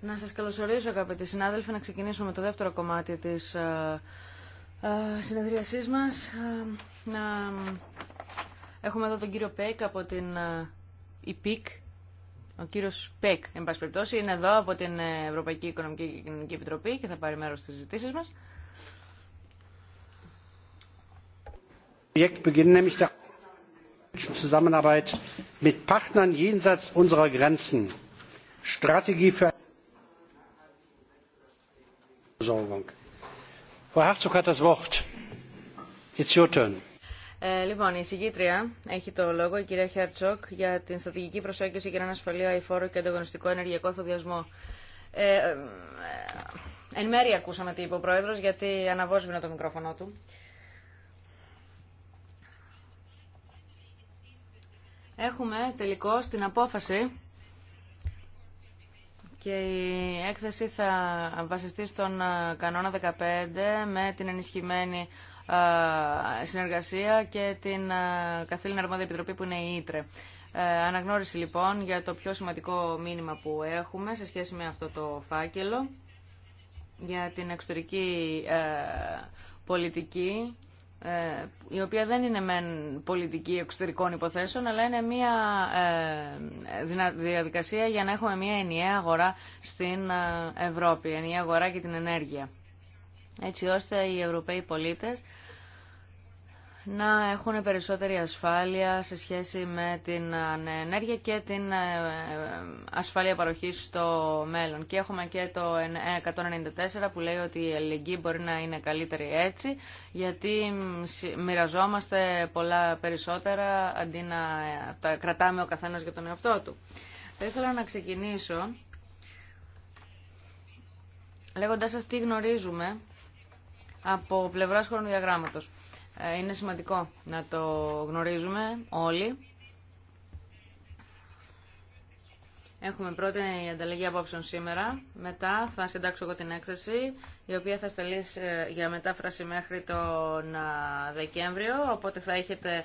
να σας καλωσορίσω αγαπητοί συνάδελφοι, να ξεκινήσουμε το δεύτερο κομμάτι της συνεδρίασή μα. Ε, συνεδρίασής μας. Ε, έχουμε εδώ τον κύριο Πέκ από την ΙΠΙΚ. Ε, Ο κύριος Πέκ, εν πάση περιπτώσει, είναι εδώ από την Ευρωπαϊκή Οικονομική και Κοινωνική Επιτροπή και θα πάρει μέρος στις ζητήσεις μας zusammenarbeit mit partnern jenseits unserer λοιπόν, η συγκήτρια έχει το λόγο, η κυρία Χέρτσοκ, για την στρατηγική προσέγγιση για έναν ασφαλή αηφόρο και ανταγωνιστικό ενεργειακό εφοδιασμό. Ε, ε, εν μέρει ακούσαμε τι είπε ο Πρόεδρος, γιατί αναβόσβηνα το μικρόφωνο του. έχουμε τελικώς την απόφαση και η έκθεση θα βασιστεί στον ε, κανόνα 15 με την ενισχυμένη ε, συνεργασία και την ε, καθήλυνα αρμόδια επιτροπή που είναι η Ήτρε. Αναγνώριση λοιπόν για το πιο σημαντικό μήνυμα που έχουμε σε σχέση με αυτό το φάκελο για την εξωτερική πολιτική ε, η οποία δεν είναι μεν πολιτική εξωτερικών υποθέσεων, αλλά είναι μια ε, διαδικασία για να έχουμε μια ενιαία αγορά στην ε, Ευρώπη, ενιαία αγορά και την ενέργεια. Έτσι ώστε οι Ευρωπαίοι πολίτες να έχουν περισσότερη ασφάλεια σε σχέση με την ε, ενέργεια και την ε, ε, ασφάλεια παροχής στο μέλλον. Και έχουμε και το 194 που λέει ότι η ελληνική μπορεί να είναι καλύτερη έτσι, γιατί μοιραζόμαστε πολλά περισσότερα αντί να τα κρατάμε ο καθένας για τον εαυτό του. Θα ήθελα να ξεκινήσω λέγοντας σας τι γνωρίζουμε από πλευράς χρονοδιαγράμματος. Ε, είναι σημαντικό να το γνωρίζουμε όλοι. Έχουμε πρώτη η ανταλλαγή απόψεων σήμερα. Μετά θα συντάξω εγώ την έκθεση, η οποία θα στελεί ε, για μετάφραση μέχρι τον ε, Δεκέμβριο, οπότε θα έχετε,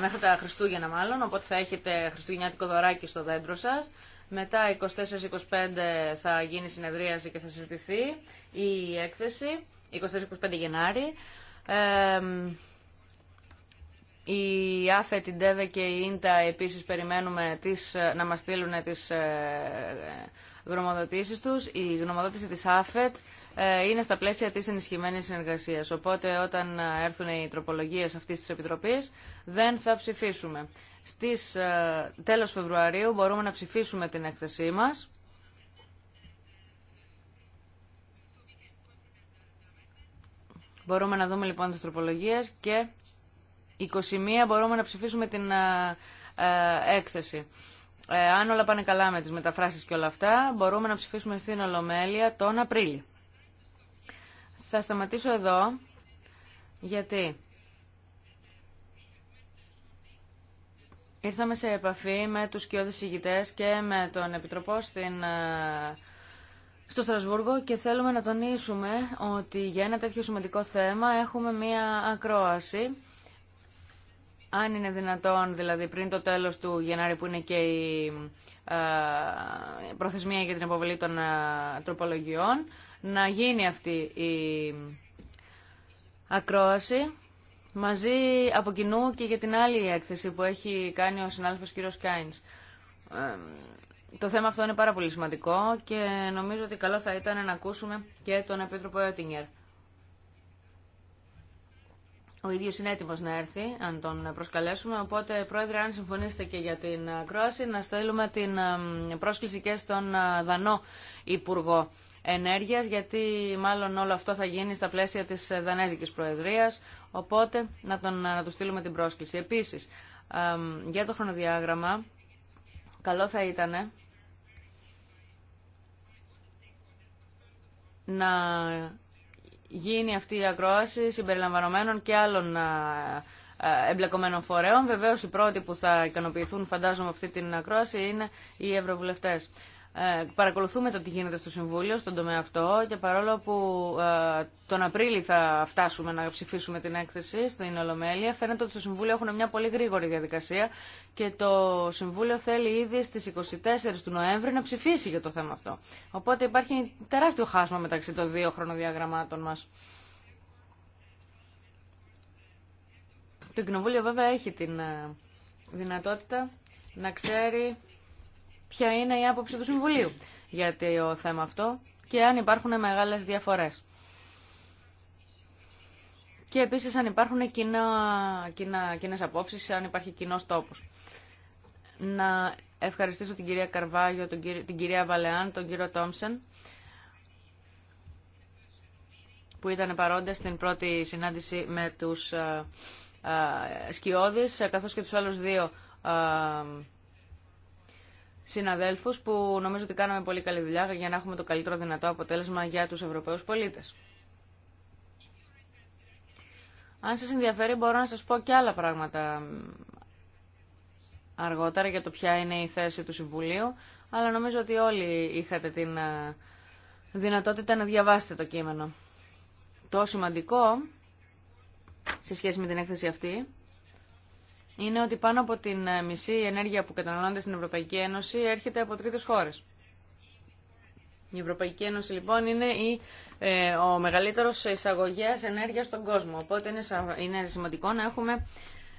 μέχρι τα Χριστούγεννα μάλλον, οπότε θα έχετε χριστουγεννιάτικο δωράκι στο δέντρο σας. Μετά 24-25 θα γίνει συνεδρίαση και θα συζητηθεί η έκθεση, 24-25 Γενάρη η ΑΦΕ, την ΤΕΒΕ και η ΙΝΤΑ επίσης περιμένουμε τις, να μας στείλουν τις ε, γνωμοδοτήσεις τους. Η γνωμοδότηση της ΑΦΕΤ ε, είναι στα πλαίσια της ενισχυμένης συνεργασίας. Οπότε όταν έρθουν οι τροπολογίες αυτής της Επιτροπής δεν θα ψηφίσουμε. Στις ε, τέλος Φεβρουαρίου μπορούμε να ψηφίσουμε την έκθεσή μας Μπορούμε να δούμε λοιπόν τις τροπολογίες και 21 μπορούμε να ψηφίσουμε την ε, ε, έκθεση. Ε, αν όλα πάνε καλά με τις μεταφράσεις και όλα αυτά, μπορούμε να ψηφίσουμε στην Ολομέλεια τον Απρίλιο. Θα σταματήσω εδώ, γιατί ήρθαμε σε επαφή με τους κοιόδης ηγητές και με τον Επιτροπό στην στο Στρασβούργο και θέλουμε να τονίσουμε ότι για ένα τέτοιο σημαντικό θέμα έχουμε μία ακρόαση. Αν είναι δυνατόν, δηλαδή πριν το τέλος του Γενάρη που είναι και η ε, προθεσμία για την αποβολή των ε, τροπολογιών, να γίνει αυτή η ακρόαση μαζί από κοινού και για την άλλη έκθεση που έχει κάνει ο συνάδελφος κ. Κάινς. Ε, το θέμα αυτό είναι πάρα πολύ σημαντικό και νομίζω ότι καλό θα ήταν να ακούσουμε και τον Επίτροπο Έτινγκερ. Ο ίδιος είναι έτοιμος να έρθει, αν τον προσκαλέσουμε. Οπότε, Πρόεδρε, αν συμφωνήσετε και για την κρόαση, να στέλνουμε την πρόσκληση και στον ε, Δανό Υπουργό Ενέργειας, γιατί μάλλον όλο αυτό θα γίνει στα πλαίσια της ε, Δανέζικης Προεδρίας. Οπότε, να, τον, ε, να του στείλουμε την πρόσκληση. Επίσης, για το χρονοδιάγραμμα, καλό θα ήταν να γίνει αυτή η ακρόαση συμπεριλαμβανομένων και άλλων εμπλεκομένων φορέων. βεβαίως οι πρώτοι που θα ικανοποιηθούν φαντάζομαι αυτή την ακρόαση είναι οι ευρωβουλευτέ. Ε, παρακολουθούμε το τι γίνεται στο Συμβούλιο, στον τομέα αυτό και παρόλο που ε, τον Απρίλιο θα φτάσουμε να ψηφίσουμε την έκθεση στην Ολομέλεια, φαίνεται ότι στο Συμβούλιο έχουν μια πολύ γρήγορη διαδικασία και το Συμβούλιο θέλει ήδη στις 24 του Νοέμβρη να ψηφίσει για το θέμα αυτό. Οπότε υπάρχει τεράστιο χάσμα μεταξύ των δύο χρονοδιαγραμμάτων μας. Το Κοινοβούλιο βέβαια έχει την ε, δυνατότητα να ξέρει ποια είναι η άποψη του Συμβουλίου για το θέμα αυτό και αν υπάρχουν μεγάλες διαφορές. Και επίσης αν υπάρχουν κοινά, κοινά, κοινές απόψεις, αν υπάρχει κοινό τόπος. Να ευχαριστήσω την κυρία Καρβάγιο, τον την κυρία Βαλεάν, τον κύριο Τόμσεν, που ήταν παρόντες στην πρώτη συνάντηση με τους α, ε, α, ε, ε, καθώς και τους άλλους δύο α, συναδέλφους που νομίζω ότι κάναμε πολύ καλή δουλειά για να έχουμε το καλύτερο δυνατό αποτέλεσμα για τους Ευρωπαίους πολίτες. Αν σας ενδιαφέρει μπορώ να σας πω και άλλα πράγματα αργότερα για το ποια είναι η θέση του Συμβουλίου, αλλά νομίζω ότι όλοι είχατε την ε, δυνατότητα να διαβάσετε το κείμενο. Το σημαντικό σε σχέση με την έκθεση αυτή είναι ότι πάνω από την ε, μισή ενέργεια που καταναλώνεται στην Ευρωπαϊκή Ένωση έρχεται από τρίτες χώρες. Η Ευρωπαϊκή Ένωση λοιπόν είναι η, ε, ο μεγαλύτερος εισαγωγέας ενέργειας στον κόσμο. Οπότε είναι, είναι σημαντικό να έχουμε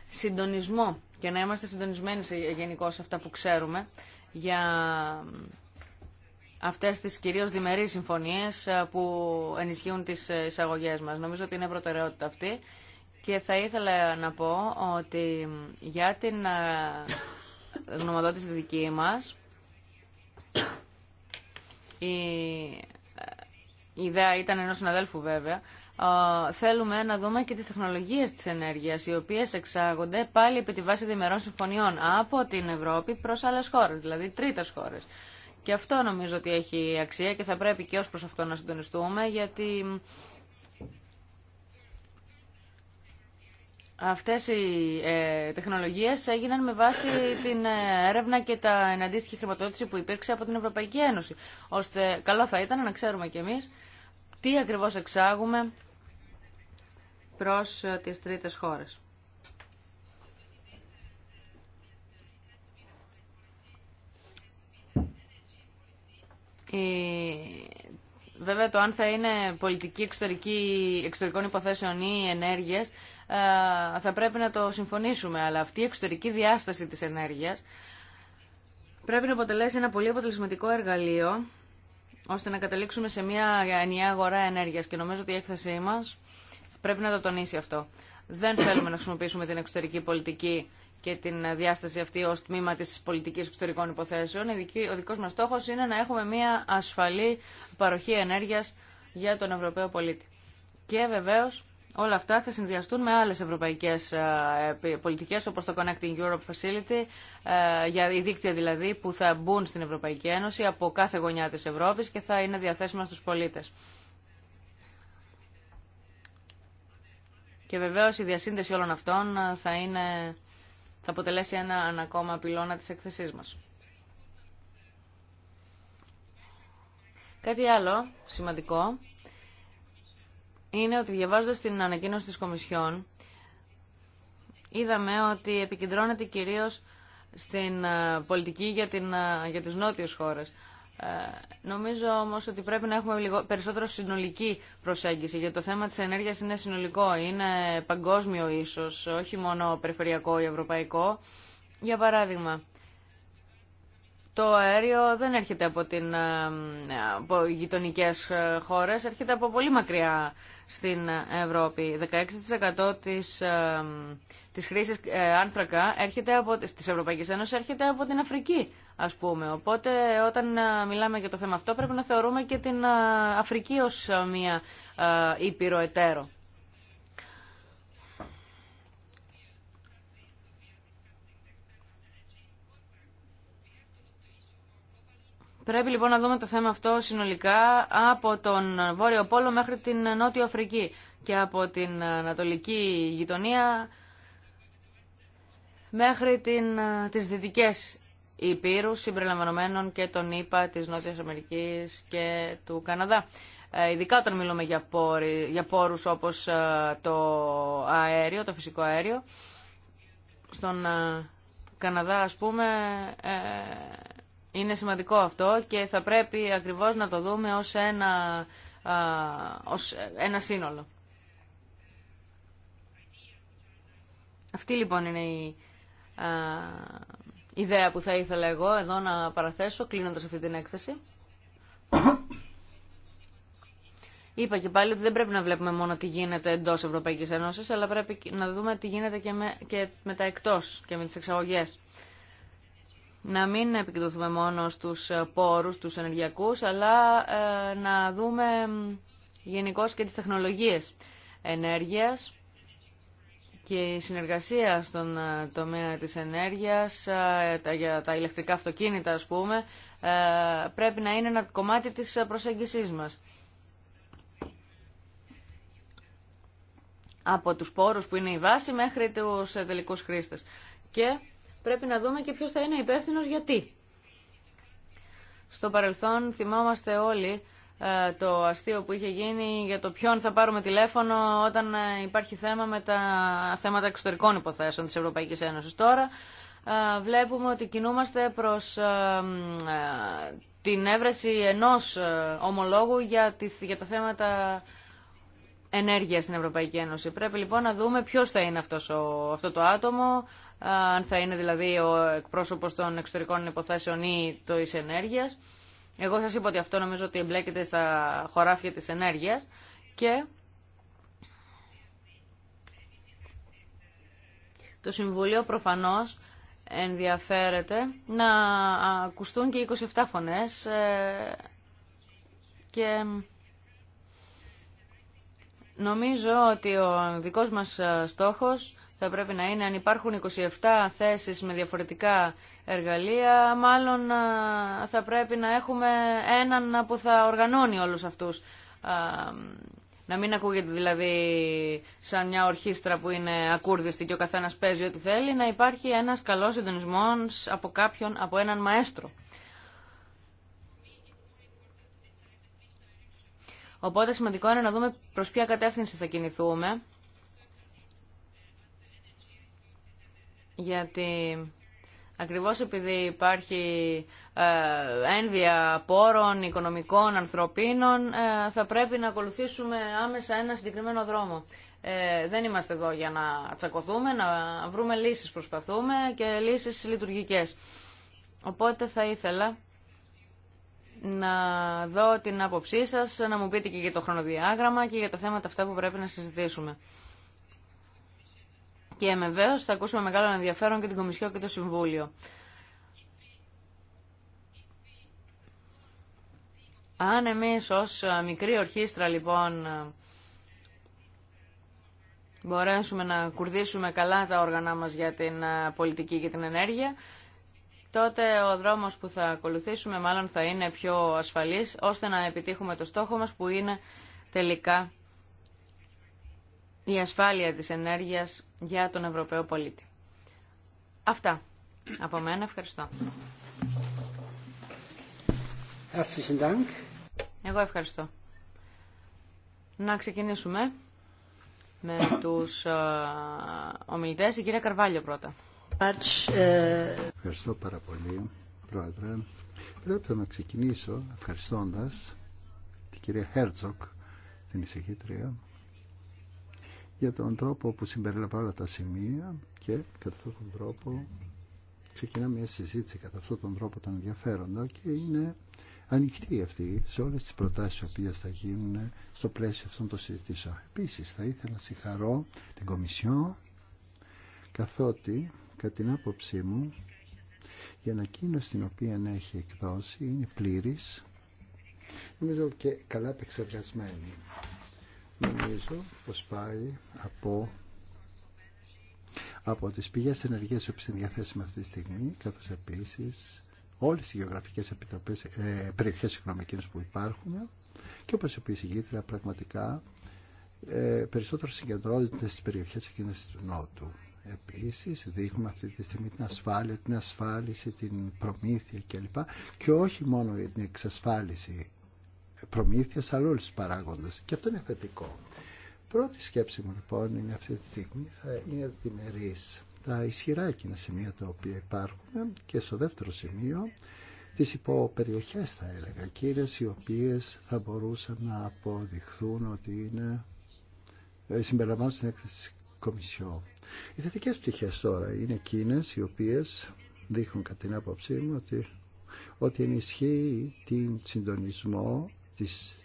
συντονισμό και να είμαστε συντονισμένοι σε, γενικώ σε αυτά που ξέρουμε για αυτές τις κυρίως διμερείς συμφωνίες ε, που ενισχύουν τις εισαγωγές μας. Νομίζω ότι είναι προτεραιότητα αυτή και θα ήθελα να πω ότι για την ε, γνωμοδότηση δική μας ε, η ιδέα ήταν ενός συναδέλφου βέβαια ε, θέλουμε να δούμε και τις τεχνολογίες της ενέργειας οι οποίες εξάγονται πάλι επί τη βάση διμερών συμφωνιών από την Ευρώπη προς άλλες χώρες, δηλαδή τρίτες χώρες. Και αυτό νομίζω ότι έχει αξία και θα πρέπει και ως προς αυτό να συντονιστούμε γιατί Αυτές οι ε, τεχνολογίες έγιναν με βάση την ε, έρευνα και τα εναντίστοιχη χρηματοδότηση που υπήρξε από την Ευρωπαϊκή Ένωση. Ώστε καλό θα ήταν να ξέρουμε κι εμείς τι ακριβώς εξάγουμε προς ε, τις τρίτες χώρες. Βέβαια το αν θα είναι πολιτική εξωτερική, εξωτερικών υποθέσεων ή ενέργειες ε, θα πρέπει να το συμφωνήσουμε, αλλά αυτή η εξωτερική διάσταση της ενέργειας πρέπει να αποτελέσει ένα πολύ αποτελεσματικό εργαλείο ώστε να καταλήξουμε σε μια ενιαία αγορά ενέργειας και νομίζω ότι η έκθεσή μας πρέπει να το τονίσει αυτό. Δεν θέλουμε να χρησιμοποιήσουμε την εξωτερική πολιτική και την διάσταση αυτή ως τμήμα της πολιτικής εξωτερικών υποθέσεων. Ο δικός μας στόχος είναι να έχουμε μια ασφαλή παροχή ενέργειας για τον Ευρωπαίο πολίτη. Και βεβαίως όλα αυτά θα συνδυαστούν με άλλες ευρωπαϊκές ε, πολιτικές όπως το Connecting Europe Facility, ε, για η δίκτυα δηλαδή που θα μπουν στην Ευρωπαϊκή Ένωση από κάθε γωνιά της Ευρώπης και θα είναι διαθέσιμα στους πολίτες. Και βεβαίως η διασύνδεση όλων αυτών ε, θα, είναι, θα αποτελέσει ένα ακόμα πυλώνα της εκθεσής μας. Κάτι άλλο σημαντικό είναι ότι διαβάζοντας την ανακοίνωση της Κομισιόν είδαμε ότι επικεντρώνεται κυρίως στην ε, πολιτική για, την, ε, για τις νότιες χώρες. Ε, νομίζω όμως ότι πρέπει να έχουμε λιγο, περισσότερο συνολική προσέγγιση γιατί το θέμα της ενέργειας είναι συνολικό, είναι παγκόσμιο ίσως, όχι μόνο περιφερειακό ή ευρωπαϊκό. Για παράδειγμα, το αέριο δεν έρχεται από, την, ε, από γειτονικές ε, χώρες, έρχεται από πολύ μακριά στην Ευρώπη. 16% της, ε, της χρήσης άνθρακα έρχεται από, της Ευρωπαϊκής Ένωσης έρχεται από την Αφρική, ας πούμε. Οπότε όταν μιλάμε για το θέμα αυτό πρέπει να θεωρούμε και την Αφρική ως μια ήπειρο εταίρο. Πρέπει λοιπόν να δούμε το θέμα αυτό συνολικά από τον Βόρειο Πόλο μέχρι την Νότιο Αφρική και από την Ανατολική γειτονία μέχρι την, τις δυτικές υπήρους συμπεριλαμβανομένων και των ΗΠΑ της Νότιας Αμερικής και του Καναδά. Ε, ειδικά όταν μιλούμε για, για πόρους όπως ε, το αέριο, το φυσικό αέριο. Στον ε, Καναδά ας πούμε είναι σημαντικό αυτό και θα πρέπει ακριβώς να το δούμε ως ένα, ως ένα σύνολο. Αυτή λοιπόν είναι η α, ιδέα που θα ήθελα εγώ εδώ να παραθέσω κλείνοντας αυτή την έκθεση. Είπα και πάλι ότι δεν πρέπει να βλέπουμε μόνο τι γίνεται εντός Ευρωπαϊκής Ένωσης, αλλά πρέπει να δούμε τι γίνεται και με, και με τα εκτός και με τις εξαγωγές να μην επικεντρωθούμε μόνο στους ε, πόρους, τους ενεργειακούς, αλλά ε, να δούμε γενικώ και τις τεχνολογίες ενέργειας και η συνεργασία στον ε, τομέα της ενέργειας για τα ηλεκτρικά αυτοκίνητα, ας πούμε, πρέπει να είναι ένα κομμάτι της προσέγγισής μας. Από τους πόρους που είναι η βάση μέχρι τους τελικούς χρήστες. Και πρέπει να δούμε και ποιος θα είναι υπεύθυνος γιατί. Στο παρελθόν θυμόμαστε όλοι ε, το αστείο που είχε γίνει για το ποιον θα πάρουμε τηλέφωνο όταν ε, υπάρχει θέμα με τα θέματα εξωτερικών υποθέσεων της Ευρωπαϊκής Ένωσης. Τώρα ε, βλέπουμε ότι κινούμαστε προς την έβρεση ενός ομολόγου για τα θέματα ενέργεια στην Ευρωπαϊκή Ένωση. Πρέπει λοιπόν να δούμε ποιος θα είναι αυτό το άτομο, αν θα είναι δηλαδή ο εκπρόσωπο των εξωτερικών υποθέσεων ή ει ενέργεια. Εγώ σας είπα ότι αυτό νομίζω ότι εμπλέκεται στα χωράφια της ενέργειας και το Συμβουλίο προφανώς ενδιαφέρεται να ακουστούν και 27 φωνές ε, και νομίζω ότι ο δικός μας ε, στόχος θα πρέπει να είναι αν υπάρχουν 27 θέσεις με διαφορετικά εργαλεία, μάλλον θα πρέπει να έχουμε έναν που θα οργανώνει όλους αυτούς. Να μην ακούγεται δηλαδή σαν μια ορχήστρα που είναι ακούρδιστη και ο καθένας παίζει ό,τι θέλει, να υπάρχει ένας καλός συντονισμός από κάποιον, από έναν μαέστρο. Οπότε σημαντικό είναι να δούμε προς ποια κατεύθυνση θα κινηθούμε γιατί ακριβώς επειδή υπάρχει ε, ένδια πόρων, οικονομικών, ανθρωπίνων, ε, θα πρέπει να ακολουθήσουμε άμεσα ένα συγκεκριμένο δρόμο. Ε, δεν είμαστε εδώ για να τσακωθούμε, να βρούμε λύσεις προσπαθούμε και λύσεις λειτουργικές. Οπότε θα ήθελα να δω την άποψή σας, να μου πείτε και για το χρονοδιάγραμμα και για τα θέματα αυτά που πρέπει να συζητήσουμε. Και με θα ακούσουμε μεγάλο ενδιαφέρον και την Κομισιό και το Συμβούλιο. Αν εμεί ω μικρή ορχήστρα λοιπόν μπορέσουμε να κουρδίσουμε καλά τα όργανα μας για την ε, πολιτική και την ενέργεια, τότε ο δρόμος που θα ακολουθήσουμε μάλλον θα είναι πιο ασφαλής, ώστε να επιτύχουμε το στόχο μας που είναι τελικά η ασφάλεια της ενέργειας για τον Ευρωπαίο πολίτη. Αυτά. Από μένα ευχαριστώ. Εγώ ευχαριστώ. Να ξεκινήσουμε με τους ε, ομιλητές. Η κυρία Καρβάλιο πρώτα. Ε, ευχαριστώ πάρα πολύ, Πρόεδρε. Πρέπει να ξεκινήσω ευχαριστώντας την κυρία Χέρτσοκ, την εισηγήτρια, για τον τρόπο που συμπεριλαμβάνω όλα τα σημεία και κατά αυτόν τον τρόπο ξεκινά μια συζήτηση κατά αυτόν τον τρόπο των ενδιαφέροντα και είναι ανοιχτή αυτή σε όλες τις προτάσεις οι θα γίνουν στο πλαίσιο αυτών των συζητήσεων. Επίσης θα ήθελα να συγχαρώ την Κομισιό καθότι κατά την άποψή μου η ανακοίνωση την οποία έχει εκδώσει είναι πλήρης νομίζω και καλά επεξεργασμένη Νομίζω πως πάει από, από τις πηγές ενεργείας που είναι διαθέσιμα αυτή τη στιγμή, καθώς επίσης όλες οι γεωγραφικές επιτροπές, ε, περιοχές οικονομικές που υπάρχουν και όπως είπε η συγγήτρια πραγματικά ε, περισσότερο συγκεντρώνεται στις περιοχές εκείνες του Νότου. Επίσης δείχνουμε αυτή τη στιγμή την ασφάλεια, την ασφάλιση, την προμήθεια κλπ. Και όχι μόνο την εξασφάλιση προμήθειας αλλά όλους παράγοντες και αυτό είναι θετικό. Πρώτη σκέψη μου λοιπόν είναι αυτή τη στιγμή θα είναι διμερής τα ισχυρά εκείνα σημεία τα οποία υπάρχουν και στο δεύτερο σημείο τις υποπεριοχές θα έλεγα, κύριες οι οποίες θα μπορούσαν να αποδειχθούν ότι είναι ε, συμπεριλαμβάνουν στην έκθεση Κομισιό. Οι θετικές πτυχές τώρα είναι εκείνες οι οποίες δείχνουν κατά την άποψή μου ότι, ότι ενισχύει την συντονισμό της,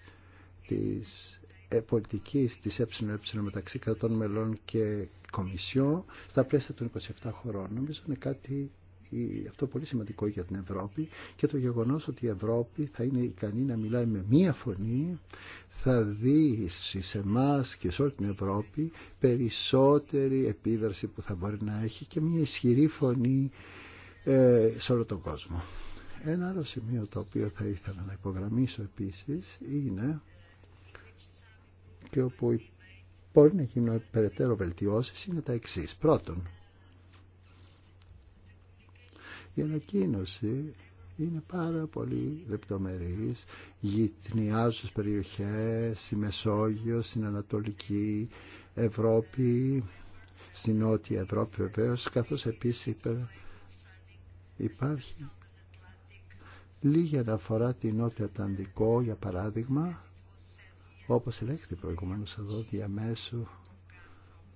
της ε, πολιτικής της ΕΕ μεταξύ κρατών μελών και κομισιό στα πλαίσια των 27 χωρών. Νομίζω είναι κάτι αυτό πολύ σημαντικό για την Ευρώπη και το γεγονός ότι η Ευρώπη θα είναι ικανή να μιλάει με μία φωνή θα δει σε εμά και σε όλη την Ευρώπη περισσότερη επίδραση που θα μπορεί να έχει και μία ισχυρή φωνή ε, σε όλο τον κόσμο. Ένα άλλο σημείο το οποίο θα ήθελα να υπογραμμίσω επίσης είναι και όπου μπορεί να γίνουν περαιτέρω βελτιώσεις είναι τα εξής. Πρώτον, η ανακοίνωση είναι πάρα πολύ λεπτομερής, γυτνιάζουν στις περιοχές, στη Μεσόγειο, στην Ανατολική Ευρώπη, στην Νότια Ευρώπη βεβαίως, καθώς επίσης υπάρχει Λίγη αναφορά την Νότια Ατλαντικό, για παράδειγμα, όπως ελέγχθη προηγουμένως εδώ διαμέσου,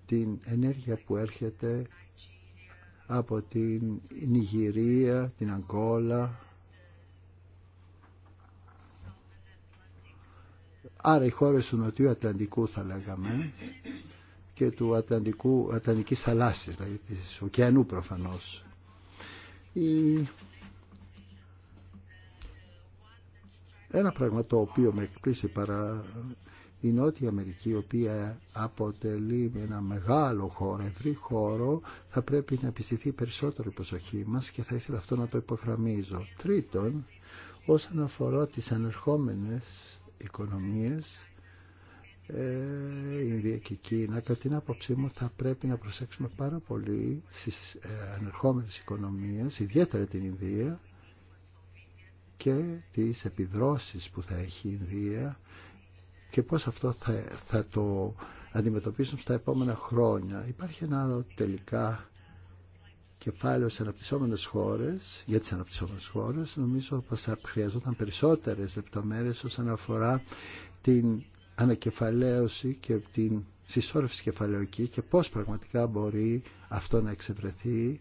την ενέργεια που έρχεται από την Νιγηρία, την Αγκόλα. Άρα οι χώρες του Νοτιού Ατλαντικού θα λέγαμε και του Ατλαντικού, Ατλαντικής θαλάσσης, δηλαδή της ωκεανού προφανώς. Ένα πράγμα το οποίο με εκπλήσει παρά η Νότια Αμερική, η οποία αποτελεί ένα μεγάλο χώρο, ευρύ χώρο, θα πρέπει να επιστηθεί περισσότερο η προσοχή μας και θα ήθελα αυτό να το υπογραμμίζω. Τρίτον, όσον αφορά τις ανερχόμενες οικονομίες, ε, Ινδία και Κίνα, κατά την άποψή μου θα πρέπει να προσέξουμε πάρα πολύ στις ε, ανερχόμενες οικονομίες, ιδιαίτερα την Ινδία, και τις επιδρόσεις που θα έχει η Ινδία και πώς αυτό θα, θα το αντιμετωπίσουν στα επόμενα χρόνια. Υπάρχει ένα άλλο τελικά κεφάλαιο σε αναπτυσσόμενες χώρες, για τις αναπτυσσόμενες χώρες, νομίζω πως θα χρειαζόταν περισσότερες λεπτομέρειες όσον αφορά την ανακεφαλαίωση και την συσσόρευση κεφαλαιοκή και πώς πραγματικά μπορεί αυτό να εξευρεθεί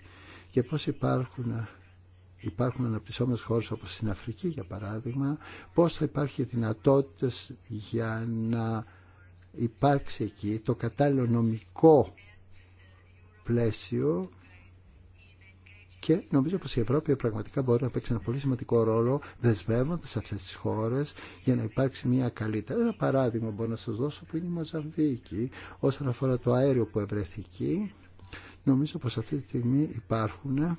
και πώς υπάρχουν υπάρχουν αναπτυσσόμενες χώρες όπως στην Αφρική για παράδειγμα, πώς θα υπάρχει δυνατότητες για να υπάρξει εκεί το κατάλληλο νομικό πλαίσιο και νομίζω πως η Ευρώπη πραγματικά μπορεί να παίξει ένα πολύ σημαντικό ρόλο δεσμεύοντας αυτές τις χώρες για να υπάρξει μια καλύτερη. Ένα παράδειγμα μπορώ να σας δώσω που είναι η Μοζαμβίκη όσον αφορά το αέριο που ευρέθηκε. Νομίζω πως αυτή τη στιγμή υπάρχουν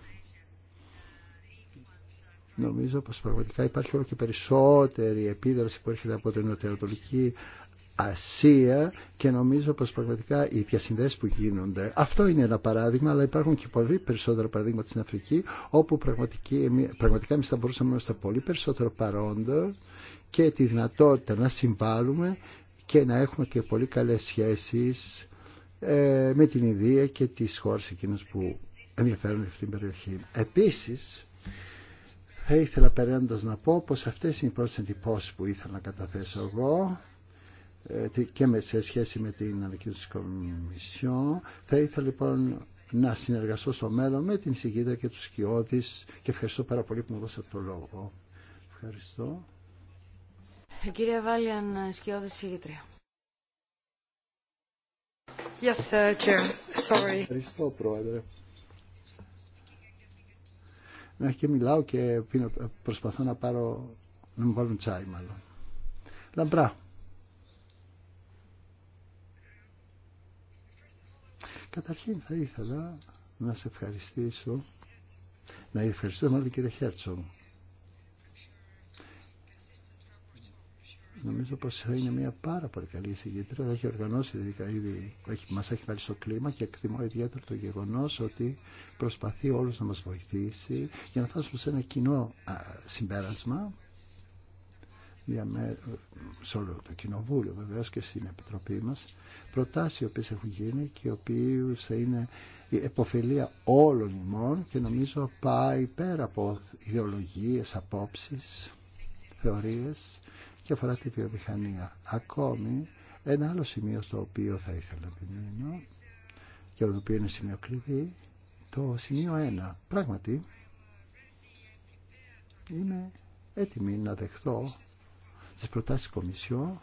νομίζω πως πραγματικά υπάρχει όλο και περισσότερη επίδραση που έρχεται από την Νοτιοανατολική Ασία και νομίζω πως πραγματικά οι διασυνδέσεις που γίνονται. Αυτό είναι ένα παράδειγμα, αλλά υπάρχουν και πολύ περισσότερα παραδείγματα στην Αφρική, όπου πραγματικά εμείς θα μπορούσαμε να είμαστε πολύ περισσότερο παρόντο και τη δυνατότητα να συμβάλλουμε και να έχουμε και πολύ καλές σχέσεις ε, με την Ιδία και τις χώρες εκείνες που ενδιαφέρουν αυτή την περιοχή. Επίσης, θα ήθελα περέντος να πω πως αυτές είναι οι πρώτες εντυπώσεις που ήθελα να καταθέσω εγώ ε, και σε σχέση με την ανακοίνωση της Κομισιόν. Θα ήθελα λοιπόν να συνεργαστώ στο μέλλον με την συγκίτρια και τους Σκιώδης και ευχαριστώ πάρα πολύ που μου δώσατε το λόγο. Ευχαριστώ. Κύριε Βάλιαν, σκιώδη συγκίτρια. Yes, uh, Chair. Ευχαριστώ, Πρόεδρε. Να και μιλάω και πίνω, προσπαθώ να πάρω, να μου βάλουν τσάι μάλλον. Λαμπρά. Καταρχήν θα ήθελα να σε ευχαριστήσω, να ευχαριστήσω μάλλον την κυρία Νομίζω πω θα είναι μια πάρα πολύ καλή εισηγήτρια. Θα έχει οργανώσει ειδικά ήδη, μα έχει βάλει στο κλίμα και εκτιμώ ιδιαίτερα το γεγονό ότι προσπαθεί όλου να μα βοηθήσει για να φτάσουμε σε ένα κοινό συμπέρασμα σε όλο το κοινοβούλιο βεβαίω και στην Επιτροπή μα, προτάσει οι οποίε έχουν γίνει και οι οποίε θα είναι η εποφελία όλων ημών και νομίζω πάει πέρα από ιδεολογίε, απόψει, θεωρίε και αφορά τη βιομηχανία. Ακόμη, ένα άλλο σημείο στο οποίο θα ήθελα να επιμείνω και το οποίο είναι σημείο κλειδί, το σημείο 1. Πράγματι, είμαι έτοιμη να δεχθώ τι προτάσεις Κομισιό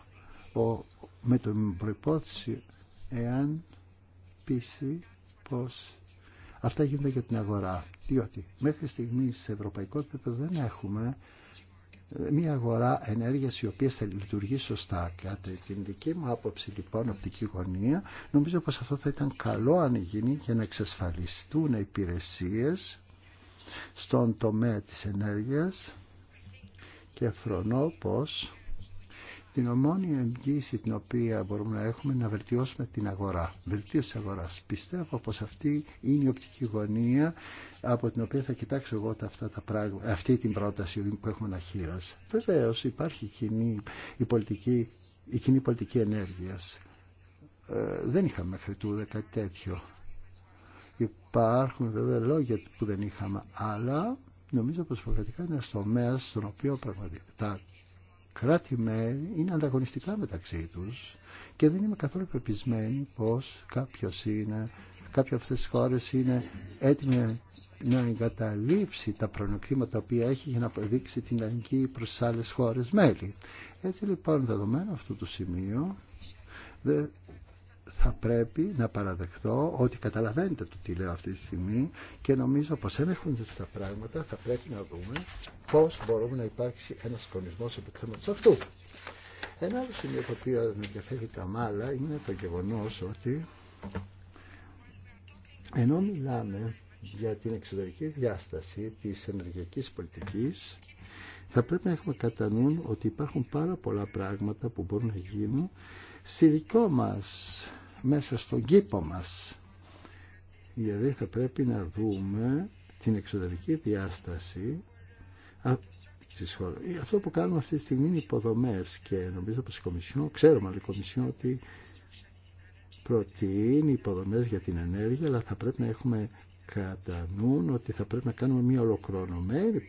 με την προπόθεση εάν πείσει πω αυτά γίνονται για την αγορά. Διότι μέχρι στιγμή σε ευρωπαϊκό επίπεδο δεν έχουμε μια αγορά ενέργειας η οποία θα λειτουργεί σωστά. Κατά την δική μου άποψη λοιπόν οπτική γωνία νομίζω πως αυτό θα ήταν καλό αν γίνει για να εξασφαλιστούν υπηρεσίες στον τομέα της ενέργειας και φρονώ πως την ομόνια εγγύηση την οποία μπορούμε να έχουμε να βελτιώσουμε την αγορά. Βελτίωση της Πιστεύω πω αυτή είναι η οπτική γωνία από την οποία θα κοιτάξω εγώ αυτά τα αυτή την πρόταση που έχουμε να χείρασε. Βεβαίω υπάρχει κοινή, η, πολιτική, η κοινή πολιτική ενέργεια. Ε, δεν είχαμε μέχρι τούδε κάτι τέτοιο. Υπάρχουν βέβαια λόγια που δεν είχαμε, αλλά νομίζω πως πραγματικά είναι ένα τομέα στον οποίο πραγματικά κράτη-μέλη είναι ανταγωνιστικά μεταξύ τους και δεν είμαι καθόλου πεπισμένη πως κάποιος είναι, κάποια αυτές τις χώρες είναι έτοιμη να εγκαταλείψει τα προνοκτήματα τα οποία έχει για να αποδείξει την αγκή προς τις άλλες χώρες μέλη. Έτσι λοιπόν δεδομένο αυτό του σημείο θα πρέπει να παραδεχτώ ότι καταλαβαίνετε το τι λέω αυτή τη στιγμή και νομίζω πως έχουν τα πράγματα θα πρέπει να δούμε πώς μπορούμε να υπάρξει ένας το επί θέματος αυτού. Ένα άλλο σημείο το οποίο με ενδιαφέρει τα μάλα είναι το γεγονός ότι ενώ μιλάμε για την εξωτερική διάσταση της ενεργειακής πολιτικής θα πρέπει να έχουμε κατά νου ότι υπάρχουν πάρα πολλά πράγματα που μπορούν να γίνουν στη δικό μας μέσα στον κήπο μας. γιατί θα πρέπει να δούμε την εξωτερική διάσταση της χώρας. Ε, αυτό που κάνουμε αυτή τη στιγμή είναι υποδομές και νομίζω πως η Κομισιόν, ξέρουμε αλλά η Κομισιόν ότι προτείνει υποδομές για την ενέργεια αλλά θα πρέπει να έχουμε κατά νου ότι θα πρέπει να κάνουμε μια ολοκληρωμένη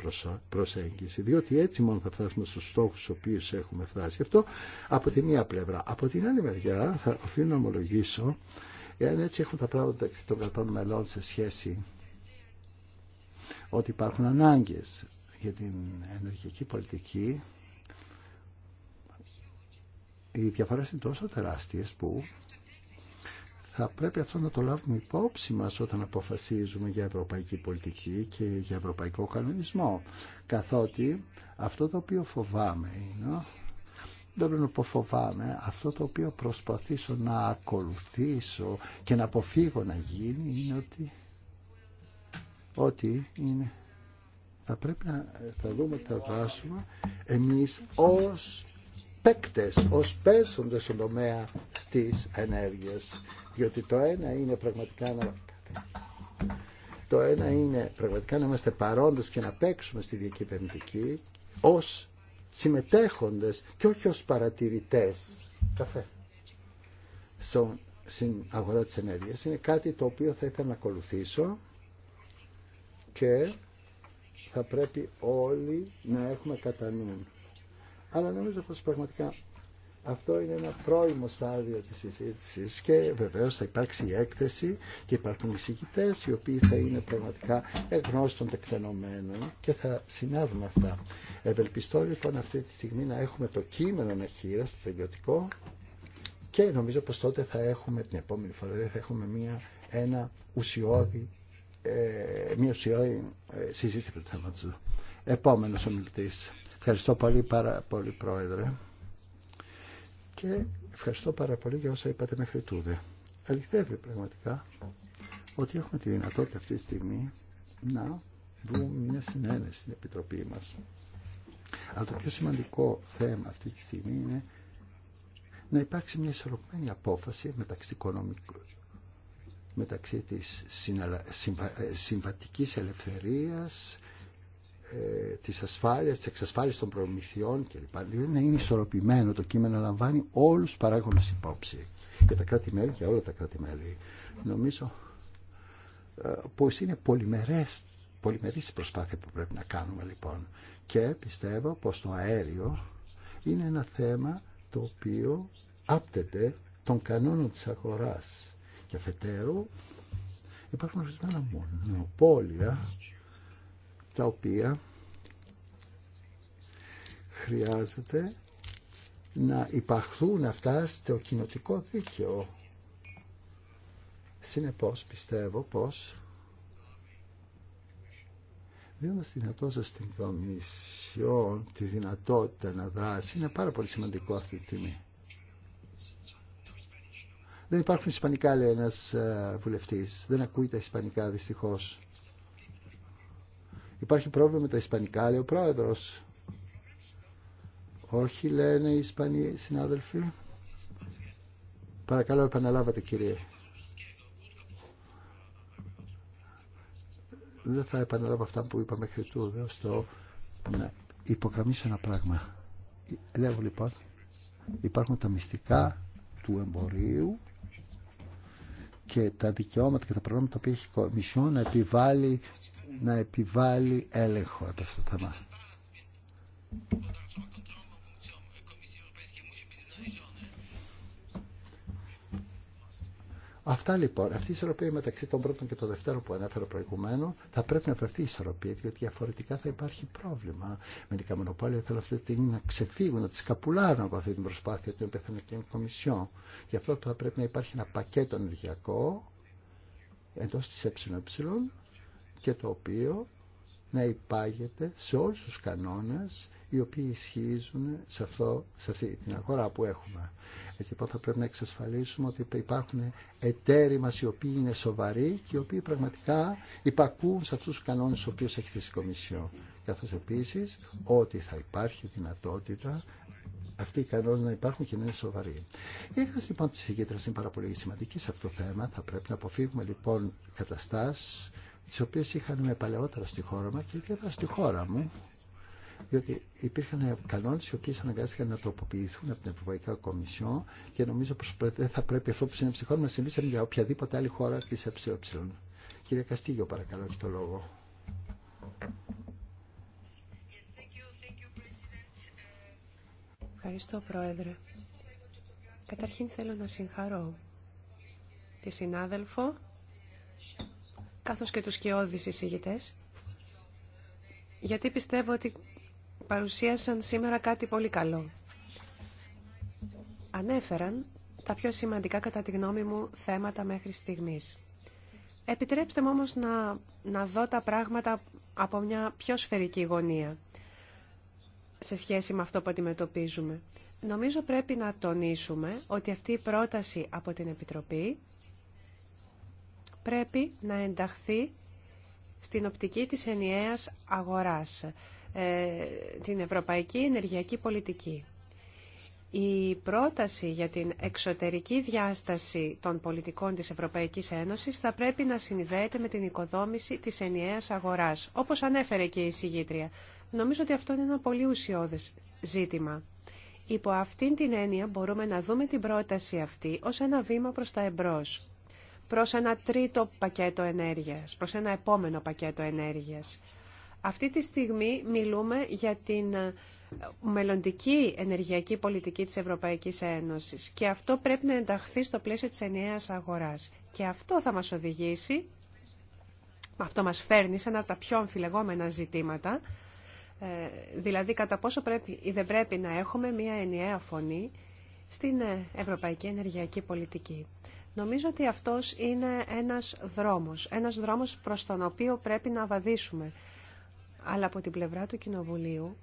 προσέγγιση, διότι έτσι μόνο θα φτάσουμε στους στόχους στους οποίους έχουμε φτάσει. Αυτό από τη μία πλευρά. Από την άλλη μεριά θα οφείλω να ομολογήσω, εάν έτσι έχουν τα πράγματα των κρατών μελών σε σχέση ότι υπάρχουν ανάγκες για την ενεργειακή πολιτική, οι διαφορές είναι τόσο τεράστιες που θα πρέπει αυτό να το λάβουμε υπόψη μας όταν αποφασίζουμε για ευρωπαϊκή πολιτική και για ευρωπαϊκό κανονισμό. Καθότι αυτό το οποίο φοβάμαι είναι, δεν πρέπει να αυτό το οποίο προσπαθήσω να ακολουθήσω και να αποφύγω να γίνει είναι ότι, ότι είναι θα πρέπει να θα δούμε τι θα δράσουμε εμείς ως παίκτες, ως πέσοντες στον τομέα στις ενέργειες. Διότι το ένα είναι πραγματικά να... Το ένα είναι πραγματικά να είμαστε παρόντες και να παίξουμε στη διακυβερνητική ως συμμετέχοντες και όχι ως παρατηρητές. Καφέ. Στο, στην αγορά της ενέργειας είναι κάτι το οποίο θα ήθελα να ακολουθήσω και θα πρέπει όλοι να έχουμε κατά νου. Αλλά νομίζω πως πραγματικά αυτό είναι ένα πρώιμο στάδιο της συζήτηση και βεβαίως θα υπάρξει η έκθεση και υπάρχουν εισηγητές οι οποίοι θα είναι πραγματικά των τεκτενωμένων και θα συνάδουμε αυτά. Ευελπιστώ λοιπόν αυτή τη στιγμή να έχουμε το κείμενο να χείρα στο τελειωτικό και νομίζω πως τότε θα έχουμε την επόμενη φορά δηλαδή θα έχουμε μια, ένα ουσιώδη, ε, μια ουσιώδη ε, συζήτηση του θέματος. Επόμενος ομιλητής. Ευχαριστώ πολύ, πάρα πολύ πρόεδρε και ευχαριστώ πάρα πολύ για όσα είπατε μέχρι τούδε. Αληθεύει πραγματικά ότι έχουμε τη δυνατότητα αυτή τη στιγμή να βρούμε μια συνένεση στην Επιτροπή μας. Αλλά το πιο σημαντικό θέμα αυτή τη στιγμή είναι να υπάρξει μια ισορροπημένη απόφαση μεταξύ οικονομικού μεταξύ της συμβα... Ε, συμβατικής ελευθερίας ε, της ασφάλειας, της των προμηθειών κλπ. Δεν δηλαδή είναι ισορροπημένο το κείμενο, να λαμβάνει όλους τους παράγοντες υπόψη. Για τα κράτη-μέλη, για όλα τα κράτη-μέλη. Νομίζω ε, πως είναι πολυμερές, πολυμερής η προσπάθεια που πρέπει να κάνουμε λοιπόν. Και πιστεύω πως το αέριο είναι ένα θέμα το οποίο άπτεται των κανόνων της αγοράς. Και αφετέρου υπάρχουν ορισμένα μονοπόλια τα οποία χρειάζεται να υπαχθούν αυτά στο κοινοτικό δίκαιο. Συνεπώς πιστεύω πως δίνοντα τη δυνατότητα στην Κομισιόν τη δυνατότητα να δράσει είναι πάρα πολύ σημαντικό αυτή τη στιγμή. Δεν υπάρχουν ισπανικά, λέει ένα ε, βουλευτή. Δεν ακούει τα ισπανικά, δυστυχώ. Υπάρχει πρόβλημα με τα ισπανικά, λέει ο πρόεδρο. Όχι, λένε οι Ισπανοί συνάδελφοι. Παρακαλώ, επαναλάβατε, κύριε. Δεν θα επαναλάβω αυτά που είπα μέχρι τούδε, ώστε να υπογραμμίσω ένα πράγμα. Λέω λοιπόν, υπάρχουν τα μυστικά του εμπορίου και τα δικαιώματα και τα προγράμματα που έχει η Κομισιόν να επιβάλλει να επιβάλλει έλεγχο από αυτό το θέμα. Αυτά λοιπόν, αυτή η ισορροπία μεταξύ των πρώτων και των δευτέρων που ανέφερα προηγουμένω, θα πρέπει να βρεθεί η ισορροπία, διότι διαφορετικά θα υπάρχει πρόβλημα. Μερικά μονοπόλια θέλουν αυτή τη στιγμή να ξεφύγουν, να τι καπουλάρουν από αυτή την προσπάθεια των υπεθενικών Κομισιόν. Γι' αυτό θα πρέπει να υπάρχει ένα πακέτο ενεργειακό εντό τη ΕΕ και το οποίο να υπάγεται σε όλους τους κανόνες οι οποίοι ισχύουν σε, αυτό, σε αυτή την αγορά που έχουμε. Έτσι λοιπόν θα πρέπει να εξασφαλίσουμε ότι υπάρχουν εταίροι μας οι οποίοι είναι σοβαροί και οι οποίοι πραγματικά υπακούν σε αυτούς τους κανόνες στους οποίους έχει θέσει η Κομισιό. Καθώς επίσης ότι θα υπάρχει δυνατότητα αυτοί οι κανόνε να υπάρχουν και να είναι σοβαροί. Η έκθεση λοιπόν τη συγκέντρωση είναι πάρα πολύ σημαντική σε αυτό το θέμα. Θα πρέπει να αποφύγουμε λοιπόν καταστάσει τις οποίες είχαμε παλαιότερα στη χώρα μας και ιδιαίτερα στη χώρα μου, διότι υπήρχαν κανόνες οι οποίες αναγκάστηκαν να τροποποιηθούν από την Ευρωπαϊκή Κομισιό και νομίζω πως δεν θα πρέπει αυτό που συνέβη στη χώρα μας να συμβεί σε οποιαδήποτε άλλη χώρα της ΕΕ. Κύριε Καστίγιο, παρακαλώ, έχει το λόγο. Ευχαριστώ, Πρόεδρε. Καταρχήν θέλω να συγχαρώ τη συνάδελφο καθώς και τους σκιώδεις εισηγητέ. γιατί πιστεύω ότι παρουσίασαν σήμερα κάτι πολύ καλό. Ανέφεραν τα πιο σημαντικά κατά τη γνώμη μου θέματα μέχρι στιγμής. Επιτρέψτε μου όμως να, να δω τα πράγματα από μια πιο σφαιρική γωνία σε σχέση με αυτό που αντιμετωπίζουμε. Νομίζω πρέπει να τονίσουμε ότι αυτή η πρόταση από την Επιτροπή πρέπει να ενταχθεί στην οπτική της ενιαίας αγοράς, ε, την ευρωπαϊκή ενεργειακή πολιτική. Η πρόταση για την εξωτερική διάσταση των πολιτικών της Ευρωπαϊκής Ένωσης θα πρέπει να συνδέεται με την οικοδόμηση της ενιαίας αγοράς, όπως ανέφερε και η συγγήτρια. Νομίζω ότι αυτό είναι ένα πολύ ουσιώδες ζήτημα. Υπό αυτήν την έννοια μπορούμε να δούμε την πρόταση αυτή ως ένα βήμα προς τα εμπρός προς ένα τρίτο πακέτο ενέργειας, προς ένα επόμενο πακέτο ενέργειας. Αυτή τη στιγμή μιλούμε για την ε, μελλοντική ενεργειακή πολιτική της Ευρωπαϊκής Ένωσης και αυτό πρέπει να ενταχθεί στο πλαίσιο της ενιαίας αγοράς. Και αυτό θα μας οδηγήσει, αυτό μας φέρνει σε ένα τα πιο αμφιλεγόμενα ζητήματα, ε, δηλαδή κατά πόσο πρέπει ή δεν πρέπει να έχουμε μια ενιαία φωνή στην ε, Ευρωπαϊκή Ενεργειακή Πολιτική. Νομίζω ότι αυτός είναι ένας δρόμος, ένας δρόμος προς τον οποίο πρέπει να βαδίσουμε. Αλλά από την πλευρά του Κοινοβουλίου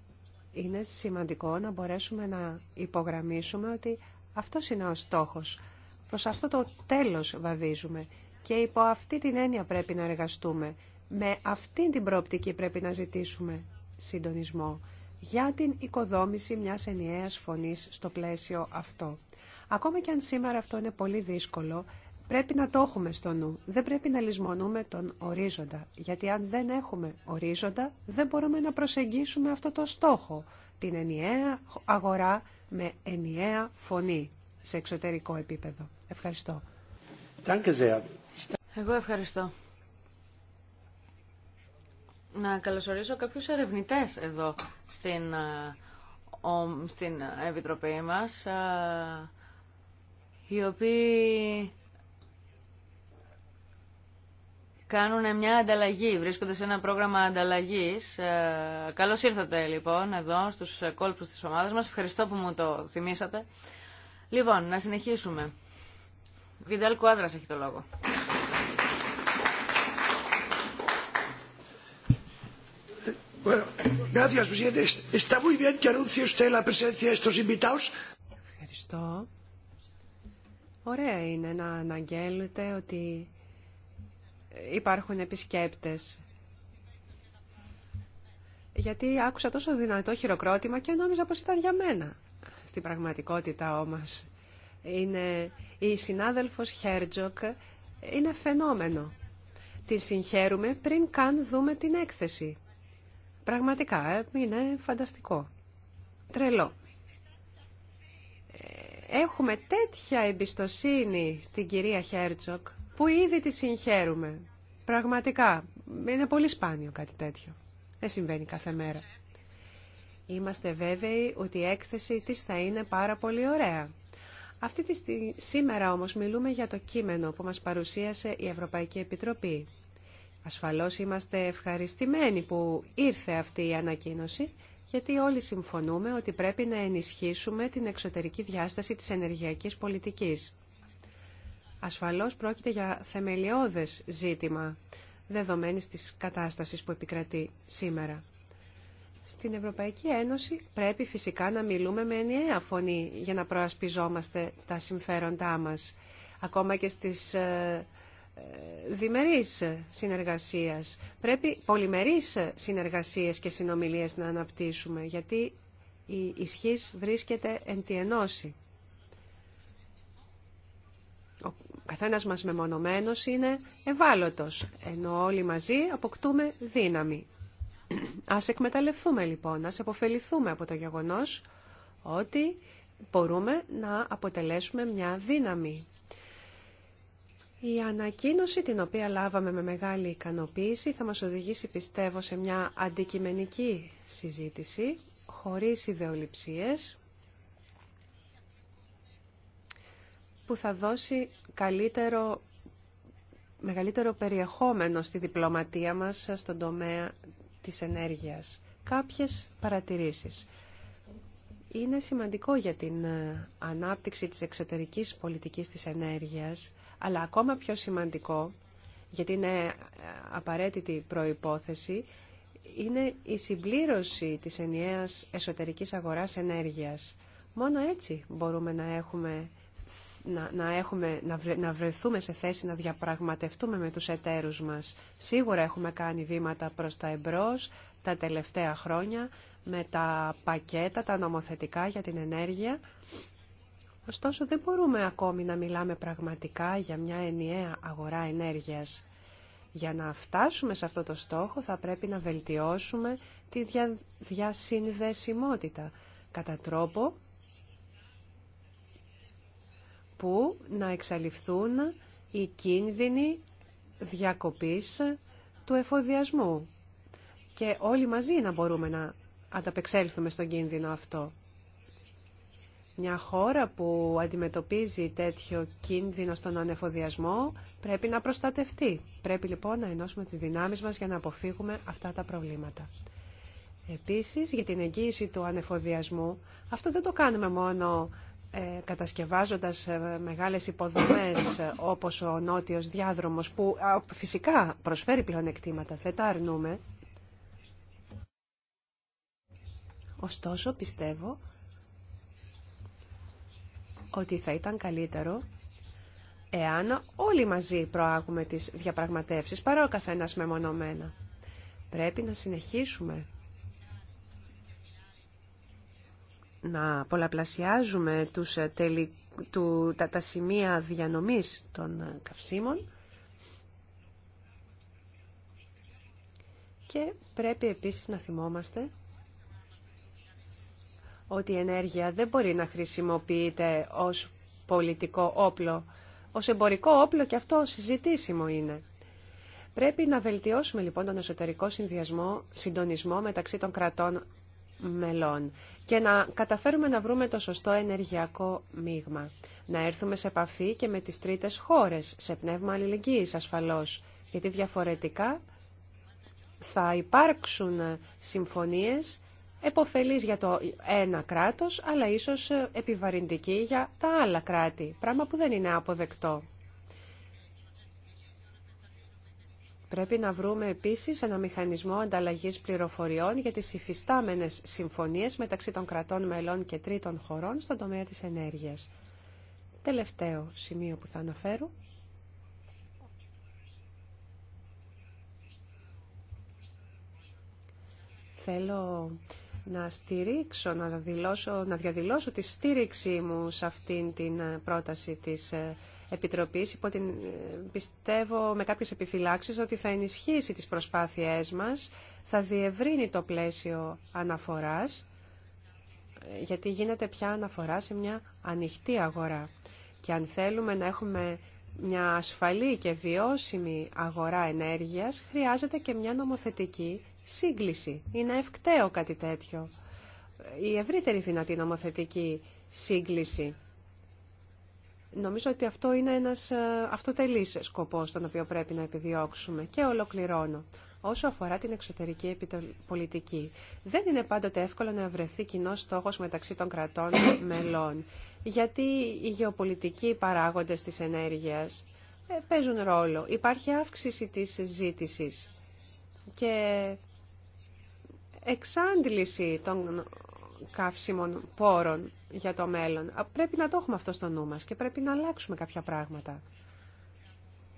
είναι σημαντικό να μπορέσουμε να υπογραμμίσουμε ότι αυτό είναι ο στόχος. Προς αυτό το τέλος βαδίζουμε και υπό αυτή την έννοια πρέπει να εργαστούμε. Με αυτή την πρόπτικη πρέπει να ζητήσουμε συντονισμό για την οικοδόμηση μιας ενιαίας φωνής στο πλαίσιο αυτό. Ακόμα και αν σήμερα αυτό είναι πολύ δύσκολο, πρέπει να το έχουμε στο νου. Δεν πρέπει να λησμονούμε τον ορίζοντα, γιατί αν δεν έχουμε ορίζοντα, δεν μπορούμε να προσεγγίσουμε αυτό το στόχο, την ενιαία αγορά με ενιαία φωνή σε εξωτερικό επίπεδο. Ευχαριστώ. Εγώ ευχαριστώ. Να καλωσορίσω κάποιους ερευνητές εδώ στην, ε, στην Επιτροπή μας. Ε, οι οποίοι κάνουν μια ανταλλαγή, βρίσκονται σε ένα πρόγραμμα ανταλλαγής. Ε, καλώς ήρθατε λοιπόν εδώ στους κόλπους της ομάδας μας. Ευχαριστώ που μου το θυμήσατε. Λοιπόν, να συνεχίσουμε. Βιντελ Κουάδρας έχει το λόγο. Ευχαριστώ. Ωραία είναι να αναγγέλλετε ότι υπάρχουν επισκέπτες. Γιατί άκουσα τόσο δυνατό χειροκρότημα και νόμιζα πως ήταν για μένα. Στην πραγματικότητα όμως είναι η συνάδελφος Χέρτζοκ είναι φαινόμενο. Τη συγχαίρουμε πριν καν δούμε την έκθεση. Πραγματικά, ε, είναι φανταστικό. Τρελό έχουμε τέτοια εμπιστοσύνη στην κυρία Χέρτσοκ που ήδη τη συγχαίρουμε. Πραγματικά, είναι πολύ σπάνιο κάτι τέτοιο. Δεν συμβαίνει κάθε μέρα. Είμαστε βέβαιοι ότι η έκθεση της θα είναι πάρα πολύ ωραία. Αυτή τη σήμερα όμως μιλούμε για το κείμενο που μας παρουσίασε η Ευρωπαϊκή Επιτροπή. Ασφαλώς είμαστε ευχαριστημένοι που ήρθε αυτή η ανακοίνωση γιατί όλοι συμφωνούμε ότι πρέπει να ενισχύσουμε την εξωτερική διάσταση της ενεργειακής πολιτικής. Ασφαλώς πρόκειται για θεμελιώδες ζήτημα, δεδομένης της κατάστασης που επικρατεί σήμερα. Στην Ευρωπαϊκή Ένωση πρέπει φυσικά να μιλούμε με ενιαία φωνή για να προασπιζόμαστε τα συμφέροντά μας, ακόμα και στις ε, διμερής συνεργασίας. Πρέπει πολυμερείς συνεργασίες και συνομιλίες να αναπτύσσουμε, γιατί η ισχύς βρίσκεται εν τη ενώση. Ο καθένας μας μεμονωμένος είναι ευάλωτος, ενώ όλοι μαζί αποκτούμε δύναμη. Ας εκμεταλλευτούμε λοιπόν, ας αποφεληθούμε από το γεγονός ότι μπορούμε να αποτελέσουμε μια δύναμη η ανακοίνωση την οποία λάβαμε με μεγάλη ικανοποίηση θα μας οδηγήσει πιστεύω σε μια αντικειμενική συζήτηση χωρίς ιδεολειψίες που θα δώσει καλύτερο, μεγαλύτερο περιεχόμενο στη διπλωματία μας στον τομέα της ενέργειας. Κάποιες παρατηρήσεις. Είναι σημαντικό για την ε, ανάπτυξη της εξωτερικής πολιτικής της ενέργειας αλλά ακόμα πιο σημαντικό, γιατί είναι ε, απαραίτητη προϋπόθεση, είναι η συμπλήρωση της ενιαίας εσωτερικής αγοράς ενέργειας. Μόνο έτσι μπορούμε να έχουμε να, έχουμε, να βρεθούμε σε θέση να διαπραγματευτούμε με τους εταίρους μας. Σίγουρα έχουμε κάνει βήματα προς τα εμπρός τα τελευταία χρόνια με τα πακέτα, τα νομοθετικά για την ενέργεια Ωστόσο δεν μπορούμε ακόμη να μιλάμε πραγματικά για μια ενιαία αγορά ενέργειας. Για να φτάσουμε σε αυτό το στόχο θα πρέπει να βελτιώσουμε τη δια... διασυνδεσιμότητα κατά τρόπο που να εξαλειφθούν οι κίνδυνοι διακοπής του εφοδιασμού και όλοι μαζί να μπορούμε να ανταπεξέλθουμε στον κίνδυνο αυτό. Μια χώρα που αντιμετωπίζει τέτοιο κίνδυνο στον ανεφοδιασμό πρέπει να προστατευτεί. Πρέπει λοιπόν να ενώσουμε τις δυνάμεις μας για να αποφύγουμε αυτά τα προβλήματα. Επίσης, για την εγγύηση του ανεφοδιασμού, αυτό δεν το κάνουμε μόνο ε, κατασκευάζοντας ε, μεγάλες υποδομές όπως ο νότιος διάδρομος που φυσικά προσφέρει πλέον εκτήματα, δεν τα αρνούμε. Ωστόσο πιστεύω ότι θα ήταν καλύτερο εάν όλοι μαζί προάγουμε τις διαπραγματεύσεις, παρά ο καθένας μεμονωμένα. Πρέπει να συνεχίσουμε να πολλαπλασιάζουμε τους ε, του... τα... τα σημεία διανομής των ε, καυσίμων και πρέπει επίσης να θυμόμαστε ότι η ενέργεια δεν μπορεί να χρησιμοποιείται ως πολιτικό όπλο. Ως εμπορικό όπλο και αυτό συζητήσιμο είναι. Πρέπει να βελτιώσουμε λοιπόν τον εσωτερικό συνδυασμό, συντονισμό μεταξύ των κρατών μελών και να καταφέρουμε να βρούμε το σωστό ενεργειακό μείγμα. Να έρθουμε σε επαφή και με τις τρίτες χώρες, σε πνεύμα αλληλεγγύης ασφαλώς, γιατί διαφορετικά θα υπάρξουν συμφωνίες εποφελής για το ένα κράτος, αλλά ίσως επιβαρυντική για τα άλλα κράτη, πράγμα που δεν είναι αποδεκτό. Πρέπει να βρούμε επίσης ένα μηχανισμό ανταλλαγής πληροφοριών για τις υφιστάμενες συμφωνίες μεταξύ των κρατών μελών και τρίτων χωρών στον τομέα της ενέργειας. Τελευταίο σημείο που θα αναφέρω. Θέλω να στηρίξω, να, δηλώσω, να διαδηλώσω τη στήριξή μου σε αυτήν την ε, πρόταση της ε, Επιτροπής. Υπό την, ε, πιστεύω με κάποιες επιφυλάξεις ότι θα ενισχύσει τις προσπάθειές μας, θα διευρύνει το πλαίσιο αναφοράς, γιατί γίνεται πια αναφορά σε μια ανοιχτή αγορά. Και αν θέλουμε να έχουμε μια ασφαλή και βιώσιμη αγορά ενέργειας, χρειάζεται και μια νομοθετική σύγκληση. Είναι ευκταίο κάτι τέτοιο. Η ευρύτερη δυνατή νομοθετική σύγκληση. Νομίζω ότι αυτό είναι ένας ε, αυτοτελής σκοπός τον οποίο πρέπει να επιδιώξουμε και ολοκληρώνω. Όσο αφορά την εξωτερική πολιτική, δεν είναι πάντοτε εύκολο να βρεθεί κοινό στόχο μεταξύ των κρατών μελών, γιατί οι γεωπολιτικοί παράγοντες της ενέργειας ε, παίζουν ρόλο. Υπάρχει αύξηση της ζήτησης και εξάντληση των καύσιμων πόρων για το μέλλον. Πρέπει να το έχουμε αυτό στο νου μας και πρέπει να αλλάξουμε κάποια πράγματα.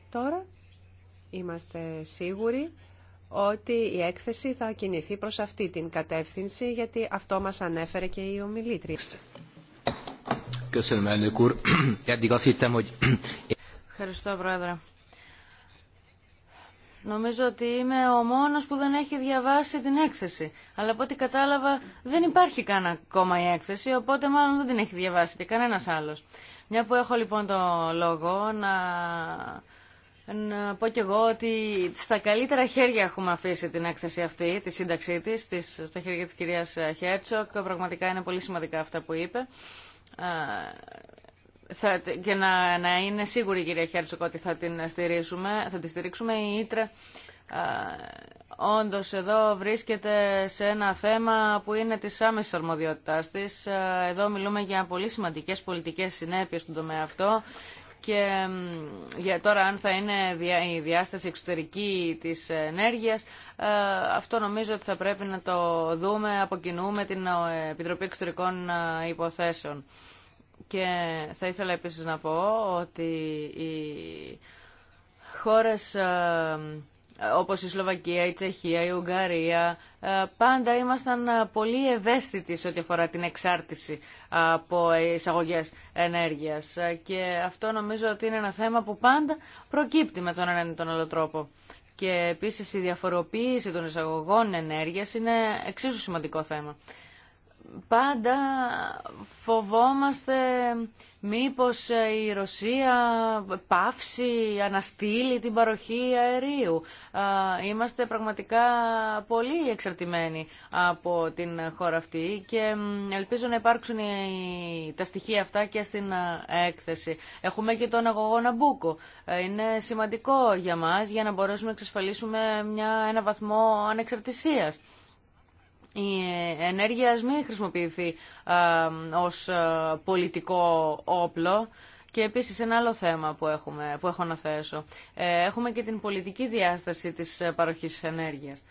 Τώρα είμαστε σίγουροι ότι η έκθεση θα κινηθεί προς αυτή την κατεύθυνση γιατί αυτό μας ανέφερε και η ομιλήτρια. Ευχαριστώ, Πρόεδρε. Νομίζω ότι είμαι ο μόνος που δεν έχει διαβάσει την έκθεση. Αλλά από ό,τι κατάλαβα δεν υπάρχει καν ακόμα η έκθεση, οπότε μάλλον δεν την έχει διαβάσει και κανένας άλλος. Μια που έχω λοιπόν το λόγο να... πω και εγώ ότι στα καλύτερα χέρια έχουμε αφήσει την έκθεση αυτή, τη σύνταξή της, στα χέρια της κυρίας Χέρτσοκ. Πραγματικά είναι πολύ σημαντικά αυτά που είπε θα, και να, να είναι σίγουρη η κυρία Χέρτσοκ ότι θα την στηρίξουμε, θα τη στηρίξουμε η Ήτρε. όντως εδώ βρίσκεται σε ένα θέμα που είναι τη άμεση αρμοδιότητά τη. Εδώ μιλούμε για πολύ σημαντικές πολιτικές συνέπειες στον τομέα αυτό και για τώρα αν θα είναι η διάσταση εξωτερική της ενέργειας αυτό νομίζω ότι θα πρέπει να το δούμε από την ε, Επιτροπή Εξωτερικών Υποθέσεων. Και θα ήθελα επίσης να πω ότι οι χώρες ε, όπως η Σλοβακία, η Τσεχία, η Ουγγαρία, ε, πάντα ήμασταν ε, πολύ ευαίσθητοι σε ό,τι αφορά την εξάρτηση από εισαγωγέ ενέργειας. Και αυτό νομίζω ότι είναι ένα θέμα που πάντα προκύπτει με τον έναν ή τον άλλο τρόπο. Και επίσης η διαφοροποίηση των εισαγωγών ενέργειας είναι εξίσου σημαντικό θέμα πάντα φοβόμαστε μήπως ε, η Ρωσία πάυσει, αναστείλει την παροχή αερίου. Είμαστε πραγματικά πολύ εξαρτημένοι από την χώρα αυτή και ελπίζω να υπάρξουν τα στοιχεία αυτά και στην έκθεση. Έχουμε και τον αγωγό Ναμπούκο. Ε, είναι σημαντικό για μας για να μπορέσουμε να εξασφαλίσουμε μια, ένα βαθμό ανεξαρτησίας η ενέργεια μην χρησιμοποιηθεί ως πολιτικό όπλο. Και επίσης ένα άλλο θέμα που, έχουμε, που έχω να θέσω. Ε, έχουμε και την πολιτική διάσταση της παροχής ενέργειας.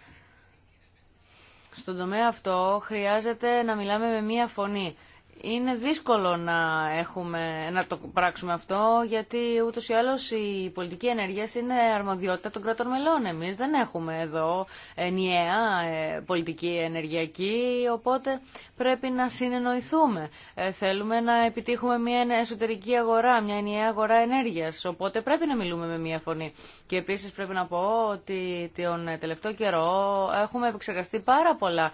Στον τομέα αυτό χρειάζεται να μιλάμε με μία φωνή. Είναι δύσκολο να, έχουμε, να το πράξουμε αυτό, γιατί ούτω ή άλλω η πολιτική ενέργεια είναι αρμοδιότητα των κρατών μελών. Εμεί δεν έχουμε εδώ ενιαία ε, πολιτική ενεργειακή, οπότε πρέπει να συνεννοηθούμε. Ε, θέλουμε να επιτύχουμε μια εσωτερική αγορά, μια ενιαία αγορά ενέργεια, οπότε πρέπει να μιλούμε με μια φωνή. Και επίση πρέπει να πω ότι τον ε, τελευταίο καιρό έχουμε επεξεργαστεί πάρα πολλά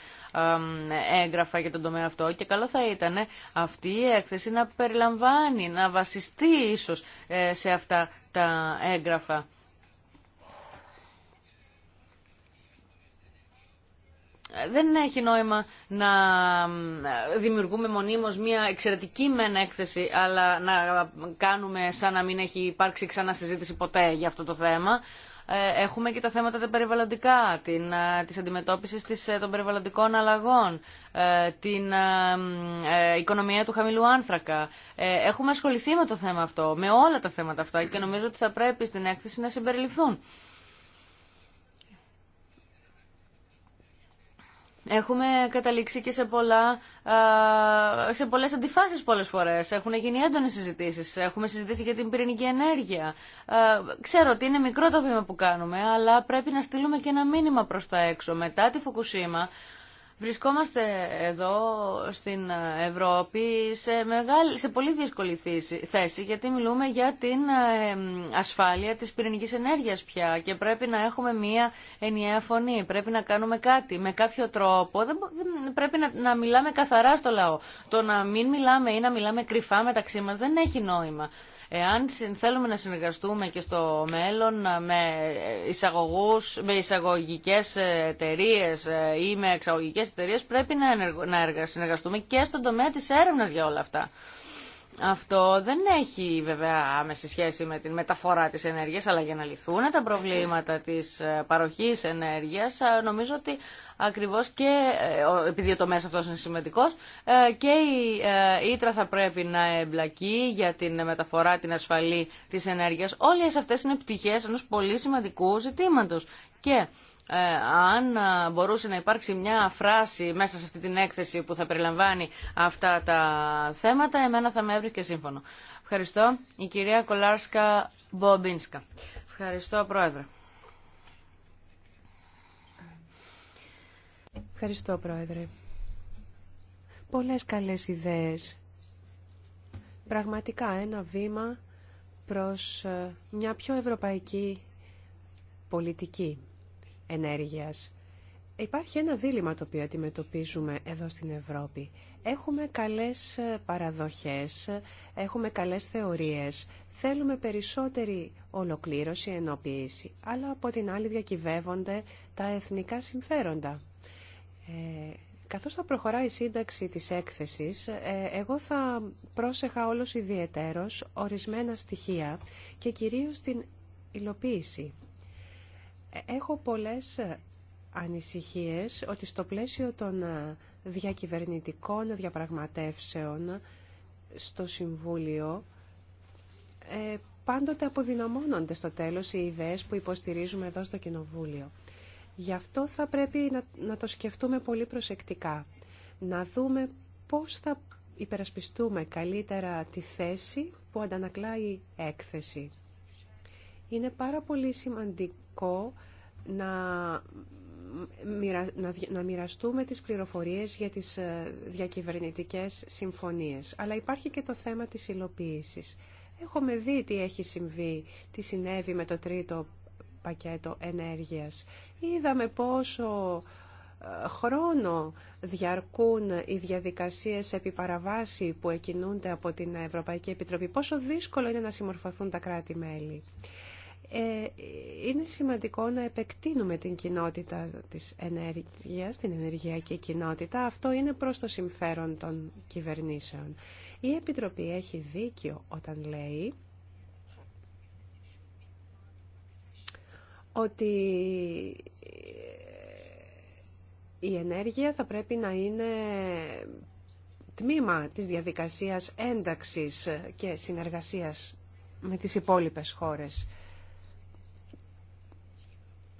έγγραφα για τον τομέα αυτό και καλό θα ήταν αυτή η έκθεση να περιλαμβάνει, να βασιστεί ίσως ε, σε αυτά τα έγγραφα. δεν έχει νόημα να δημιουργούμε μονίμως μια εξαιρετική μεν έκθεση, αλλά να κάνουμε σαν να μην έχει υπάρξει ξανά συζήτηση ποτέ για αυτό το θέμα. Ε, έχουμε και τα θέματα τα περιβαλλοντικά, την, ε, της αντιμετώπισης της, ε, των περιβαλλοντικών αλλαγών, την οικονομία του χαμηλού άνθρακα. Έχουμε ασχοληθεί με το θέμα αυτό, με όλα τα θέματα αυτά και νομίζω ότι θα πρέπει στην έκθεση να συμπεριληφθούν. Έχουμε καταλήξει και σε, πολλά, σε πολλές αντιφάσεις πολλές φορές. Έχουν γίνει έντονες συζητήσεις. Έχουμε συζητήσει για την πυρηνική ενέργεια. Ξέρω ότι είναι μικρό το βήμα που κάνουμε, αλλά πρέπει να στείλουμε και ένα μήνυμα προς τα έξω. Μετά τη Φουκουσίμα, Βρισκόμαστε εδώ στην Ευρώπη σε, μεγάλη, σε πολύ δύσκολη θέση γιατί μιλούμε για την ασφάλεια της πυρηνικής ενέργειας πια και πρέπει να έχουμε μία ενιαία φωνή, πρέπει να κάνουμε κάτι με κάποιο τρόπο, δεν, πρέπει να, να μιλάμε καθαρά στο λαό. Το να μην μιλάμε ή να μιλάμε κρυφά μεταξύ μας δεν έχει νόημα. Εάν θέλουμε να συνεργαστούμε και στο μέλλον ε, με, εισαγωγούς, με εισαγωγικές εταιρείε ε, ή με εξαγωγικές εταιρείε, πρέπει να, συνεργαστούμε και στον τομέα της έρευνας για όλα αυτά. Αυτό δεν έχει βέβαια άμεση σχέση με την μεταφορά της ενέργειας, αλλά για να λυθούν τα προβλήματα της ε, παροχής ενέργειας, ε, νομίζω ότι ακριβώς και, ε, επειδή ο τομέας αυτός είναι σημαντικός, και η Ήτρα θα πρέπει να εμπλακεί για την μεταφορά, την ασφαλή της ενέργειας. Όλες αυτές είναι πτυχές ενός πολύ σημαντικού ζητήματος. Και ε, αν ε, μπορούσε να υπάρξει μια φράση μέσα σε αυτή την έκθεση που θα περιλαμβάνει αυτά τα θέματα, εμένα θα με έβρισκε σύμφωνο. Ευχαριστώ. Η κυρία Κολάρσκα Μπομπίνσκα. Ευχαριστώ, Πρόεδρε. Ευχαριστώ, Πρόεδρε. Πολλές καλές ιδέες. Πραγματικά ένα βήμα προς ε, μια πιο ευρωπαϊκή πολιτική ενέργειας. Υπάρχει ένα δίλημα το οποίο αντιμετωπίζουμε εδώ στην Ευρώπη. Έχουμε καλές παραδοχές, έχουμε καλές θεωρίες, θέλουμε περισσότερη ολοκλήρωση, ενοποίηση, αλλά από την άλλη διακυβεύονται τα εθνικά συμφέροντα. Ε, καθώς θα προχωράει η σύνταξη της έκθεσης, ε, εγώ θα πρόσεχα όλος ιδιαιτέρως ορισμένα στοιχεία και κυρίως την υλοποίηση Έχω πολλές ανησυχίες ότι στο πλαίσιο των διακυβερνητικών διαπραγματεύσεων στο Συμβούλιο ε, πάντοτε αποδυναμώνονται στο τέλος οι ιδέες που υποστηρίζουμε εδώ στο Κοινοβούλιο. Γι' αυτό θα πρέπει να, το σκεφτούμε πολύ προσεκτικά. Να δούμε πώς θα υπερασπιστούμε καλύτερα τη θέση που αντανακλάει έκθεση. Είναι πάρα πολύ σημαντικό σημαντικό να, να μοιραστούμε τις πληροφορίες για τις ε, διακυβερνητικές συμφωνίες. Αλλά υπάρχει και το θέμα της υλοποίησης. Έχουμε δει τι έχει συμβεί, τι συνέβη με το τρίτο πακέτο ενέργειας. Είδαμε πόσο ε, χρόνο διαρκούν οι διαδικασίες επί που εκκινούνται από την Ευρωπαϊκή Επιτροπή. Πόσο δύσκολο είναι να συμμορφωθούν τα κράτη-μέλη. Ε, είναι σημαντικό να επεκτείνουμε την κοινότητα της ενέργειας, την ενεργειακή κοινότητα. Αυτό είναι προς το συμφέρον των κυβερνήσεων. Η Επιτροπή έχει δίκιο όταν λέει ότι η ενέργεια θα πρέπει να είναι τμήμα της διαδικασίας ένταξης και συνεργασίας με τις υπόλοιπες χώρες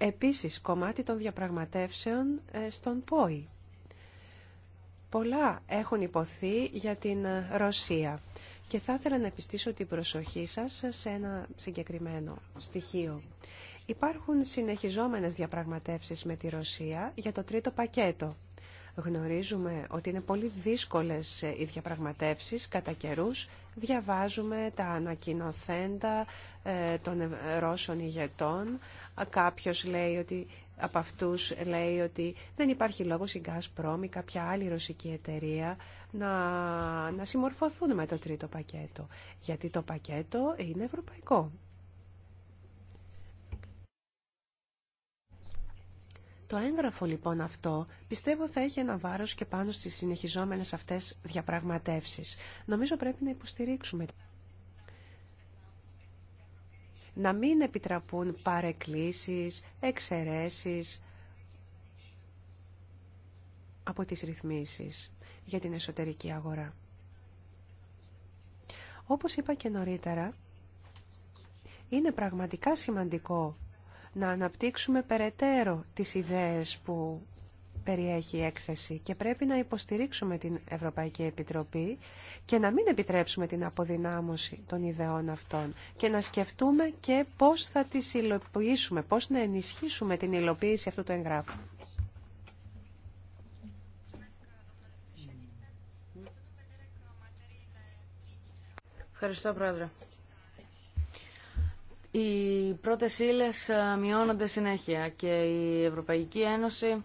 επίσης κομμάτι των διαπραγματεύσεων ε, στον ΠΟΗ. Πολλά έχουν υποθεί για την ε, Ρωσία και θα ήθελα να επιστήσω την προσοχή σας σε ένα συγκεκριμένο στοιχείο. Υπάρχουν συνεχιζόμενες διαπραγματεύσεις με τη Ρωσία για το τρίτο πακέτο. Γνωρίζουμε ότι είναι πολύ δύσκολες ε, οι διαπραγματεύσεις κατά καιρούς. Διαβάζουμε τα ανακοινοθέντα των Ρώσων ηγετών Κάποιο λέει ότι από αυτού λέει ότι δεν υπάρχει λόγος η Gazprom ή κάποια άλλη ρωσική εταιρεία να, να συμμορφωθούν με το τρίτο πακέτο, γιατί το πακέτο είναι ευρωπαϊκό. Το έγγραφο λοιπόν αυτό πιστεύω θα έχει ένα βάρος και πάνω στις συνεχιζόμενες αυτές διαπραγματεύσεις. Νομίζω πρέπει να υποστηρίξουμε να μην επιτραπούν παρεκκλήσεις, εξαιρέσεις από τις ρυθμίσεις για την εσωτερική αγορά. Όπως είπα και νωρίτερα, είναι πραγματικά σημαντικό να αναπτύξουμε περαιτέρω τις ιδέες που περιέχει έκθεση και πρέπει να υποστηρίξουμε την Ευρωπαϊκή Επιτροπή και να μην επιτρέψουμε την αποδυνάμωση των ιδεών αυτών και να σκεφτούμε και πώς θα τις υλοποιήσουμε, πώς να ενισχύσουμε την υλοποίηση αυτού του εγγράφου. Ευχαριστώ, Πρόεδρε. Οι πρώτες ύλες ε, μειώνονται συνέχεια και η Ευρωπαϊκή Ένωση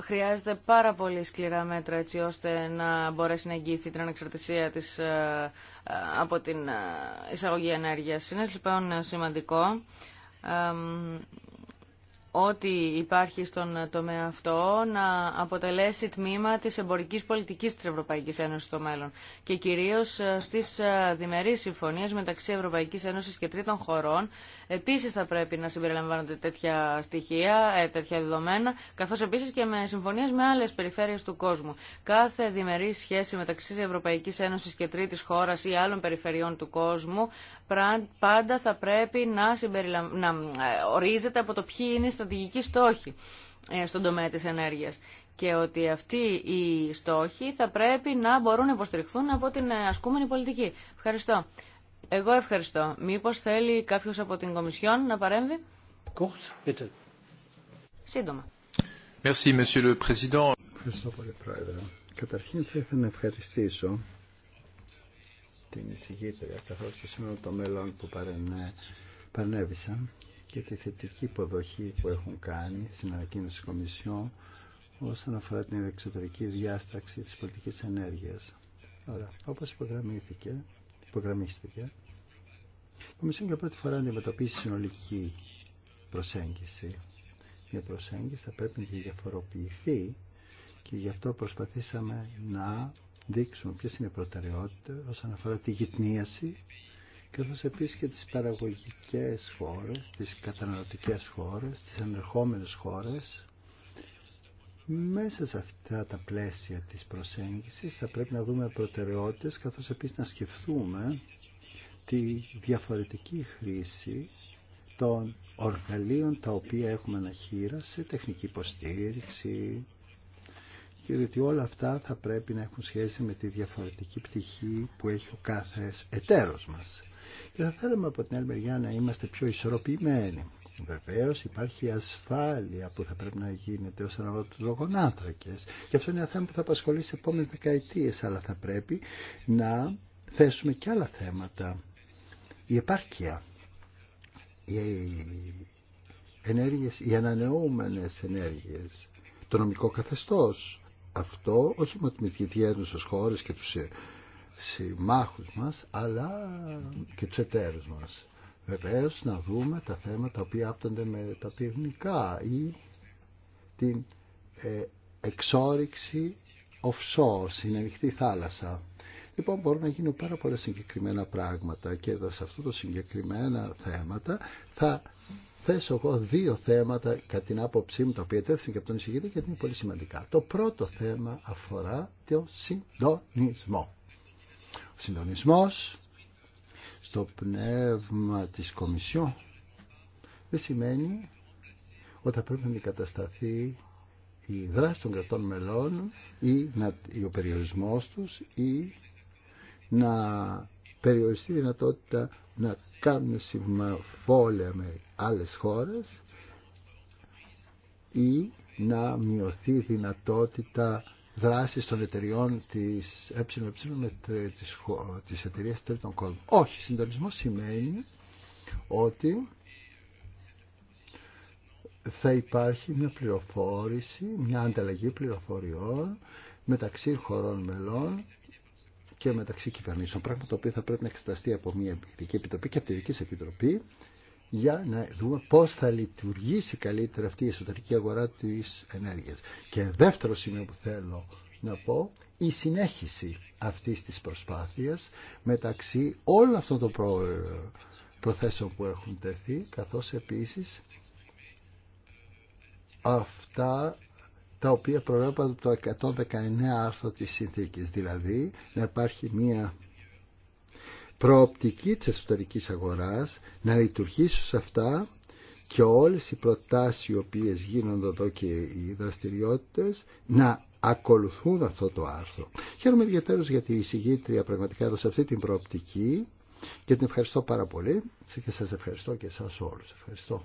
χρειάζεται πάρα πολύ σκληρά μέτρα έτσι ώστε να μπορέσει να εγγυηθεί την ανεξαρτησία της από την εισαγωγή ενέργειας. Είναι λοιπόν σημαντικό ό,τι υπάρχει στον τομέα αυτό να αποτελέσει τμήμα της εμπορικής πολιτικής της Ευρωπαϊκής Ένωσης στο μέλλον και κυρίως στις διμερείς συμφωνίες μεταξύ Ευρωπαϊκής Ένωσης και τρίτων χωρών Επίση θα πρέπει να συμπεριλαμβάνονται τέτοια στοιχεία, ε, τέτοια δεδομένα, καθώ επίση και με συμφωνίε με άλλε περιφέρειες του κόσμου. Κάθε διμερή σχέση μεταξύ Ευρωπαϊκή Ένωση και τρίτη χώρα ή άλλων περιφερειών του κόσμου πάντα θα πρέπει να, συμπεριλαμ... να ε, ορίζεται από το ποιοι είναι οι στρατηγικοί στόχοι ε, στον τομέα της ενέργειας και ότι αυτοί οι στόχοι θα πρέπει να μπορούν να υποστηριχθούν από την ασκούμενη πολιτική. Ευχαριστώ. Εγώ ευχαριστώ. Μήπως θέλει κάποιος από την Κομισιόν να παρέμβει. Σύντομα. Merci, Monsieur le Président. Ευχαριστώ πολύ, Πρόεδρε. Καταρχήν θα ήθελα να ευχαριστήσω την εισηγήτρια καθώς και σήμερα το μέλλον που παρενέ, παρενέβησαν και τη θετική υποδοχή που έχουν κάνει στην ανακοίνωση Κομισιόν όσον αφορά την εξωτερική διάσταξη της πολιτικής ενέργειας. Ωραία, όπως υπογραμμήθηκε, που γραμμίστηκε. Η για πρώτη φορά αντιμετωπίσει συνολική προσέγγιση. Μια προσέγγιση θα πρέπει να διαφοροποιηθεί και γι' αυτό προσπαθήσαμε να δείξουμε ποιε είναι οι προτεραιότητε όσον αφορά τη γυτνίαση καθώς επίσης και τις παραγωγικές χώρες, τις καταναλωτικές χώρες, τις ενερχόμενες χώρες μέσα σε αυτά τα πλαίσια της προσέγγισης θα πρέπει να δούμε προτεραιότητες καθώς επίσης να σκεφτούμε τη διαφορετική χρήση των οργαλείων τα οποία έχουμε να σε τεχνική υποστήριξη και διότι όλα αυτά θα πρέπει να έχουν σχέση με τη διαφορετική πτυχή που έχει ο κάθε εταίρος μας. Και θα θέλαμε από την άλλη μεριά να είμαστε πιο ισορροπημένοι. Βεβαίω υπάρχει ασφάλεια που θα πρέπει να γίνεται ω αφορά τους λογονάνθρακε. και αυτό είναι ένα θέμα που θα απασχολεί σε επόμενε δεκαετίε. αλλά θα πρέπει να θέσουμε και άλλα θέματα. Η επάρκεια, οι, ενέργειες, οι ανανεώμενες ενέργειες, το νομικό καθεστώς, αυτό όχι μόνο με τη στους χώρες και τους συμμάχους μας αλλά και τους εταίρους μας. Βεβαίω να δούμε τα θέματα που άπτονται με τα πυρηνικά ή την ε, εξόριξη offshore, στην ανοιχτή θάλασσα. Λοιπόν, μπορούν να γίνουν πάρα πολλά συγκεκριμένα πράγματα και εδώ σε αυτό το συγκεκριμένα θέματα θα θέσω εγώ δύο θέματα κατά την άποψή μου, τα οποία τέθησαν και από τον εισηγητή γιατί είναι πολύ σημαντικά. Το πρώτο θέμα αφορά το συντονισμό. Ο συντονισμός στο πνεύμα της Κομισιόν δεν σημαίνει ότι θα πρέπει να αντικατασταθεί η δράση των κρατών μελών ή να, ή ο περιορισμός τους ή να περιοριστεί η δυνατότητα η δυνατότητα δράσεις των εταιριών της ΕΕ με τις, τις εταιρείες τρίτων κόσμων. Όχι, συντονισμό σημαίνει ότι θα υπάρχει μια πληροφόρηση, μια ανταλλαγή πληροφοριών μεταξύ χωρών μελών και μεταξύ κυβερνήσεων. Πράγμα το οποίο θα πρέπει να εξεταστεί από μια ειδική επιτροπή και από τη δική επιτροπή για να δούμε πώς θα λειτουργήσει καλύτερα αυτή η εσωτερική αγορά της ενέργειας. Και δεύτερο σημείο που θέλω να πω, η συνέχιση αυτής της προσπάθειας μεταξύ όλων αυτών των προ... προθέσεων που έχουν τεθεί, καθώς επίσης αυτά τα οποία προβλέπονται από το 119 άρθρο της συνθήκης, δηλαδή να υπάρχει μία προοπτική της εσωτερικής αγοράς να λειτουργήσει σε αυτά και όλες οι προτάσεις οι οποίες γίνονται εδώ και οι δραστηριότητες να ακολουθούν αυτό το άρθρο. Χαίρομαι ιδιαίτερως γιατί η συγγήτρια πραγματικά έδωσε αυτή την προοπτική και την ευχαριστώ πάρα πολύ και σας ευχαριστώ και εσάς όλους. Ευχαριστώ.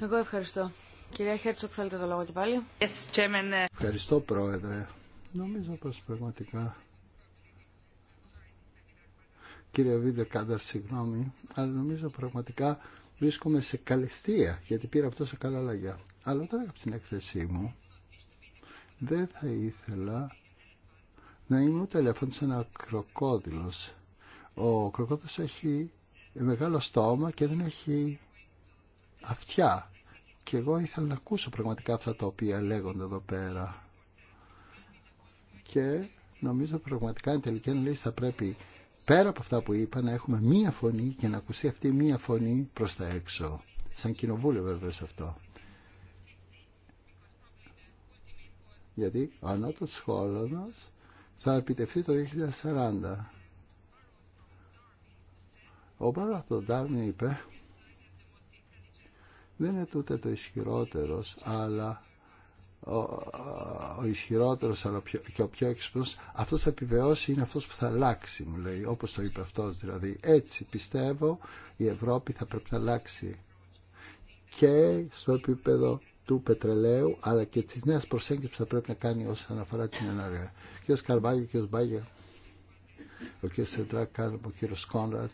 Εγώ ευχαριστώ. Κυρία Χέρτσοκ, θέλετε το λόγο και πάλι. Ευχαριστώ, Πρόεδρε. Νομίζω πως πραγματικά κύριε βίδε Κάντα, συγγνώμη, αλλά νομίζω πραγματικά βρίσκομαι σε καλεστία, γιατί πήρα από τόσα καλά λαγιά. Αλλά όταν έγραψα την έκθεσή μου, δεν θα ήθελα να είμαι ούτε ελεφάντης ένα κροκόδιλος. Ο κροκόδιλος έχει μεγάλο στόμα και δεν έχει αυτιά. Και εγώ ήθελα να ακούσω πραγματικά αυτά τα οποία λέγονται εδώ πέρα. Και νομίζω πραγματικά η τελική θα πρέπει πέρα από αυτά που είπα να έχουμε μία φωνή και να ακουστεί αυτή μία φωνή προς τα έξω. Σαν κοινοβούλιο βέβαια σε αυτό. Γιατί ο ανώτατος χρόνος θα επιτευχθεί το 2040. Ο από τον Ντάρμιν είπε δεν είναι τούτε το ισχυρότερος, αλλά ο, ο ισχυρότερος και ο πιο έξυπνο, αυτό θα επιβεώσει είναι αυτό που θα αλλάξει μου λέει όπω το είπε αυτό, δηλαδή έτσι πιστεύω η Ευρώπη θα πρέπει να αλλάξει και στο επίπεδο του πετρελαίου αλλά και τη νέα προσέγγιση που θα πρέπει να κάνει όσον αφορά την ενέργεια. Ο κ. Καρμπάγιο, ο κ. Μπάγια, ο κ. Σεντράκαν, ο κ. Κόνραντ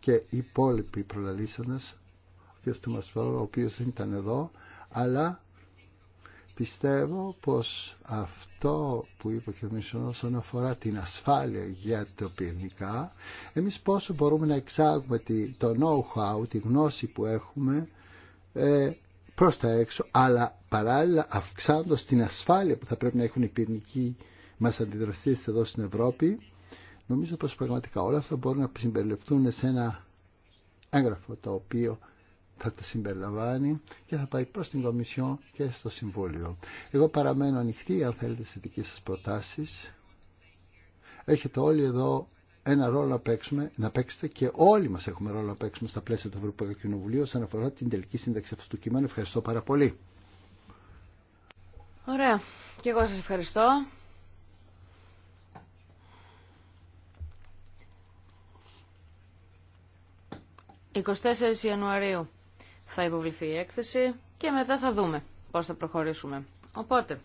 και οι υπόλοιποι προλαλήσανες ο κ. Τουμασφόρο ο οποίο δεν ήταν εδώ αλλά Πιστεύω πως αυτό που είπε και ο Μισονός όσον αφορά την ασφάλεια για το πυρνικά εμείς πόσο μπορούμε να εξάγουμε το know-how, τη γνώση που έχουμε ε, προς τα έξω, αλλά παράλληλα αυξάνοντας την ασφάλεια που θα πρέπει να έχουν οι πυρνικοί μας αντιδραστήσεις εδώ στην Ευρώπη, νομίζω πως πραγματικά όλα αυτά μπορούν να συμπεριληφθούν σε ένα έγγραφο το οποίο θα τα συμπεριλαμβάνει και θα πάει προς την Κομισιόν και στο Συμβούλιο. Εγώ παραμένω ανοιχτή αν θέλετε στις δικές σας προτάσεις. Έχετε όλοι εδώ ένα ρόλο να, παίξουμε, να παίξετε και όλοι μας έχουμε ρόλο να παίξουμε στα πλαίσια του Ευρωπαϊκού Κοινοβουλίου όσον αφορά την τελική σύνταξη αυτού του κειμένου. Ευχαριστώ πάρα πολύ. Ωραία. Και εγώ σας ευχαριστώ. «24 Ιανουαρίου» θα υποβληθεί η έκθεση και μετά θα δούμε πώς θα προχωρήσουμε. Οπότε,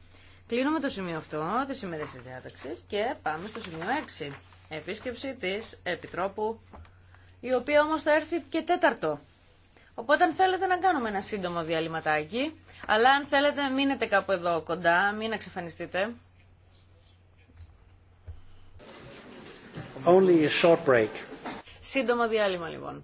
κλείνουμε το σημείο αυτό της ημερής της διάταξης και πάμε στο σημείο 6. Επίσκεψη της Επιτρόπου, η οποία όμως θα έρθει και τέταρτο. Οπότε αν θέλετε να κάνουμε ένα σύντομο διαλυματάκι, αλλά αν θέλετε μείνετε κάπου εδώ κοντά, μην εξαφανιστείτε. Only a short break. Σύντομο διάλειμμα λοιπόν.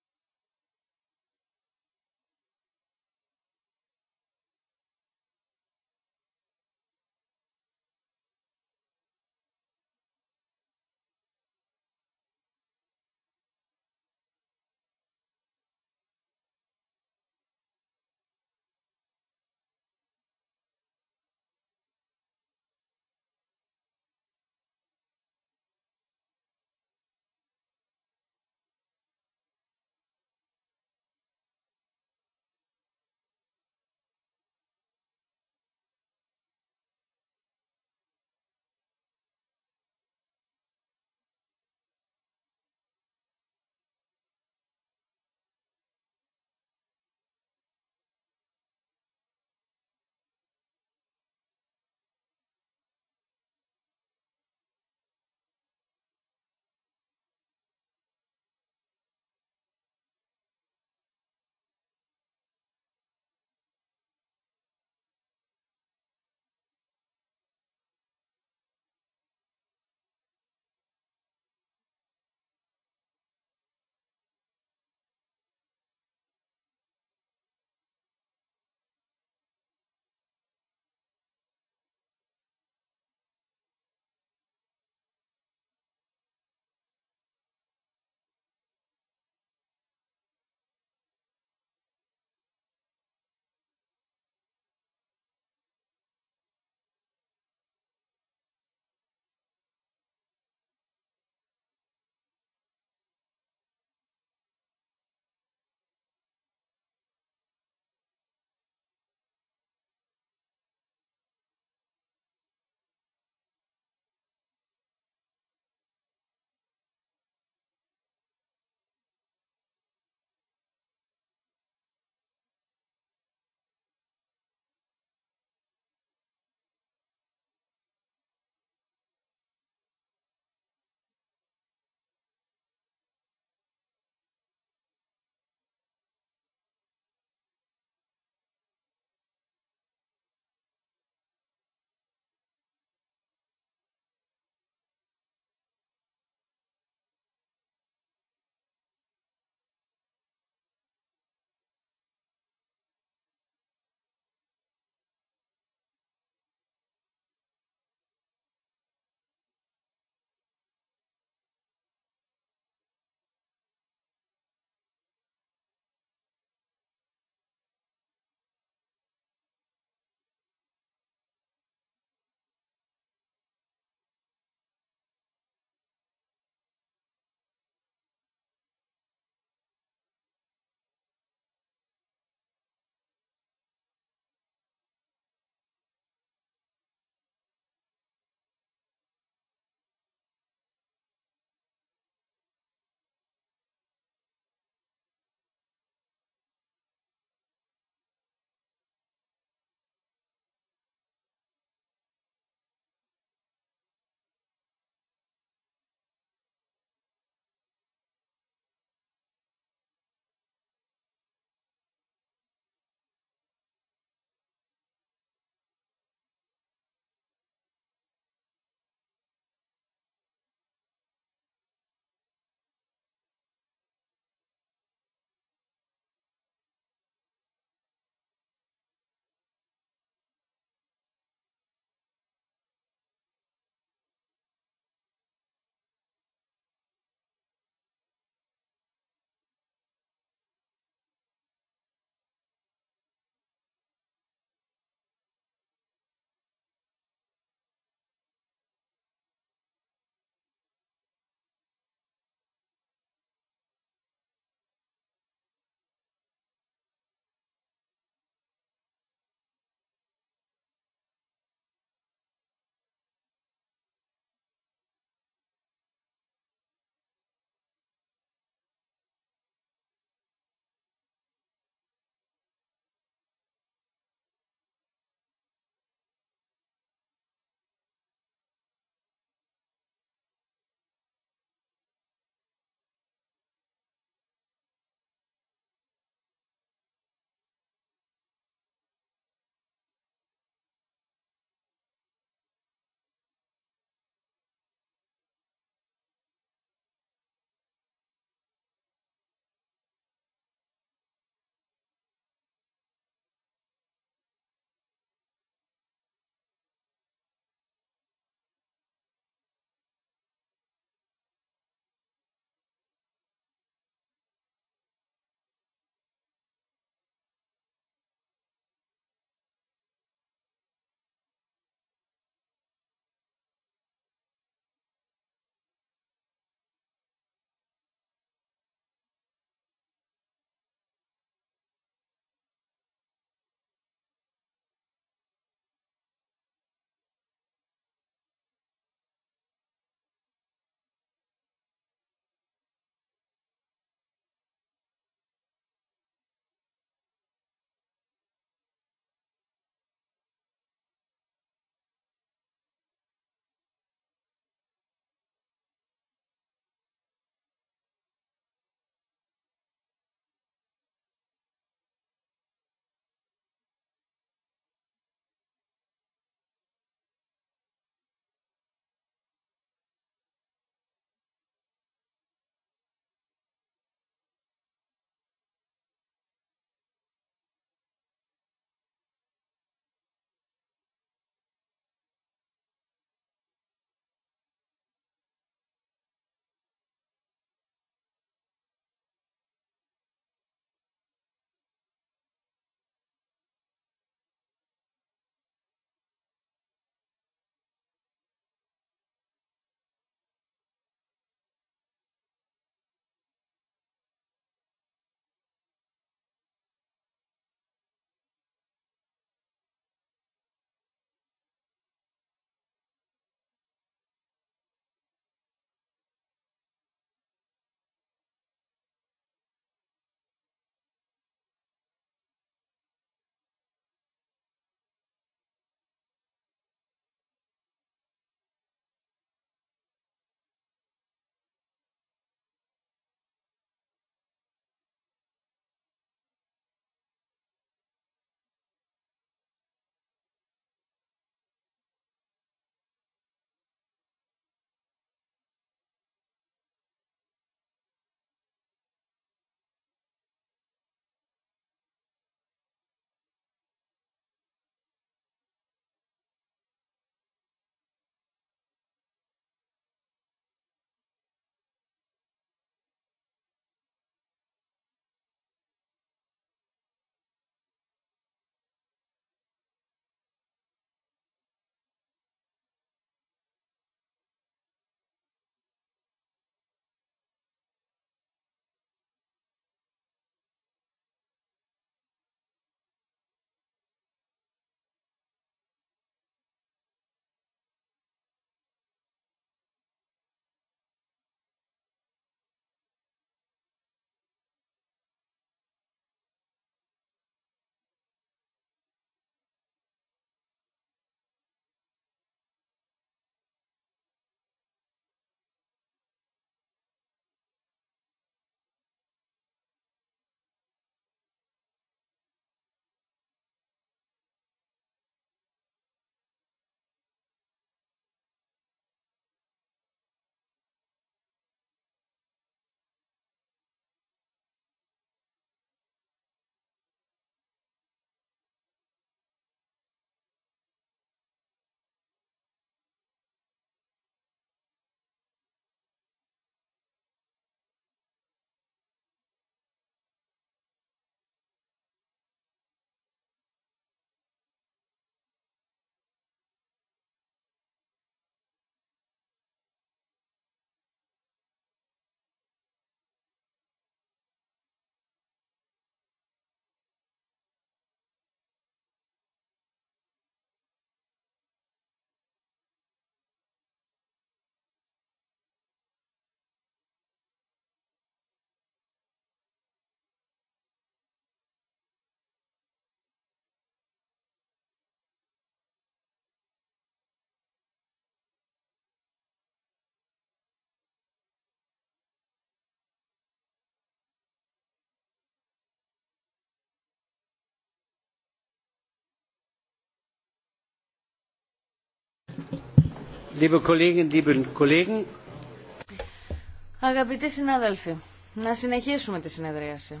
Αγαπητοί συνάδελφοι, να συνεχίσουμε τη συνεδρίαση.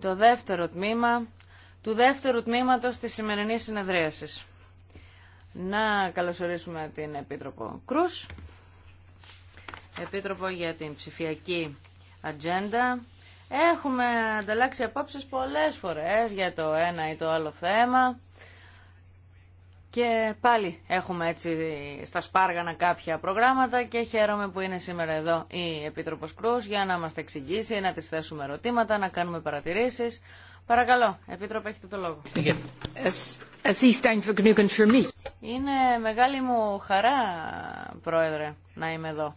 Το δεύτερο τμήμα του δεύτερου τμήματος της σημερινής συνεδρίασης. Να καλωσορίσουμε την Επίτροπο Κρούς, Επίτροπο για την ψηφιακή ατζέντα. Έχουμε ανταλλάξει απόψεις πολλές φορές για το ένα ή το άλλο θέμα. Και πάλι έχουμε έτσι στα σπάργανα κάποια προγράμματα και χαίρομαι που είναι σήμερα εδώ η Επίτροπος Κρούς για να μας τα εξηγήσει, να τις θέσουμε ερωτήματα, να κάνουμε παρατηρήσεις. Παρακαλώ, Επίτροπε, έχετε το λόγο. Είναι μεγάλη μου χαρά, Πρόεδρε, να είμαι εδώ.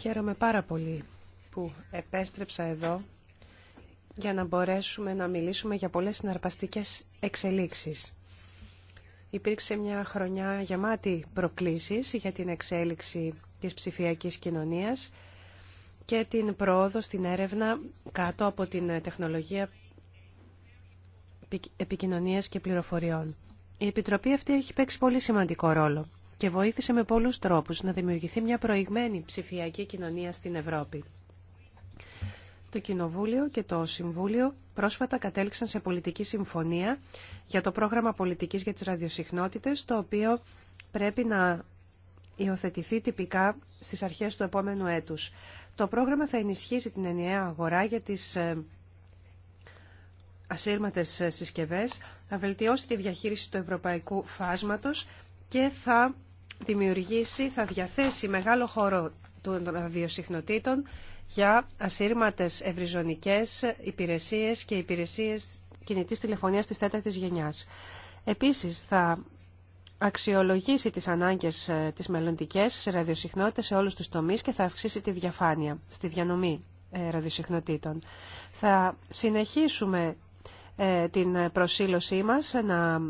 Χαίρομαι πάρα πολύ που επέστρεψα εδώ για να μπορέσουμε να μιλήσουμε για πολλές συναρπαστικές εξελίξεις. Υπήρξε μια χρονιά γεμάτη προκλήσεις για την εξέλιξη της ψηφιακής κοινωνίας και την πρόοδο στην έρευνα κάτω από την τεχνολογία επικοινωνίας και πληροφοριών. Η Επιτροπή αυτή έχει παίξει πολύ σημαντικό ρόλο και βοήθησε με πολλούς τρόπους να δημιουργηθεί μια προηγμένη ψηφιακή κοινωνία στην Ευρώπη το Κοινοβούλιο και το Συμβούλιο πρόσφατα κατέληξαν σε πολιτική συμφωνία για το πρόγραμμα πολιτικής για τις ραδιοσυχνότητες, το οποίο πρέπει να υιοθετηθεί τυπικά στις αρχές του επόμενου έτους. Το πρόγραμμα θα ενισχύσει την ενιαία αγορά για τις ε, ασύρματες ε, συσκευές, θα βελτιώσει τη διαχείριση του ευρωπαϊκού φάσματος και θα δημιουργήσει, θα διαθέσει μεγάλο χώρο των ραδιοσυχνοτήτων για ασύρματες ευρυζωνικές υπηρεσίες και υπηρεσίες κινητής τηλεφωνίας της τέταρτης γενιάς. Επίσης, θα αξιολογήσει τις ανάγκες ε, της μελλοντικές σε ραδιοσυχνότητες σε όλους τους τομείς και θα αυξήσει τη διαφάνεια στη διανομή ε, ραδιοσυχνοτήτων. Θα συνεχίσουμε ε, την προσήλωσή μας να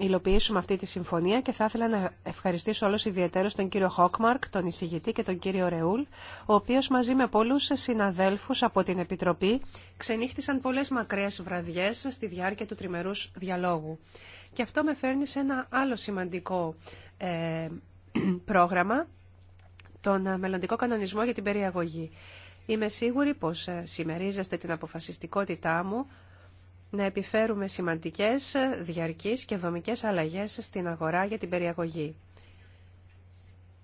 υλοποιήσουμε αυτή τη συμφωνία και θα ήθελα να ευχαριστήσω όλους ιδιαίτερο τον κύριο Χόκμαρκ, τον εισηγητή και τον κύριο Ρεούλ, ο οποίος μαζί με πολλούς συναδέλφους από την Επιτροπή ξενύχτησαν πολλές μακρές βραδιές στη διάρκεια του τριμερούς διαλόγου. Και αυτό με φέρνει σε ένα άλλο σημαντικό ε, πρόγραμμα, τον μελλοντικό κανονισμό για την περιαγωγή. Είμαι σίγουρη πως ε, σημερίζεστε την αποφασιστικότητά μου να επιφέρουμε σημαντικές, διαρκείς και δομικές αλλαγές στην αγορά για την περιαγωγή.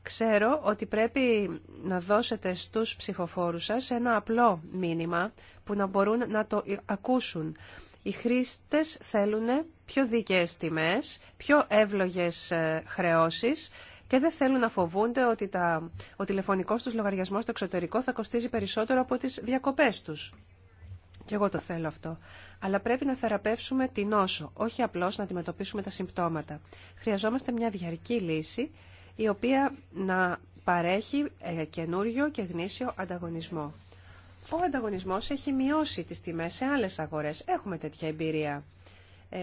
Ξέρω ότι πρέπει να δώσετε στους ψηφοφόρους σας ένα απλό μήνυμα που να μπορούν να το ακούσουν. Οι χρήστες θέλουν πιο δίκαιες τιμές, πιο εύλογες ε, χρεώσεις και δεν θέλουν να φοβούνται ότι τα, ο τηλεφωνικός τους λογαριασμός στο εξωτερικό θα κοστίζει περισσότερο από τις διακοπές τους. Και εγώ το θέλω αυτό. Αλλά πρέπει να θεραπεύσουμε την νόσο, όχι απλώς να αντιμετωπίσουμε τα συμπτώματα. Χρειαζόμαστε μια διαρκή λύση, η οποία να παρέχει ε, καινούριο και γνήσιο ανταγωνισμό. Ο ανταγωνισμός έχει μειώσει τι τιμέ σε άλλες αγορές. Έχουμε τέτοια εμπειρία ε,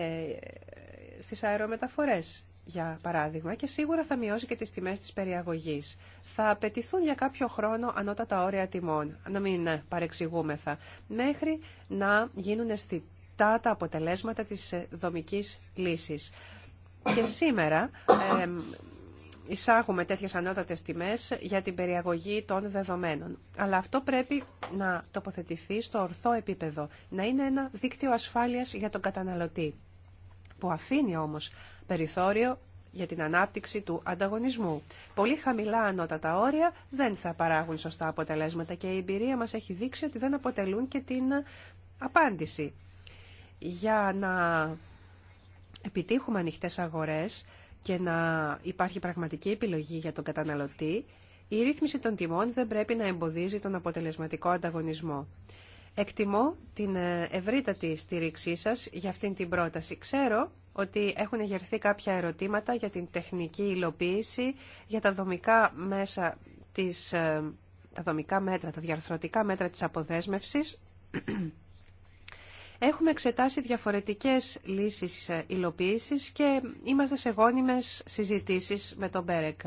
στις αερομεταφορές για παράδειγμα, και σίγουρα θα μειώσει και τις τιμές της περιαγωγής. Θα απαιτηθούν για κάποιο χρόνο ανώτατα όρια τιμών, να μην ε, παρεξηγούμεθα, μέχρι να γίνουν αισθητά τα αποτελέσματα της ε, δομικής λύσης. Και σήμερα ε, εισάγουμε τέτοιες ανώτατες τιμές για την περιαγωγή των δεδομένων. Αλλά αυτό πρέπει να τοποθετηθεί στο ορθό επίπεδο, να είναι ένα δίκτυο ασφάλειας για τον καταναλωτή, που αφήνει όμως περιθώριο για την ανάπτυξη του ανταγωνισμού. Πολύ χαμηλά ανώτατα όρια δεν θα παράγουν σωστά αποτελέσματα και η εμπειρία μας έχει δείξει ότι δεν αποτελούν και την απάντηση. Για να επιτύχουμε ανοιχτέ αγορές και να υπάρχει πραγματική επιλογή για τον καταναλωτή, η ρύθμιση των τιμών δεν πρέπει να εμποδίζει τον αποτελεσματικό ανταγωνισμό. Εκτιμώ την ευρύτατη στήριξή σας για αυτήν την πρόταση. Ξέρω ότι έχουν εγερθεί κάποια ερωτήματα για την τεχνική υλοποίηση, για τα δομικά μέσα της, ε, τα δομικά μέτρα, τα διαρθρωτικά μέτρα της αποδέσμευσης. Έχουμε εξετάσει διαφορετικές λύσεις ε, υλοποίησης και είμαστε σε γόνιμες συζητήσεις με τον Μπέρεκ.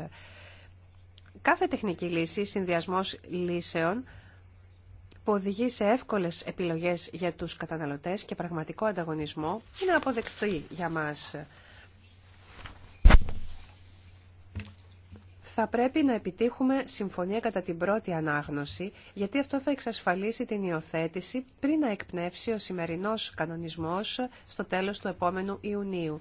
Κάθε τεχνική λύση, συνδυασμός λύσεων, που οδηγεί σε εύκολες επιλογές για τους καταναλωτές και πραγματικό ανταγωνισμό είναι αποδεκτή για μας. Θα πρέπει να επιτύχουμε συμφωνία κατά την πρώτη ανάγνωση, γιατί αυτό θα εξασφαλίσει την υιοθέτηση πριν να εκπνεύσει ο σημερινός κανονισμός στο τέλος του επόμενου Ιουνίου.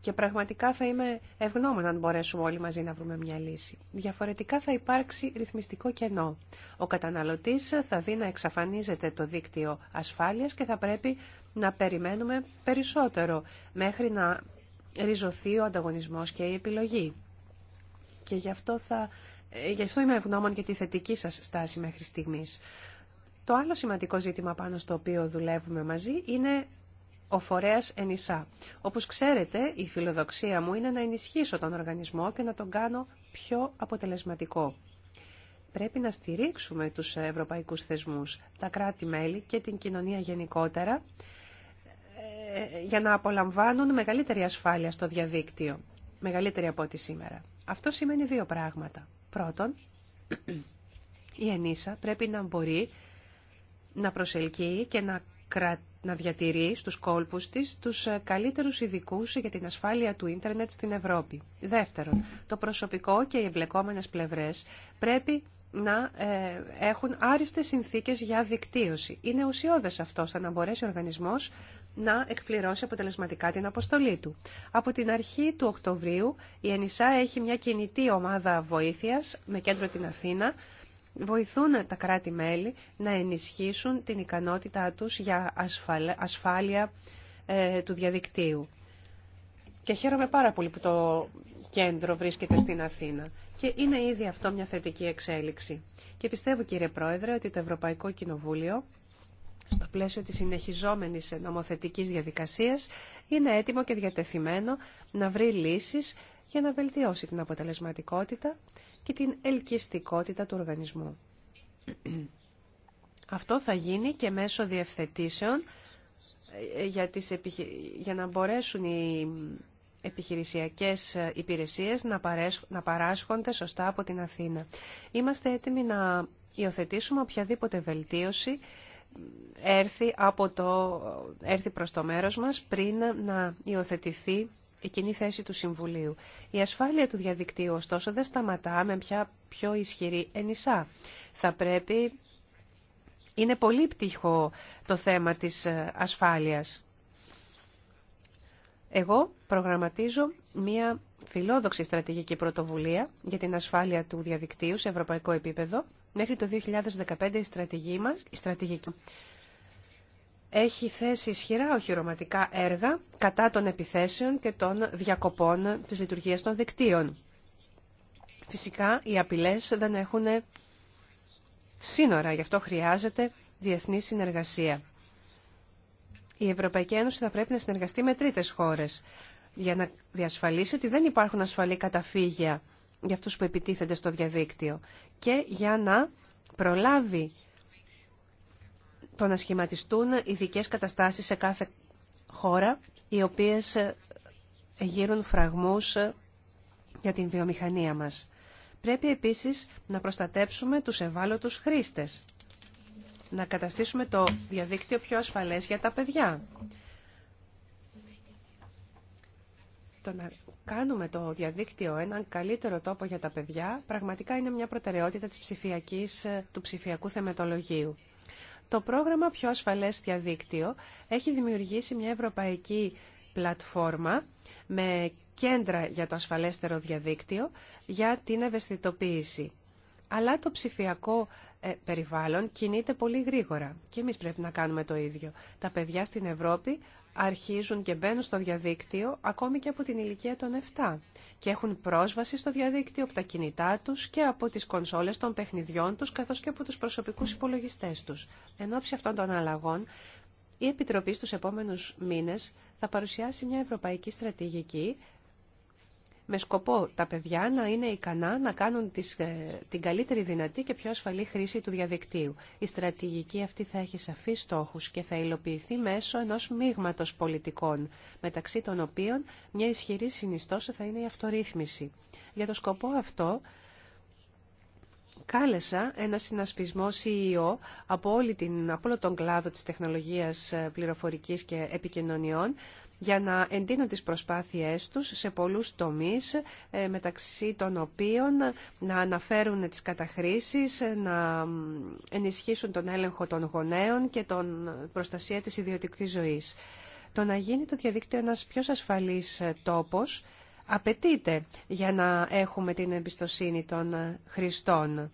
Και πραγματικά θα είμαι ευγνώμων αν μπορέσουμε όλοι μαζί να βρούμε μια λύση. Διαφορετικά θα υπάρξει ρυθμιστικό κενό. Ο καταναλωτής θα δει να εξαφανίζεται το δίκτυο ασφάλειας και θα πρέπει να περιμένουμε περισσότερο μέχρι να ριζωθεί ο ανταγωνισμός και η επιλογή. Και γι' αυτό, θα, ε, γι αυτό είμαι ευγνώμων για τη θετική σας στάση μέχρι στιγμής. Το άλλο σημαντικό ζήτημα πάνω στο οποίο δουλεύουμε μαζί είναι ο φορέας ενισά. Όπως ξέρετε, η φιλοδοξία μου είναι να ενισχύσω τον οργανισμό και να τον κάνω πιο αποτελεσματικό. Πρέπει να στηρίξουμε τους ευρωπαϊκούς θεσμούς, τα κράτη-μέλη και την κοινωνία γενικότερα, ε, για να απολαμβάνουν μεγαλύτερη ασφάλεια στο διαδίκτυο, μεγαλύτερη από ό,τι σήμερα. Αυτό σημαίνει δύο πράγματα. Πρώτον, η ΕΝΙΣΑ πρέπει να μπορεί να προσελκύει και να κρατήσει να διατηρεί στους κόλπους της τους ε, καλύτερους ειδικού για την ασφάλεια του ίντερνετ στην Ευρώπη. Δεύτερον, το προσωπικό και οι εμπλεκόμενες πλευρές πρέπει να ε, έχουν άριστες συνθήκες για δικτύωση. Είναι ουσιώδες αυτό, ώστε να μπορέσει ο οργανισμός να εκπληρώσει αποτελεσματικά την αποστολή του. Από την αρχή του Οκτωβρίου η ΕΝΙΣΑ έχει μια κινητή ομάδα βοήθειας με κέντρο την Αθήνα βοηθούν τα κράτη-μέλη να ενισχύσουν την ικανότητά τους για ασφάλεια ε, του διαδικτύου. Και χαίρομαι πάρα πολύ που το κέντρο βρίσκεται στην Αθήνα. Και είναι ήδη αυτό μια θετική εξέλιξη. Και πιστεύω κύριε Πρόεδρε ότι το Ευρωπαϊκό Κοινοβούλιο στο πλαίσιο της συνεχιζόμενης νομοθετικής διαδικασίας είναι έτοιμο και διατεθειμένο να βρει λύσεις για να βελτιώσει την αποτελεσματικότητα και την ελκυστικότητα του οργανισμού. Αυτό θα γίνει και μέσω διευθετήσεων ε, για, για να μπορέσουν οι επιχειρησιακές ε, υπηρεσίες να, παρέσ... παράσχονται σωστά από την Αθήνα. Είμαστε έτοιμοι να υιοθετήσουμε οποιαδήποτε βελτίωση ε, έρθει, από το, έρθει προς το μέρος μας πριν να υιοθετηθεί η κοινή θέση του Συμβουλίου. Η ασφάλεια του διαδικτύου, ωστόσο, δεν σταματά με πιο ισχυρή ενισά. Θα πρέπει... Είναι πολύ πτυχό το θέμα της ε, ασφάλειας. Εγώ προγραμματίζω μία φιλόδοξη στρατηγική πρωτοβουλία για την ασφάλεια του διαδικτύου σε ευρωπαϊκό επίπεδο. Μέχρι το 2015 η στρατηγική μας, στρατηγική έχει θέσει ισχυρά οχυρωματικά έργα κατά των επιθέσεων και των διακοπών της λειτουργίας των δικτύων. Φυσικά, οι απειλές δεν έχουν σύνορα, γι' αυτό χρειάζεται διεθνή συνεργασία. Η Ευρωπαϊκή Ένωση θα πρέπει να συνεργαστεί με τρίτες χώρες για να διασφαλίσει ότι δεν υπάρχουν ασφαλή καταφύγια για αυτούς που επιτίθενται στο διαδίκτυο και για να προλάβει το να σχηματιστούν ειδικέ καταστάσεις σε κάθε χώρα, οι οποίες ε, γύρουν φραγμούς ε, για την βιομηχανία μας. Πρέπει επίσης να προστατέψουμε τους ευάλωτους χρήστες, να καταστήσουμε το διαδίκτυο πιο ασφαλές για τα παιδιά. Το να κάνουμε το διαδίκτυο έναν καλύτερο τόπο για τα παιδιά πραγματικά είναι μια προτεραιότητα της ψηφιακής, ε, του ψηφιακού θεμετολογίου. Το πρόγραμμα Πιο Ασφαλές Διαδίκτυο έχει δημιουργήσει μια ευρωπαϊκή πλατφόρμα με κέντρα για το ασφαλέστερο διαδίκτυο για την ευαισθητοποίηση. Αλλά το ψηφιακό ε, περιβάλλον κινείται πολύ γρήγορα και εμείς πρέπει να κάνουμε το ίδιο. Τα παιδιά στην Ευρώπη αρχίζουν και μπαίνουν στο διαδίκτυο ακόμη και από την ηλικία των 7 και έχουν πρόσβαση στο διαδίκτυο από τα κινητά τους και από τις κονσόλες των παιχνιδιών τους καθώς και από τους προσωπικούς υπολογιστές τους. Εν ώψη αυτών των αλλαγών, η Επιτροπή στους επόμενους μήνες θα παρουσιάσει μια ευρωπαϊκή στρατηγική με σκοπό τα παιδιά να είναι ικανά να κάνουν τις, ε, την καλύτερη δυνατή και πιο ασφαλή χρήση του διαδικτύου. Η στρατηγική αυτή θα έχει σαφείς στόχους και θα υλοποιηθεί μέσω ενός μείγματος πολιτικών, μεταξύ των οποίων μια ισχυρή συνιστόσα θα είναι η αυτορύθμιση. Για το σκοπό αυτό κάλεσα ένα συνασπισμό CEO από, την, από όλο τον κλάδο της τεχνολογίας ε, πληροφορικής και επικοινωνιών για να εντείνουν τις προσπάθειές τους σε πολλούς τομείς, ε, μεταξύ των οποίων να αναφέρουν τις καταχρήσεις, να ενισχύσουν τον έλεγχο των γονέων και την προστασία της ιδιωτικής ζωής. Το να γίνει το διαδίκτυο ένας πιο ασφαλής ε, τόπος απαιτείται για να έχουμε την εμπιστοσύνη των ε, χρηστών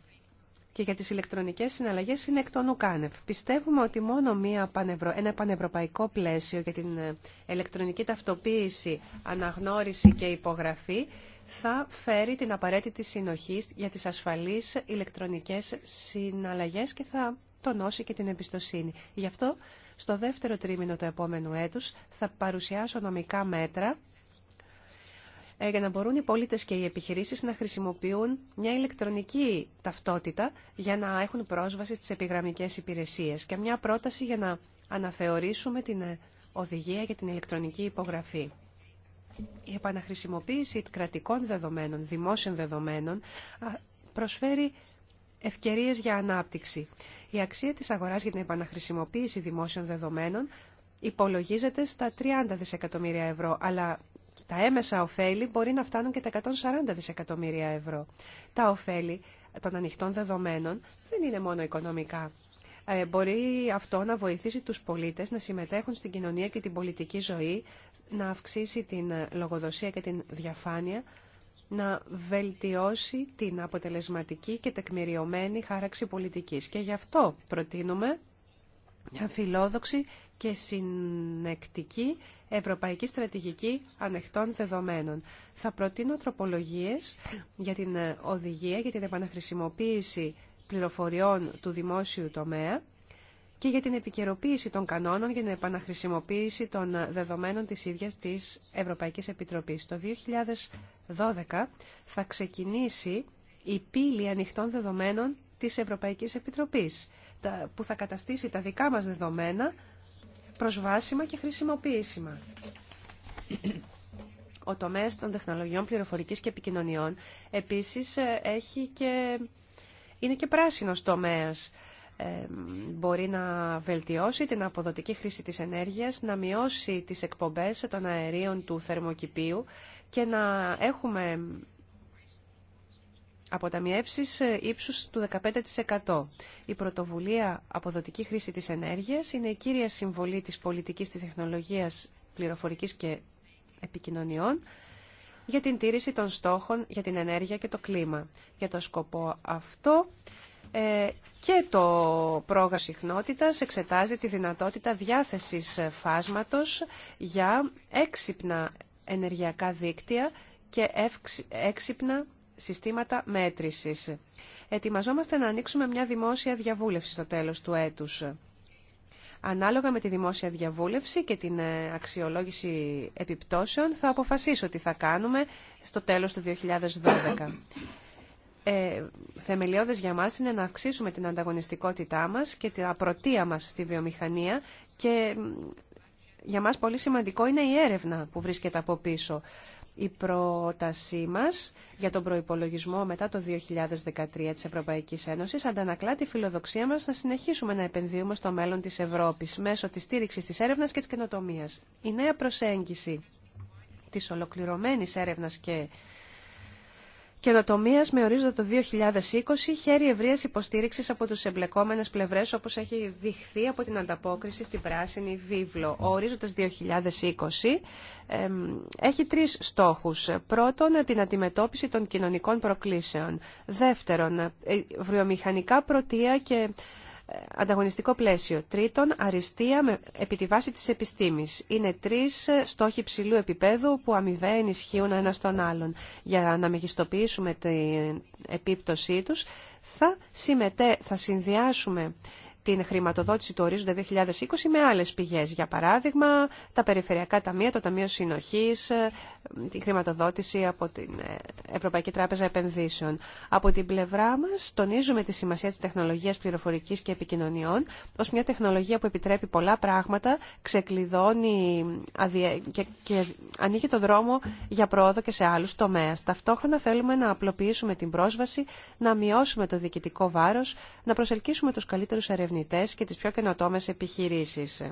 και για τις ηλεκτρονικές συναλλαγές είναι εκ των ουκάνευ. Πιστεύουμε ότι μόνο μία πανευρω... ένα πανευρωπαϊκό πλαίσιο για την ε, ηλεκτρονική ταυτοποίηση, αναγνώριση και υπογραφή θα φέρει την απαραίτητη συνοχή για τις ασφαλείς ηλεκτρονικές συναλλαγές και θα τονώσει και την εμπιστοσύνη. Γι' αυτό στο δεύτερο τρίμηνο του επόμενου έτους θα παρουσιάσω νομικά μέτρα ε, για να μπορούν οι πολίτες και οι επιχειρήσεις να χρησιμοποιούν μια ηλεκτρονική ταυτότητα για να έχουν πρόσβαση στις επιγραμμικές υπηρεσίες και μια πρόταση για να αναθεωρήσουμε την ε, οδηγία για την ηλεκτρονική υπογραφή. Η επαναχρησιμοποίηση κρατικών δεδομένων, δημόσιων δεδομένων προσφέρει ευκαιρίες για ανάπτυξη. Η αξία της αγοράς για την επαναχρησιμοποίηση δημόσιων δεδομένων υπολογίζεται στα 30 δισεκατομμύρια ευρώ, αλλά τα έμεσα ωφέλη μπορεί να φτάνουν και τα 140 δισεκατομμύρια ευρώ. Τα ωφέλη των ανοιχτών δεδομένων δεν είναι μόνο οικονομικά. Ε, μπορεί αυτό να βοηθήσει τους πολίτες να συμμετέχουν στην κοινωνία και την πολιτική ζωή, να αυξήσει την λογοδοσία και την διαφάνεια, να βελτιώσει την αποτελεσματική και τεκμηριωμένη χάραξη πολιτικής. Και γι' αυτό προτείνουμε μια φιλόδοξη και συνεκτική Ευρωπαϊκή Στρατηγική Ανεχτών Δεδομένων. Θα προτείνω τροπολογίες για την ε, οδηγία, για την επαναχρησιμοποίηση πληροφοριών του δημόσιου τομέα και για την επικαιροποίηση των κανόνων για την επαναχρησιμοποίηση των δεδομένων της ίδιας της Ευρωπαϊκής Επιτροπής. Το 2012 θα ξεκινήσει η πύλη ανοιχτών δεδομένων της Ευρωπαϊκής Επιτροπής, που θα καταστήσει τα δικά μας δεδομένα προσβάσιμα και χρησιμοποιήσιμα. Ο τομέας των τεχνολογιών πληροφορικής και επικοινωνιών επίσης ε, έχει και... είναι και πράσινος τομέας. Ε, μπορεί να βελτιώσει την αποδοτική χρήση της ενέργειας, να μειώσει τις εκπομπές των αερίων του θερμοκηπίου και να έχουμε αποταμιεύσεις ε, ύψους του 15%. Η πρωτοβουλία αποδοτική χρήση της ενέργειας είναι η κύρια συμβολή της πολιτικής της τεχνολογίας πληροφορικής και επικοινωνιών για την τήρηση των στόχων για την ενέργεια και το κλίμα. Για το σκοπό αυτό ε, και το πρόγραμμα συχνότητας εξετάζει τη δυνατότητα διάθεσης φάσματος για έξυπνα ενεργειακά δίκτυα και έξυπνα συστήματα μέτρησης. Ετοιμαζόμαστε να ανοίξουμε μια δημόσια διαβούλευση στο τέλος του έτους. Ανάλογα με τη δημόσια διαβούλευση και την ε, αξιολόγηση επιπτώσεων θα αποφασίσω τι θα κάνουμε στο τέλος του 2012. Ε, θεμελιώδες για μας είναι να αυξήσουμε την ανταγωνιστικότητά μας και την απροτεία μας στη βιομηχανία και για μας πολύ σημαντικό είναι η έρευνα που βρίσκεται από πίσω η πρότασή μας για τον προϋπολογισμό μετά το 2013 της Ευρωπαϊκής Ένωσης αντανακλά τη φιλοδοξία μας να συνεχίσουμε να επενδύουμε στο μέλλον της Ευρώπης μέσω της στήριξης της έρευνας και της καινοτομίας. Η νέα προσέγγιση της ολοκληρωμένης έρευνας και καινοτομία με ορίζοντα το 2020 χέρι ευρεία υποστήριξη από τι εμπλεκόμενε πλευρέ, όπω έχει δειχθεί από την ανταπόκριση στην πράσινη βίβλο. Ο ορίζοντα 2020 έχει τρει στόχου. Πρώτον, την αντιμετώπιση των κοινωνικών προκλήσεων. Δεύτερον, ε, βιομηχανικά πρωτεία και ανταγωνιστικό πλαίσιο. Τρίτον, αριστεία με, επί τη βάση της επιστήμης. Είναι τρεις στόχοι ψηλού επίπεδου που αμοιβαία ενισχύουν ένα τον άλλον. Για να μεγιστοποιήσουμε την επίπτωσή τους, θα, συμμετέ, θα συνδυάσουμε την χρηματοδότηση του ορίζοντα 2020 με άλλες πηγές. Για παράδειγμα, τα περιφερειακά ταμεία, το Ταμείο Συνοχής, ε, τη χρηματοδότηση από την ε, Ευρωπαϊκή Τράπεζα Επενδύσεων. Από την πλευρά μας, τονίζουμε τη σημασία της τεχνολογίας πληροφορικής και επικοινωνιών ως μια τεχνολογία που επιτρέπει πολλά πράγματα, ξεκλειδώνει και ανοίγει το δρόμο για πρόοδο και σε άλλους τομέας. Ταυτόχρονα θέλουμε να απλοποιήσουμε την πρόσβαση, να μειώσουμε το διοικητικό βάρος, να προσελκύσουμε τους καλύτερους ερευνητές και τις πιο καινοτόμες επιχειρήσεις.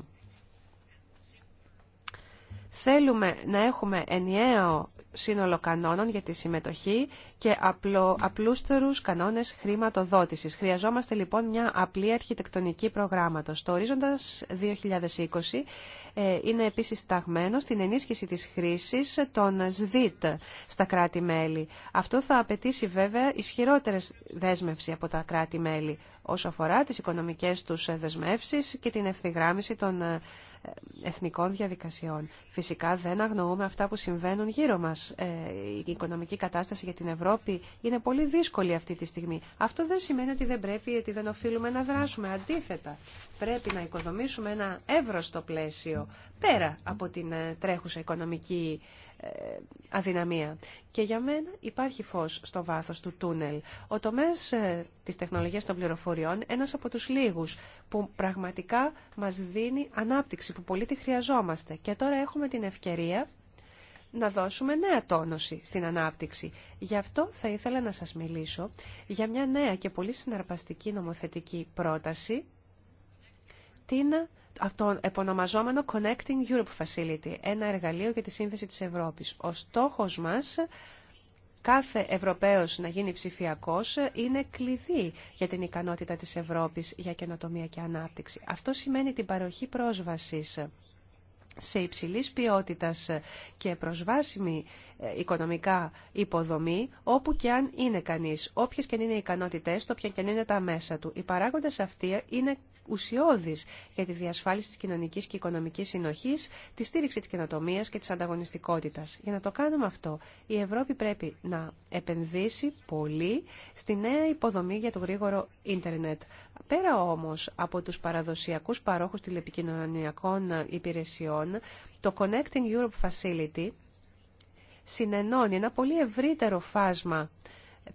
Θέλουμε να έχουμε ενιαίο σύνολο κανόνων για τη συμμετοχή και απλο, απλούστερους κανόνες χρηματοδότησης. Χρειαζόμαστε λοιπόν μια απλή αρχιτεκτονική προγράμματος. Το ορίζοντας 2020 ε, είναι επίσης ταγμένο στην ενίσχυση της χρήσης των ΣΔΙΤ στα κράτη-μέλη. Αυτό θα απαιτήσει βέβαια ισχυρότερες δέσμευση από τα κράτη-μέλη όσο αφορά τις οικονομικές τους δεσμεύσεις και την ευθυγράμμιση των ε, εθνικών διαδικασιών. Φυσικά δεν αγνοούμε αυτά που συμβαίνουν γύρω μας. Ε, η οικονομική κατάσταση για την Ευρώπη είναι πολύ δύσκολη αυτή τη στιγμή. Αυτό δεν σημαίνει ότι δεν πρέπει, ότι δεν οφείλουμε να δράσουμε. Αντίθετα, πρέπει να οικοδομήσουμε ένα εύρωστο πλαίσιο πέρα από την ε, τρέχουσα οικονομική ε, αδυναμία. Και για μένα υπάρχει φως στο βάθος του τούνελ. Ο τομέας ε, της τεχνολογίας των πληροφοριών, ένας από τους λίγους που πραγματικά μας δίνει ανάπτυξη που πολύ τη χρειαζόμαστε. Και τώρα έχουμε την ευκαιρία να δώσουμε νέα τόνωση στην ανάπτυξη. Γι' αυτό θα ήθελα να σας μιλήσω για μια νέα και πολύ συναρπαστική νομοθετική πρόταση, την το επωνομαζόμενο Connecting Europe Facility, ένα εργαλείο για τη σύνθεση της Ευρώπης. Ο στόχος μας κάθε Ευρωπαίος να γίνει ψηφιακός είναι κλειδί για την ικανότητα της Ευρώπης για καινοτομία και ανάπτυξη. Αυτό σημαίνει την παροχή πρόσβασης σε υψηλής ποιότητας και προσβάσιμη ε, οικονομικά υποδομή, όπου και αν είναι κανείς, όποιες και αν είναι οι ικανότητές του, όποια και αν είναι τα μέσα του. Οι παράγοντες αυτοί είναι ουσιώδης για τη διασφάλιση της κοινωνικής και οικονομικής συνοχής, τη στήριξη της καινοτομίας και της ανταγωνιστικότητας. Για να το κάνουμε αυτό, η Ευρώπη πρέπει να επενδύσει πολύ στη νέα υποδομή για το γρήγορο ίντερνετ. Πέρα όμως από τους παραδοσιακούς παρόχους τηλεπικοινωνιακών υπηρεσιών, το Connecting Europe Facility συνενώνει ένα πολύ ευρύτερο φάσμα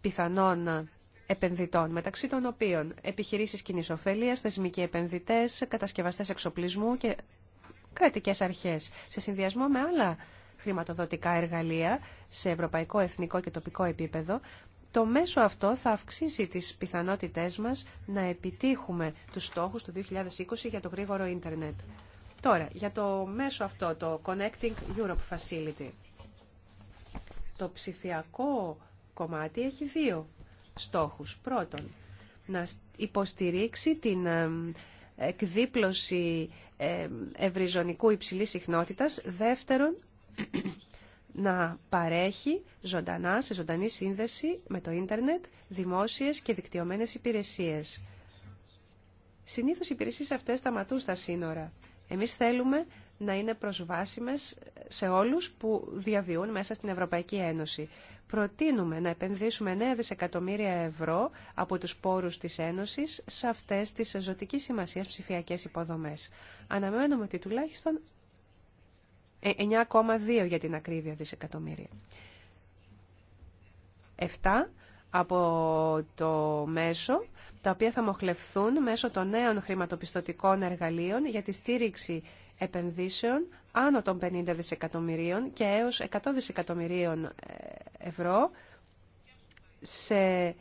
πιθανών επενδυτών, μεταξύ των οποίων επιχειρήσεις κοινή ωφέλεια, θεσμικοί επενδυτές, κατασκευαστές εξοπλισμού και κρατικές αρχές, σε συνδυασμό με άλλα χρηματοδοτικά εργαλεία σε ευρωπαϊκό, εθνικό και τοπικό επίπεδο, το μέσο αυτό θα αυξήσει τις πιθανότητές μας να επιτύχουμε τους στόχους του 2020 για το γρήγορο ίντερνετ. Τώρα, για το μέσο αυτό, το Connecting Europe Facility. Το ψηφιακό κομμάτι έχει δύο στόχους. Πρώτον, να υποστηρίξει την εκδίπλωση ευρυζωνικού υψηλής συχνότητας. Δεύτερον, να παρέχει ζωντανά, σε ζωντανή σύνδεση με το ίντερνετ, δημόσιες και δικτυωμένες υπηρεσίες. Συνήθως οι υπηρεσίες αυτές σταματούν στα σύνορα. Εμείς θέλουμε να είναι προσβάσιμες σε όλους που διαβιούν μέσα στην Ευρωπαϊκή Ένωση. Προτείνουμε να επενδύσουμε 9 δισεκατομμύρια ευρώ από τους πόρους της Ένωσης σε αυτές τις ζωτικής σημασίας ψηφιακές υποδομές. Αναμένουμε ότι τουλάχιστον 9,2 για την ακρίβεια δισεκατομμύρια. 7 από το μέσο, τα οποία θα μοχλευθούν μέσω των νέων χρηματοπιστωτικών εργαλείων για τη στήριξη επενδύσεων άνω των 50 δισεκατομμυρίων και έως 100 δισεκατομμυρίων ε, ευρώ σε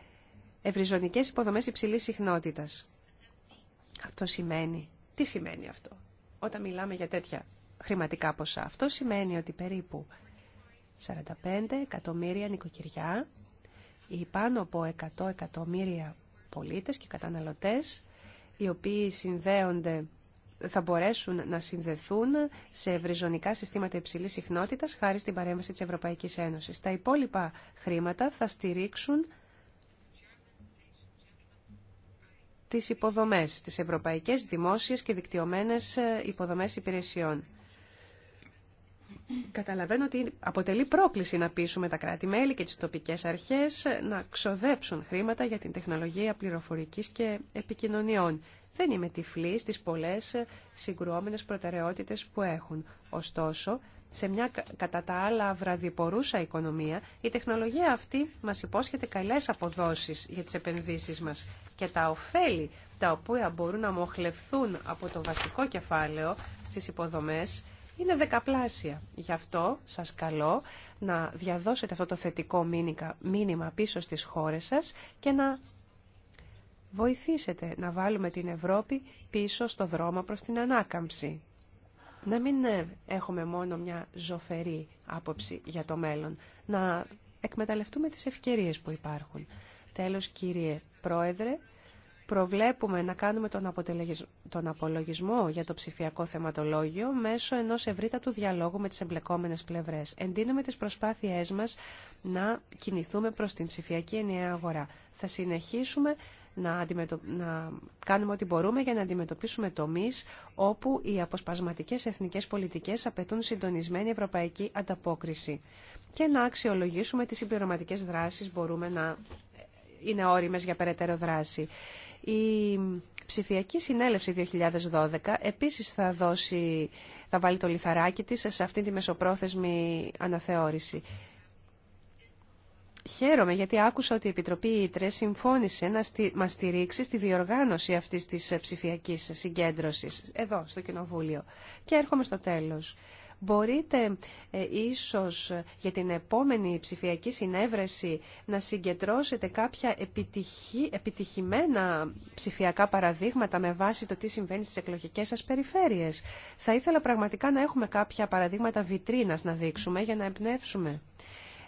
ευρυζωνικές υποδομές υψηλής συχνότητας. Αυτό σημαίνει. Τι σημαίνει αυτό όταν μιλάμε για τέτοια χρηματικά ποσά. Αυτό σημαίνει ότι περίπου 45 εκατομμύρια νοικοκυριά ή πάνω από 100 εκατομμύρια πολίτες και καταναλωτές οι οποίοι συνδέονται θα μπορέσουν να συνδεθούν σε ευρυζωνικά συστήματα υψηλής συχνότητας χάρη στην παρέμβαση της Ευρωπαϊκής Ένωσης. Τα υπόλοιπα χρήματα θα στηρίξουν τις υποδομές, τις ευρωπαϊκές δημόσιες και δικτυωμένες ε, υποδομές υπηρεσιών. Καταλαβαίνω ότι αποτελεί πρόκληση να πείσουμε τα κράτη-μέλη και τις τοπικές αρχές να ξοδέψουν χρήματα για την τεχνολογία πληροφορικής και επικοινωνιών. Δεν είμαι τυφλή στι πολλέ ε, συγκρουόμενε προτεραιότητες που έχουν. Ωστόσο, σε μια κατά τα άλλα βραδιπορούσα οικονομία, η τεχνολογία αυτή μας υπόσχεται καλές αποδόσεις για τις επενδύσεις μας και τα ωφέλη τα οποία μπορούν να μοχλευθούν από το βασικό κεφάλαιο στις υποδομές είναι δεκαπλάσια. Γι' αυτό σας καλώ να διαδώσετε αυτό το θετικό μήνυμα πίσω στις χώρες σας και να βοηθήσετε να βάλουμε την Ευρώπη πίσω στο δρόμο προς την ανάκαμψη. Να μην ε, έχουμε μόνο μια ζωφερή άποψη για το μέλλον, να εκμεταλλευτούμε τις ευκαιρίες που υπάρχουν. Τέλος, κύριε Πρόεδρε, προβλέπουμε να κάνουμε τον απολογισμό για το ψηφιακό θεματολόγιο μέσω ενός ευρύτατου διαλόγου με τις εμπλεκόμενες πλευρές. Εντείνουμε τις προσπάθειές μας να κινηθούμε προς την ψηφιακή ενιαία αγορά. Θα συνεχίσουμε να, αντιμετω... να κάνουμε ό,τι μπορούμε για να αντιμετωπίσουμε τομεί όπου οι αποσπασματικές εθνικές πολιτικές απαιτούν συντονισμένη ευρωπαϊκή ανταπόκριση και να αξιολογήσουμε τι συμπληρωματικέ δράσεις μπορούμε να είναι όριμες για περαιτέρω δράση. Η ψηφιακή συνέλευση 2012 επίση θα, δώσει, θα βάλει το λιθαράκι της σε αυτή τη μεσοπρόθεσμη αναθεώρηση. Χαίρομαι γιατί άκουσα ότι η Επιτροπή Ήτρε συμφώνησε να στη... μας στηρίξει στη διοργάνωση αυτή τη ε, ψηφιακή συγκέντρωση εδώ στο Κοινοβούλιο. Και έρχομαι στο τέλο. Μπορείτε ε, ίσως ε, για την επόμενη ψηφιακή συνέβρεση να συγκεντρώσετε κάποια επιτυχη... επιτυχημένα ψηφιακά παραδείγματα με βάση το τι συμβαίνει στις εκλογικές σας περιφέρειες. Θα ήθελα πραγματικά να έχουμε κάποια παραδείγματα βιτρίνας να δείξουμε για να εμπνεύσουμε.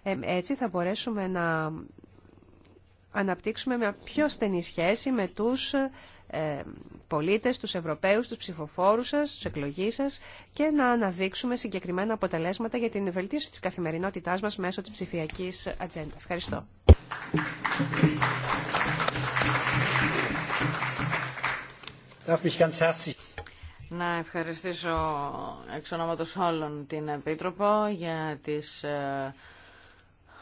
Ε, έτσι θα μπορέσουμε να αναπτύξουμε μια πιο στενή σχέση με τους ε, πολίτες, τους Ευρωπαίους, τους ψηφοφόρους σας, τους εκλογείς σας και να αναδείξουμε συγκεκριμένα αποτελέσματα για την βελτίωση της καθημερινότητάς μας μέσω της ψηφιακής ατζέντα. Ευχαριστώ. Να ευχαριστήσω εξ όλων την Επίτροπο για τις ε,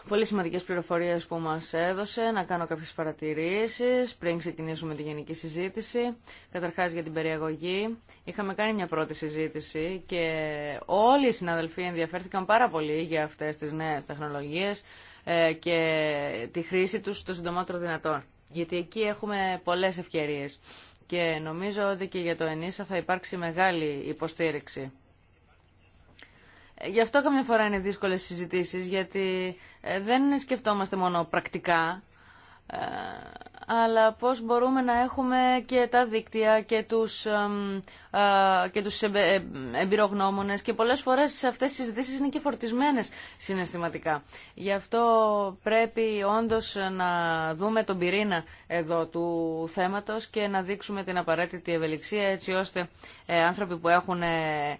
Πολύ σημαντικές πληροφορίες που μας έδωσε, να κάνω κάποιες παρατηρήσεις πριν ξεκινήσουμε τη γενική συζήτηση. Καταρχάς για την περιαγωγή. Είχαμε κάνει μια πρώτη συζήτηση και όλοι οι συναδελφοί ενδιαφέρθηκαν πάρα πολύ για αυτές τις νέες τεχνολογίες ε, και τη χρήση τους το συντομότερο δυνατόν. Γιατί εκεί έχουμε πολλές ευκαιρίες και νομίζω ότι και για το ΕΝΙΣΑ θα υπάρξει μεγάλη υποστήριξη. Γι' αυτό καμιά φορά είναι δύσκολες συζητήσεις, γιατί ε, δεν σκεφτόμαστε μόνο πρακτικά, ε, αλλά πώς μπορούμε να έχουμε και τα δίκτυα και τους και τους ε, εμπειρογνώμονες και πολλές φορές αυτές οι συζητήσεις είναι και φορτισμένες συναισθηματικά. Γι' αυτό πρέπει όντως να δούμε τον πυρήνα εδώ του θέματος και να δείξουμε την απαραίτητη ευελιξία έτσι ώστε ε, άνθρωποι που έχουν ε,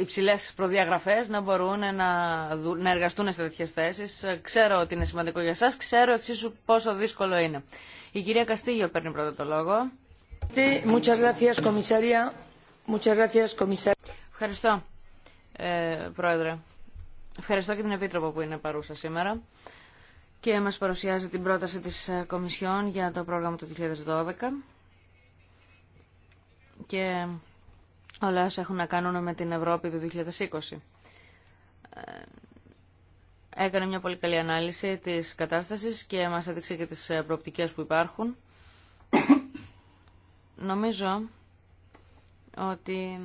υψηλέ προδιαγραφές να μπορούν να εργαστούν σε τέτοιες θέσεις. Ξέρω ότι είναι σημαντικό για εσά, ξέρω εξίσου πόσο δύσκολο είναι. Η κυρία Καστίγιο παίρνει πρώτα το λόγο. Ευχαριστώ, ε, Πρόεδρε. Ευχαριστώ και την Επίτροπο που είναι παρούσα σήμερα και μας παρουσιάζει την πρόταση της ε, Κομισιόν για το πρόγραμμα του 2012 και όλα όσα έχουν να κάνουν με την Ευρώπη του 2020. Ε, έκανε μια πολύ καλή ανάλυση της κατάστασης και μας έδειξε και τις προοπτικές που υπάρχουν Νομίζω ότι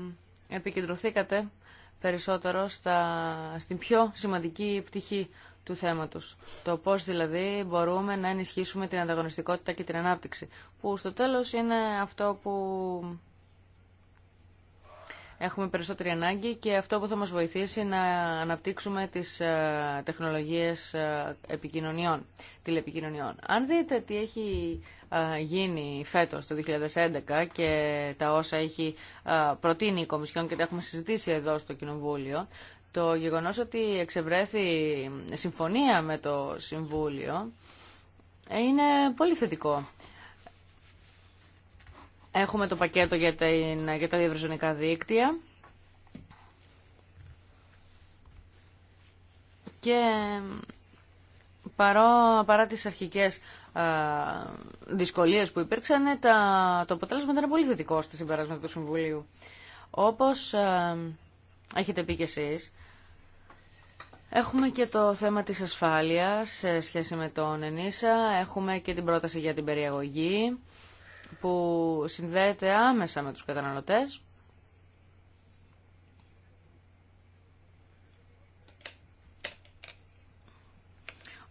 επικεντρωθήκατε περισσότερο στα, στην πιο σημαντική πτυχή του θέματος. Το πώς δηλαδή μπορούμε να ενισχύσουμε την ανταγωνιστικότητα και την ανάπτυξη, που στο τέλος είναι αυτό που έχουμε περισσότερη ανάγκη και αυτό που θα μας βοηθήσει να αναπτύξουμε τις ε, τεχνολογίες ε, επικοινωνιών, τηλεπικοινωνιών. Αν δείτε τι έχει γίνει φέτος το 2011 και τα όσα έχει προτείνει η Κομισιόν και τα έχουμε συζητήσει εδώ στο Κοινοβούλιο, το γεγονός ότι εξευρέθη συμφωνία με το Συμβούλιο ε, είναι πολύ θετικό. Έχουμε το πακέτο για τα, για τα δίκτυα και παρό, παρά τις αρχικές ε, δυσκολίες που υπήρξαν, τα, το αποτέλεσμα ήταν πολύ θετικό στη συμπεράσματα του Συμβουλίου. Όπως ε, έχετε πει κι εσείς, Έχουμε και το θέμα της ασφάλειας σε σχέση με τον ΕΝΙΣΑ. Έχουμε και την πρόταση για την περιαγωγή που συνδέεται άμεσα με τους καταναλωτές.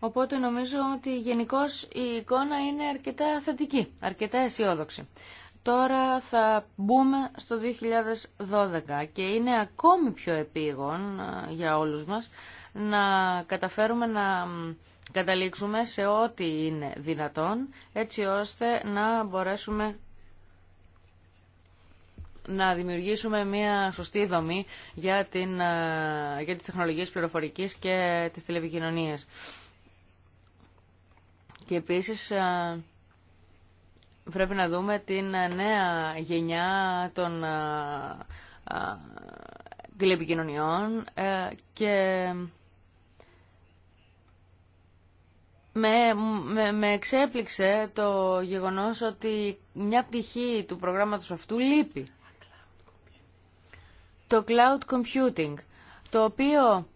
Οπότε νομίζω ότι γενικώ η εικόνα είναι αρκετά θετική, αρκετά αισιόδοξη. Τώρα θα μπούμε στο 2012 και είναι ακόμη πιο επίγον ε, για όλους μας να καταφέρουμε να καταλήξουμε σε ό,τι είναι δυνατόν έτσι ώστε να μπορέσουμε να δημιουργήσουμε μια σωστή δομή για, την, ε, για τις τεχνολογίες πληροφορικής και τις τηλεπικοινωνίες. Και επίσης ε, πρέπει να δούμε την ε, νέα γενιά των ε, τηλεπικοινωνιών και με, με, εξέπληξε το γεγονός ότι μια πτυχή του προγράμματος αυτού λείπει. Το cloud computing, το οποίο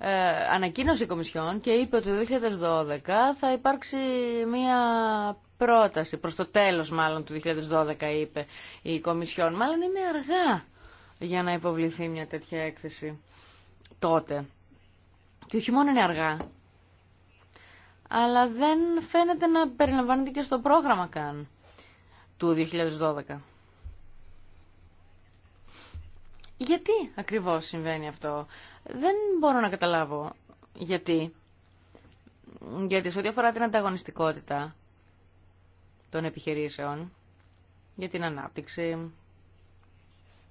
ε, ανακοίνωσε η Κομισιόν και είπε ότι το 2012 θα υπάρξει μία πρόταση, προς το τέλος μάλλον του 2012 είπε η Κομισιόν. Μάλλον είναι αργά για να υποβληθεί μια τέτοια έκθεση τότε. Και όχι μόνο είναι αργά, αλλά δεν φαίνεται να περιλαμβάνεται και στο πρόγραμμα καν του 2012. Γιατί ακριβώς συμβαίνει αυτό. Δεν μπορώ να καταλάβω γιατί. Γιατί σε ό,τι αφορά την ανταγωνιστικότητα των επιχειρήσεων, για την ανάπτυξη,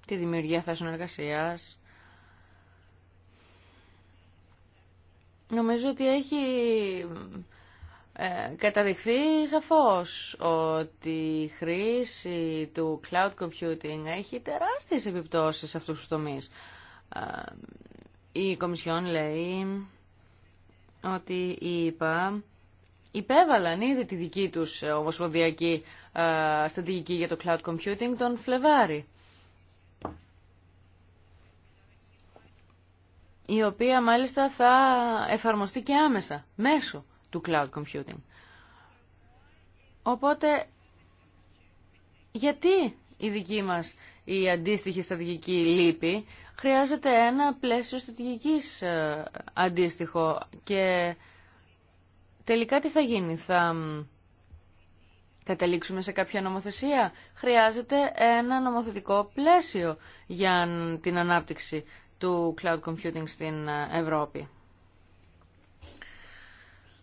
τη δημιουργία θέσεων εργασία. Νομίζω ότι έχει ε, καταδειχθεί σαφώς ότι η χρήση του cloud computing έχει τεράστιες επιπτώσεις σε αυτούς τους τομείς. Ε, η Κομισιόν λέει ότι η ΕΠΑ υπέβαλαν ήδη τη δική τους ε, ομοσπονδιακή ε, στρατηγική για το cloud computing τον Φλεβάρη. η οποία μάλιστα θα εφαρμοστεί και άμεσα, μέσω του cloud computing. Οπότε, γιατί η δική μας η αντίστοιχη στρατηγική λύπη, χρειάζεται ένα πλαίσιο στρατηγικής ε, αντίστοιχο. Και τελικά τι θα γίνει, θα καταλήξουμε σε κάποια νομοθεσία. Χρειάζεται ένα νομοθετικό πλαίσιο για την ανάπτυξη του cloud computing στην ε, Ευρώπη.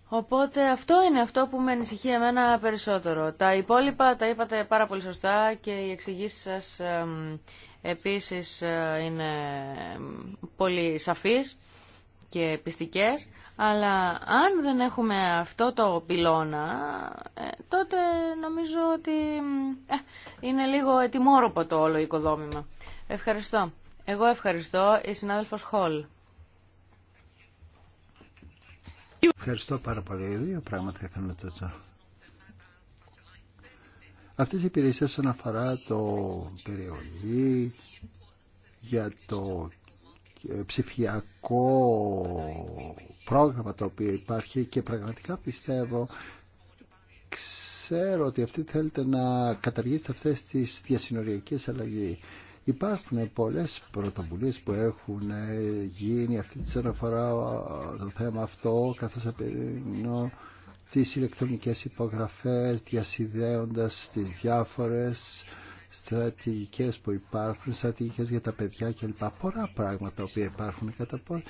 Οπότε αυτό είναι αυτό που με ανησυχεί εμένα περισσότερο. Τα υπόλοιπα τα είπατε πάρα πολύ σωστά και οι εξηγήσει σας επίσης ε, είναι πολύ σαφείς και πιστικές, αλλά αν δεν έχουμε αυτό το πυλώνα, ε, τότε νομίζω ότι ε, είναι λίγο ετοιμόρροπο το όλο οικοδόμημα. Ευχαριστώ. Εγώ ευχαριστώ, η συνάδελφος Χολ. Ευχαριστώ πάρα πολύ. Δύο πράγματα ήθελα να τότσω. Αυτές οι υπηρεσίες όσον αφορά το περιοχή για το ε, ψηφιακό πρόγραμμα το οποίο υπάρχει και πραγματικά πιστεύω ξέρω ότι αυτοί θέλετε να καταργήσετε αυτές τις διασυνοριακές αλλαγές Υπάρχουν πολλές πρωτοβουλίες που έχουν γίνει αυτή τη αναφορά το θέμα αυτό καθώς απερινώ τις ηλεκτρονικές υπογραφές διασυνδέοντας τις διάφορες στρατηγικές που υπάρχουν, στρατηγικές για τα παιδιά κλπ. Πολλά πράγματα που υπάρχουν κατά πόσο.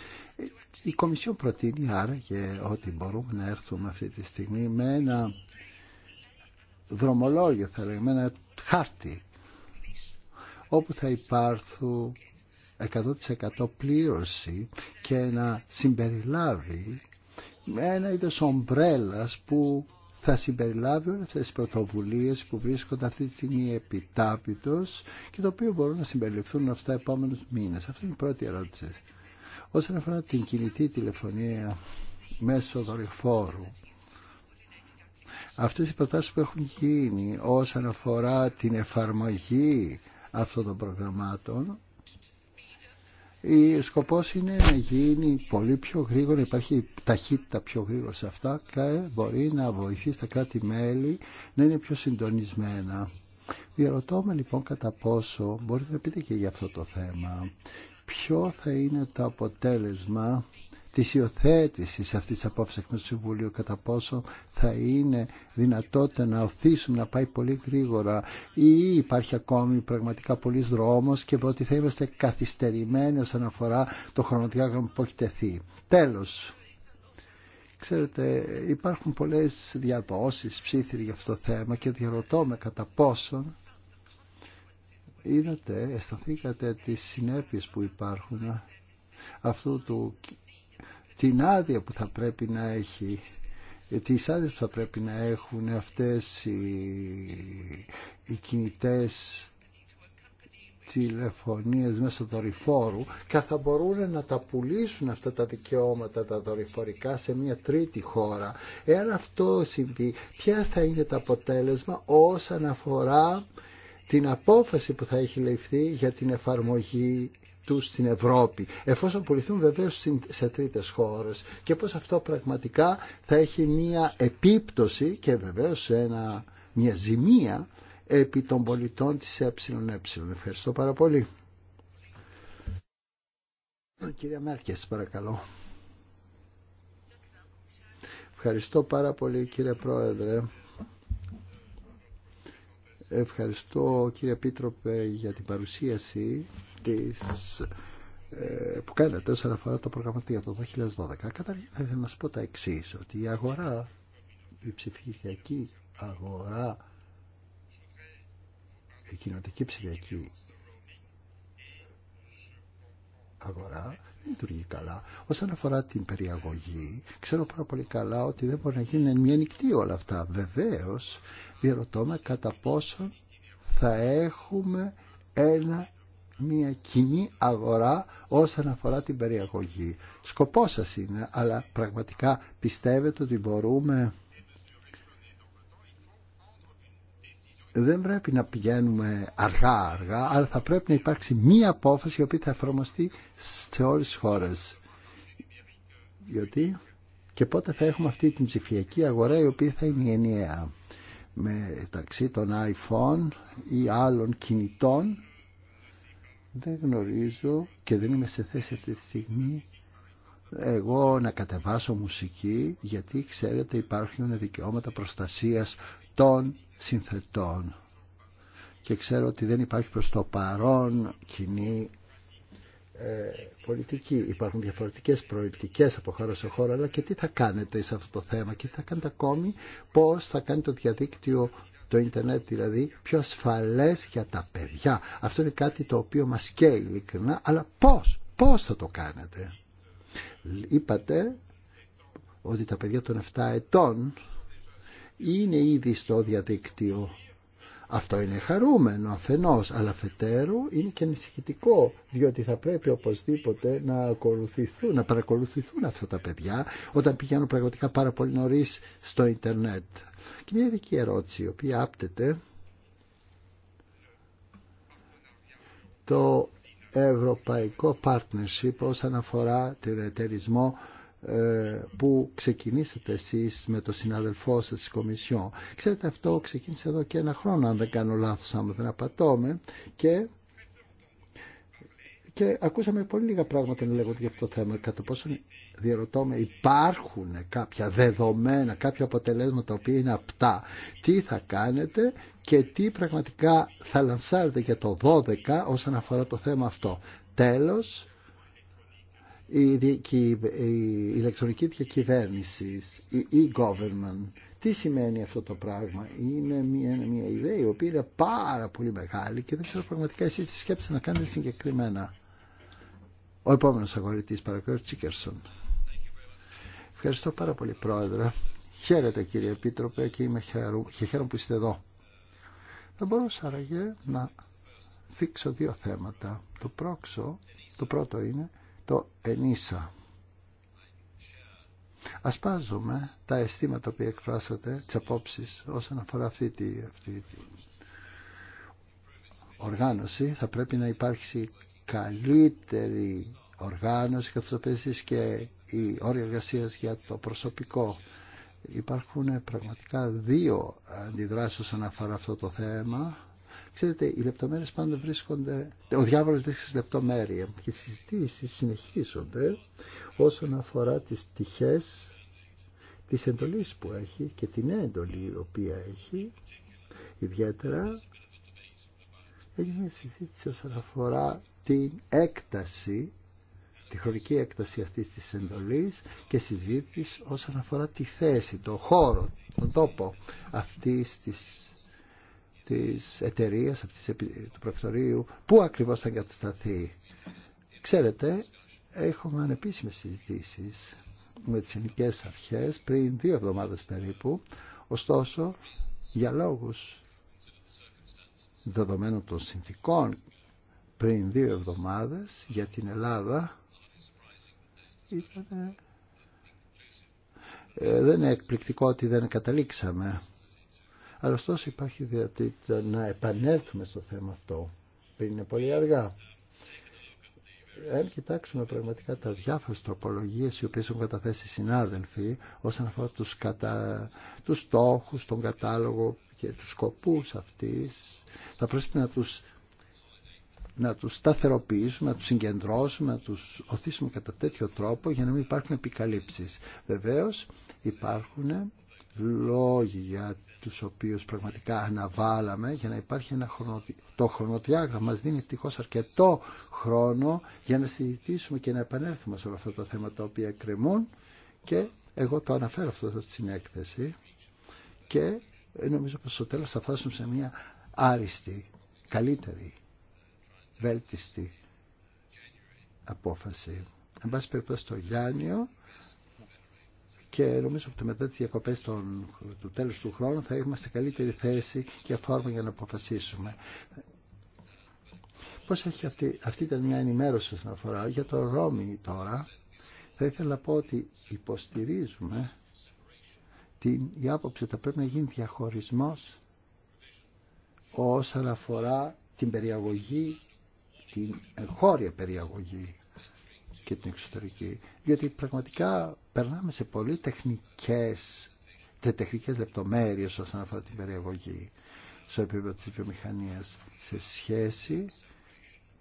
Η Κομισιόν προτείνει άραγε ότι μπορούμε να έρθουμε αυτή τη στιγμή με ένα δρομολόγιο, θα ένα χάρτη όπου θα υπάρθουν 100% πλήρωση και να συμπεριλάβει ένα είδος ομπρέλας που θα συμπεριλάβει όλες αυτές τις πρωτοβουλίες που βρίσκονται αυτή τη στιγμή επιτάπητος και το οποίο μπορούν να συμπεριληφθούν αυτά επόμενους μήνες. Αυτή είναι η πρώτη ερώτηση. Όσον αφορά την κινητή τηλεφωνία μέσω δορυφόρου, αυτές οι προτάσεις που έχουν γίνει όσον αφορά την εφαρμογή αυτών των προγραμμάτων Ο σκοπός είναι να γίνει πολύ πιο γρήγορα, υπάρχει ταχύτητα πιο γρήγορα σε αυτά και μπορεί να βοηθεί στα κράτη-μέλη να είναι πιο συντονισμένα. Διαρωτώ με λοιπόν κατά πόσο, μπορείτε να πείτε και για αυτό το θέμα, ποιο θα είναι το αποτέλεσμα της υιοθέτησης αυτής της απόφαση του Συμβουλίου κατά πόσο θα είναι δυνατότητα να οθήσουμε να πάει πολύ γρήγορα ή υπάρχει ακόμη πραγματικά πολλή δρόμος και ότι θα είμαστε καθυστερημένοι όσον αφορά το χρονοδιάγραμμα που έχει τεθεί. Τέλος. Ξέρετε, υπάρχουν πολλές διαδόσεις ψήθυροι για αυτό το θέμα και διαρωτώ με κατά πόσο είδατε, αισθανθήκατε τις συνέπειες που υπάρχουν αυτού του την άδεια που θα πρέπει να έχει τις άδειες που θα πρέπει να έχουν αυτές οι, οι κινητές τηλεφωνίες μέσω δορυφόρου και θα μπορούν να τα πουλήσουν αυτά τα δικαιώματα τα δορυφορικά σε μια τρίτη χώρα. Εάν αυτό συμβεί, ποια θα είναι το αποτέλεσμα όσον αφορά την απόφαση που θα έχει λεφθεί για την εφαρμογή τους στην Ευρώπη, εφόσον πουληθούν βεβαίω σε τρίτες χώρες και πώς αυτό πραγματικά θα έχει μία επίπτωση και βεβαίως ένα, μια επιπτωση και βεβαίω ενα επί των πολιτών της ΕΕ. Ευχαριστώ πάρα πολύ. Κυρία Μέρκε, παρακαλώ. Ευχαριστώ πάρα πολύ κύριε Πρόεδρε. Ευχαριστώ κύριε Πίτροπε για την παρουσίαση ε, που κάνετε όσον αφορά το προγραμματίο το 2012. Καταρχήν θα ήθελα να σα πω τα εξή ότι η αγορά, η ψηφιακή αγορά, η κοινωτική ψηφιακή αγορά δεν λειτουργεί καλά. Όσον αφορά την περιαγωγή, ξέρω πάρα πολύ καλά ότι δεν μπορεί να γίνει μια νυχτή όλα αυτά. Βεβαίως, διαρωτώ με κατά πόσο θα έχουμε ένα μια κοινή αγορά όσον αφορά την περιαγωγή. Σκοπός σας είναι, αλλά πραγματικά πιστεύετε ότι μπορούμε... Δεν πρέπει να πηγαίνουμε αργά-αργά, αλλά θα πρέπει να υπάρξει μία απόφαση η οποία θα εφαρμοστεί σε όλες τις χώρες. γιατί και πότε θα έχουμε αυτή την ψηφιακή αγορά η οποία θα είναι ενιαία μεταξύ των iPhone ή άλλων κινητών δεν γνωρίζω και δεν είμαι σε θέση αυτή τη στιγμή εγώ να κατεβάσω μουσική γιατί ξέρετε υπάρχουν δικαιώματα προστασίας των συνθετών και ξέρω ότι δεν υπάρχει προς το παρόν κοινή ε, πολιτική. Υπάρχουν διαφορετικές προεπτικές από χώρα σε χώρα αλλά και τι θα κάνετε σε αυτό το θέμα και τι θα κάνετε ακόμη πώς θα κάνει το διαδίκτυο το ίντερνετ δηλαδή πιο ασφαλές για τα παιδιά. Αυτό είναι κάτι το οποίο μας καίει ειλικρινά, αλλά πώς, πώς θα το κάνετε. Είπατε ότι τα παιδιά των 7 ετών είναι ήδη στο διαδίκτυο αυτό είναι χαρούμενο αφενός, αλλά αφετέρου είναι και ανησυχητικό, διότι θα πρέπει οπωσδήποτε να, να παρακολουθηθούν αυτά τα παιδιά όταν πηγαίνουν πραγματικά πάρα πολύ νωρί στο ίντερνετ. Και μια ειδική ερώτηση, η οποία άπτεται το ευρωπαϊκό partnership όσον αφορά τον εταιρισμό ε, που ξεκινήσατε εσείς με το συναδελφό σας της Κομισιόν. Ξέρετε αυτό ξεκίνησε εδώ και ένα χρόνο αν δεν κάνω λάθος, άμα δεν απατώμε και και ακούσαμε πολύ λίγα πράγματα να λέγονται για αυτό το θέμα. Κατά πόσο διαρωτώμε υπάρχουν κάποια δεδομένα, κάποια αποτελέσματα τα οποία είναι απτά. Τι θα κάνετε και τι πραγματικά θα λανσάρετε για το 12 όσον αφορά το θέμα αυτό. Τέλος, η, η, η ηλεκτρονική διακυβέρνηση, η e-government, τι σημαίνει αυτό το πράγμα. Είναι μια, μια ιδέα η οποία είναι πάρα πολύ μεγάλη και δεν ξέρω πραγματικά εσεί τι σκέψει να κάνετε συγκεκριμένα. Ο επόμενος παρακολουθεί, παρακαλώ, Τσίκερσον. Ευχαριστώ πάρα πολύ πρόεδρε. Χαίρετε κύριε Επίτροπε και είμαι χαίρο, που είστε εδώ. Θα μπορούσα άραγε να δείξω δύο θέματα. Το, πρόξο, το πρώτο είναι το ενίσα. Ασπάζουμε τα αισθήματα που εκφράσατε, τι απόψει όσον αφορά αυτή την οργάνωση. Θα πρέπει να υπάρξει καλύτερη οργάνωση καθώς επίση και οι όρια εργασία για το προσωπικό. Υπάρχουν πραγματικά δύο αντιδράσεις όσον αφορά αυτό το θέμα. Ξέρετε, οι λεπτομέρειες πάντα βρίσκονται, ο διάβολο βρίσκεται στις λεπτομέρειε. και οι συζητήσει συνεχίζονται όσον αφορά τις πτυχές τη εντολής που έχει και την εντολή η οποία έχει, ιδιαίτερα έγινε μια συζήτηση όσον αφορά την έκταση, τη χρονική έκταση αυτή της εντολής και συζήτηση όσον αφορά τη θέση, το χώρο, τον τόπο αυτής της της εταιρείας αυτής του πρακτορείου πού ακριβώς θα εγκατασταθεί. Ξέρετε, έχουμε ανεπίσημες συζητήσεις με τις ελληνικέ αρχές πριν δύο εβδομάδες περίπου. Ωστόσο, για λόγους δεδομένων των συνθήκων πριν δύο εβδομάδες για την Ελλάδα ήταν... Ε, δεν είναι εκπληκτικό ότι δεν καταλήξαμε αλλά ωστόσο υπάρχει δυνατότητα να επανέλθουμε στο θέμα αυτό πριν είναι πολύ αργά. Αν κοιτάξουμε πραγματικά τα διάφορες τροπολογίες οι οποίες έχουν καταθέσει συνάδελφοι όσον αφορά τους, κατα... τους στόχους, τον κατάλογο και τους σκοπούς αυτής θα πρέπει να τους να τους σταθεροποιήσουμε, να τους συγκεντρώσουμε, να τους οθήσουμε κατά τέτοιο τρόπο για να μην υπάρχουν επικαλύψεις. Βεβαίως υπάρχουν λόγοι για τους οποίους πραγματικά αναβάλαμε για να υπάρχει ένα Το χρονοδιάγραμμα μας δίνει ευτυχώ αρκετό χρόνο για να συζητήσουμε και να επανέλθουμε σε όλα αυτά τα θέματα τα οποία κρεμούν και εγώ το αναφέρω αυτό στην έκθεση και νομίζω πως στο τέλος θα φτάσουμε σε μια άριστη, καλύτερη, βέλτιστη απόφαση. Εν πάση περιπτώσει το Γιάννιο και νομίζω ότι μετά τις διακοπές του τέλους του χρόνου θα είμαστε καλύτερη θέση και φόρμα για να αποφασίσουμε. Πώς έχει αυτή, αυτή ήταν μια ενημέρωση όσον αφορά για το Ρώμη τώρα. Θα ήθελα να πω ότι υποστηρίζουμε την η άποψη ότι θα πρέπει να γίνει διαχωρισμός όσον αφορά την περιαγωγή, την εγχώρια περιαγωγή και την εξωτερική, γιατί πραγματικά περνάμε σε πολύ τεχνικές, τεχνικές λεπτομέρειες όσον αφορά την περιεγωγή στο επίπεδο της βιομηχανίας σε σχέση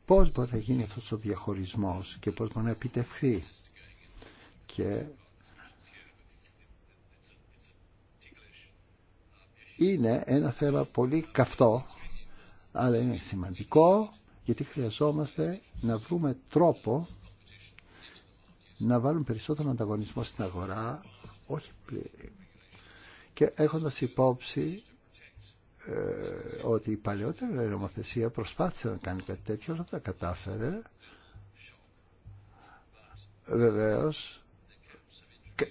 πώς μπορεί να γίνει αυτός ο διαχωρισμός και πώς μπορεί να επιτευχθεί. Και είναι ένα θέμα πολύ καυτό, αλλά είναι σημαντικό γιατί χρειαζόμαστε να βρούμε τρόπο να βάλουν περισσότερο ανταγωνισμό στην αγορά, όχι πλήρη. Και έχοντας υπόψη ε, ότι η παλαιότερη νομοθεσία προσπάθησε να κάνει κάτι τέτοιο, αλλά τα κατάφερε. Βεβαίως,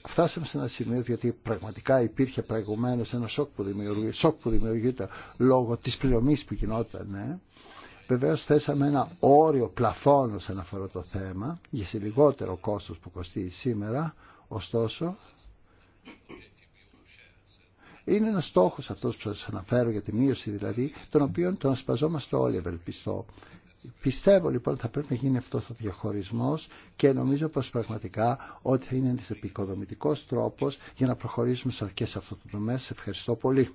φτάσαμε σε ένα σημείο γιατί πραγματικά υπήρχε προηγουμένως ένα σοκ που, σοκ που δημιουργείται λόγω της πληρωμής που γινόταν ε. Βεβαίως θέσαμε ένα όριο πλαφόν όσον αφορά το θέμα για σε λιγότερο κόστος που κοστίζει σήμερα, ωστόσο είναι ένας στόχος αυτός που σας αναφέρω για τη μείωση δηλαδή, τον οποίο τον ασπαζόμαστε όλοι ευελπιστώ. Πιστεύω λοιπόν θα πρέπει να γίνει αυτό ο διαχωρισμό και νομίζω πως πραγματικά ότι θα είναι ένας επικοδομητικός τρόπος για να προχωρήσουμε και σε αυτό το τομέα. Σε ευχαριστώ πολύ.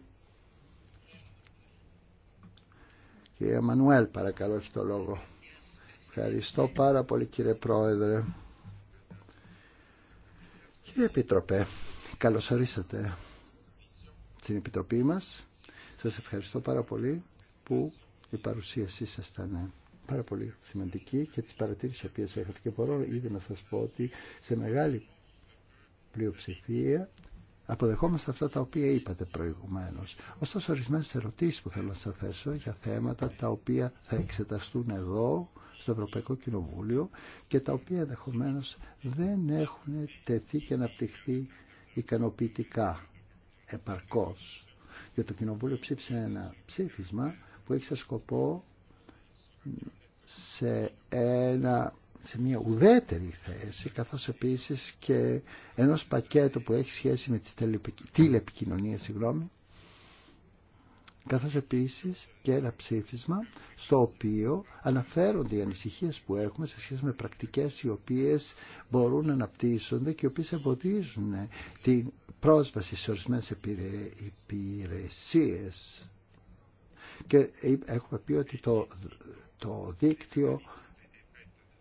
Κύριε Μανουέλ παρακαλώ έχει το λόγο. Ευχαριστώ πάρα πολύ κύριε Πρόεδρε. Κύριε Επίτροπε, καλώς ορίσατε στην Επιτροπή μας. Σας ευχαριστώ πάρα πολύ που η παρουσίασή σας ήταν πάρα πολύ σημαντική και τις παρατήρησεις οποίες έχετε και μπορώ ήδη να σας πω ότι σε μεγάλη πλειοψηφία Αποδεχόμαστε αυτά τα οποία είπατε προηγουμένως. Ωστόσο, ορισμένε ερωτήσεις που θέλω να σα θέσω για θέματα τα οποία θα εξεταστούν εδώ, στο Ευρωπαϊκό Κοινοβούλιο και τα οποία ενδεχομένω δεν έχουν τεθεί και αναπτυχθεί ικανοποιητικά, επαρκώ. Για το Κοινοβούλιο ψήφισε ένα ψήφισμα που έχει σε σκοπό σε ένα σε μια ουδέτερη θέση καθώς επίσης και ενός πακέτου που έχει σχέση με τις τηλεπικοινωνίες συγγνώμη, καθώς επίσης και ένα ψήφισμα στο οποίο αναφέρονται οι ανησυχίες που έχουμε σε σχέση με πρακτικές οι οποίες μπορούν να αναπτύσσονται και οι οποίες εμποδίζουν την πρόσβαση σε ορισμένε υπηρεσίες. Και ε, έχουμε πει ότι το δίκτυο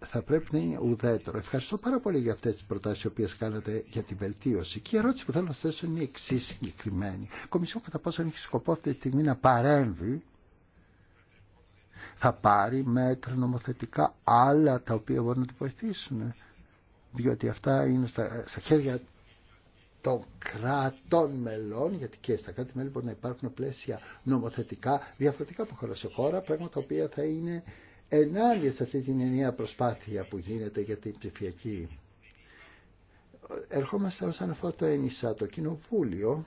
θα πρέπει να είναι ουδέτερο. Ευχαριστώ πάρα πολύ για αυτές τις προτάσεις οι οποίες κάνατε για την βελτίωση. Και η ερώτηση που θέλω να θέσω είναι η εξή συγκεκριμένη. Η Κομισιόν κατά πόσο έχει σκοπό αυτή τη στιγμή να παρέμβει θα πάρει μέτρα νομοθετικά άλλα τα οποία μπορούν να τη βοηθήσουν. Διότι αυτά είναι στα, στα χέρια των κρατών μελών, γιατί και στα κράτη μέλη μπορεί να υπάρχουν πλαίσια νομοθετικά διαφορετικά από χώρα σε χώρα, πράγματα τα οποία θα είναι ενάντια σε αυτή την ενιαία προσπάθεια που γίνεται για την ψηφιακή. Ερχόμαστε όσον αναφορά το ΕΝΙΣΑ, το Κοινοβούλιο.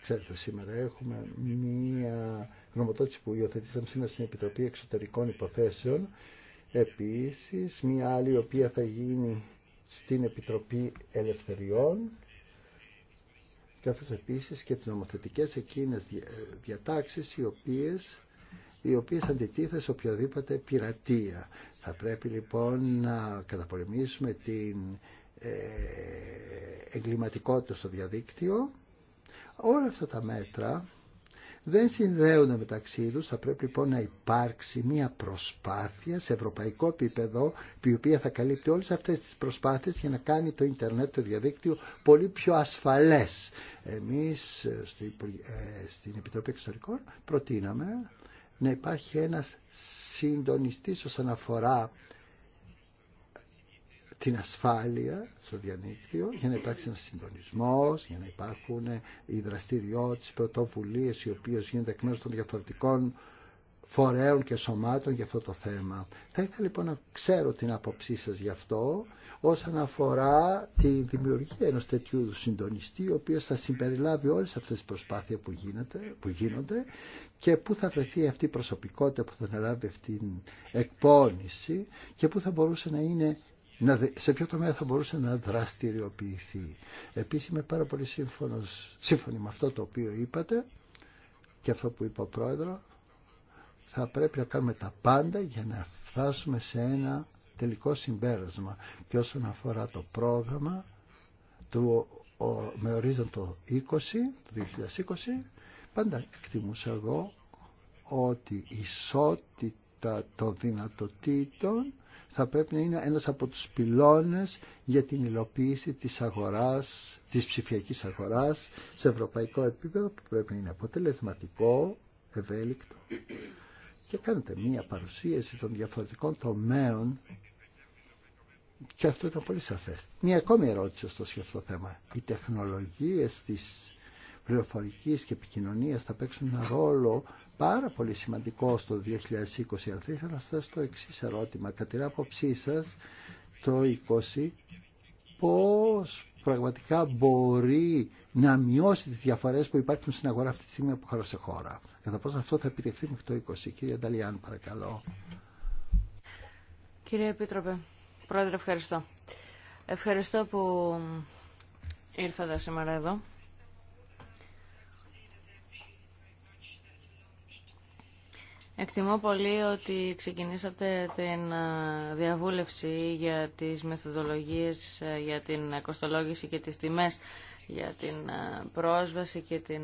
Ξέρετε, σήμερα έχουμε μία γνωμοτότηση που υιοθετήσαμε σήμερα στην Επιτροπή Εξωτερικών Υποθέσεων. Επίσης, μία άλλη η οποία θα γίνει στην Επιτροπή Ελευθεριών καθώς επίσης και τις νομοθετικές εκείνες ε, διατάξεις οι οποίες οι οποίες αντιτίθεται σε οποιαδήποτε πειρατεία. Θα πρέπει λοιπόν να καταπολεμήσουμε την ε, εγκληματικότητα στο διαδίκτυο. Όλα αυτά τα μέτρα δεν συνδέονται μεταξύ του. Θα πρέπει λοιπόν να υπάρξει μια προσπάθεια σε ευρωπαϊκό επίπεδο η οποία θα καλύπτει όλες αυτές τις προσπάθειες για να κάνει το ίντερνετ, το διαδίκτυο πολύ πιο ασφαλές. Εμείς ε, ε, στην Επιτροπή Εξωτερικών προτείναμε να υπάρχει ένας συντονιστής όσον αφορά την ασφάλεια στο διαδίκτυο, για να υπάρξει ένας συντονισμός, για να υπάρχουν οι δραστηριότητε, οι πρωτοβουλίες οι οποίες γίνονται εκ μέρους των διαφορετικών φορέων και σωμάτων για αυτό το θέμα. Θα ήθελα λοιπόν να ξέρω την άποψή σας γι' αυτό όσον αφορά τη δημιουργία ενός τέτοιου συντονιστή ο οποίος θα συμπεριλάβει όλες αυτές τις προσπάθειες που, γίνεται, που γίνονται και πού θα βρεθεί αυτή η προσωπικότητα που θα αναλάβει αυτή την εκπόνηση και πού θα μπορούσε να είναι σε ποιο τομέα θα μπορούσε να δραστηριοποιηθεί. Επίσης είμαι πάρα πολύ σύμφωνος, σύμφωνη με αυτό το οποίο είπατε και αυτό που είπε ο πρόεδρο. Θα πρέπει να κάνουμε τα πάντα για να φτάσουμε σε ένα τελικό συμπέρασμα. Και όσον αφορά το πρόγραμμα του, με ορίζοντο 20, 2020, Πάντα εκτιμούσα εγώ ότι η ισότητα των δυνατοτήτων θα πρέπει να είναι ένας από τους πυλώνες για την υλοποίηση της αγοράς, της ψηφιακής αγοράς σε ευρωπαϊκό επίπεδο που πρέπει να είναι αποτελεσματικό, ευέλικτο. Και κάνετε μία παρουσίαση των διαφορετικών τομέων και αυτό ήταν πολύ σαφές. Μία ακόμη ερώτηση στο αυτό θέμα. Οι τεχνολογίες της πληροφορικής και επικοινωνίας θα παίξουν ένα ρόλο πάρα πολύ σημαντικό στο 2020. Αλλά θα ήθελα να σας το εξή ερώτημα. Κατά την άποψή σας, το 20 πώς πραγματικά μπορεί να μειώσει τις διαφορές που υπάρχουν στην αγορά αυτή τη στιγμή από χώρα σε χώρα. Κατά πόσο αυτό θα επιτευχθεί μέχρι το 20. Κύριε Νταλιάν, παρακαλώ. Κύριε Επίτροπε, Πρόεδρε, ευχαριστώ. Ευχαριστώ που ήρθατε σήμερα εδώ. Εκτιμώ πολύ ότι ξεκινήσατε την διαβούλευση για τις μεθοδολογίες για την κοστολόγηση και τις τιμές για την πρόσβαση και την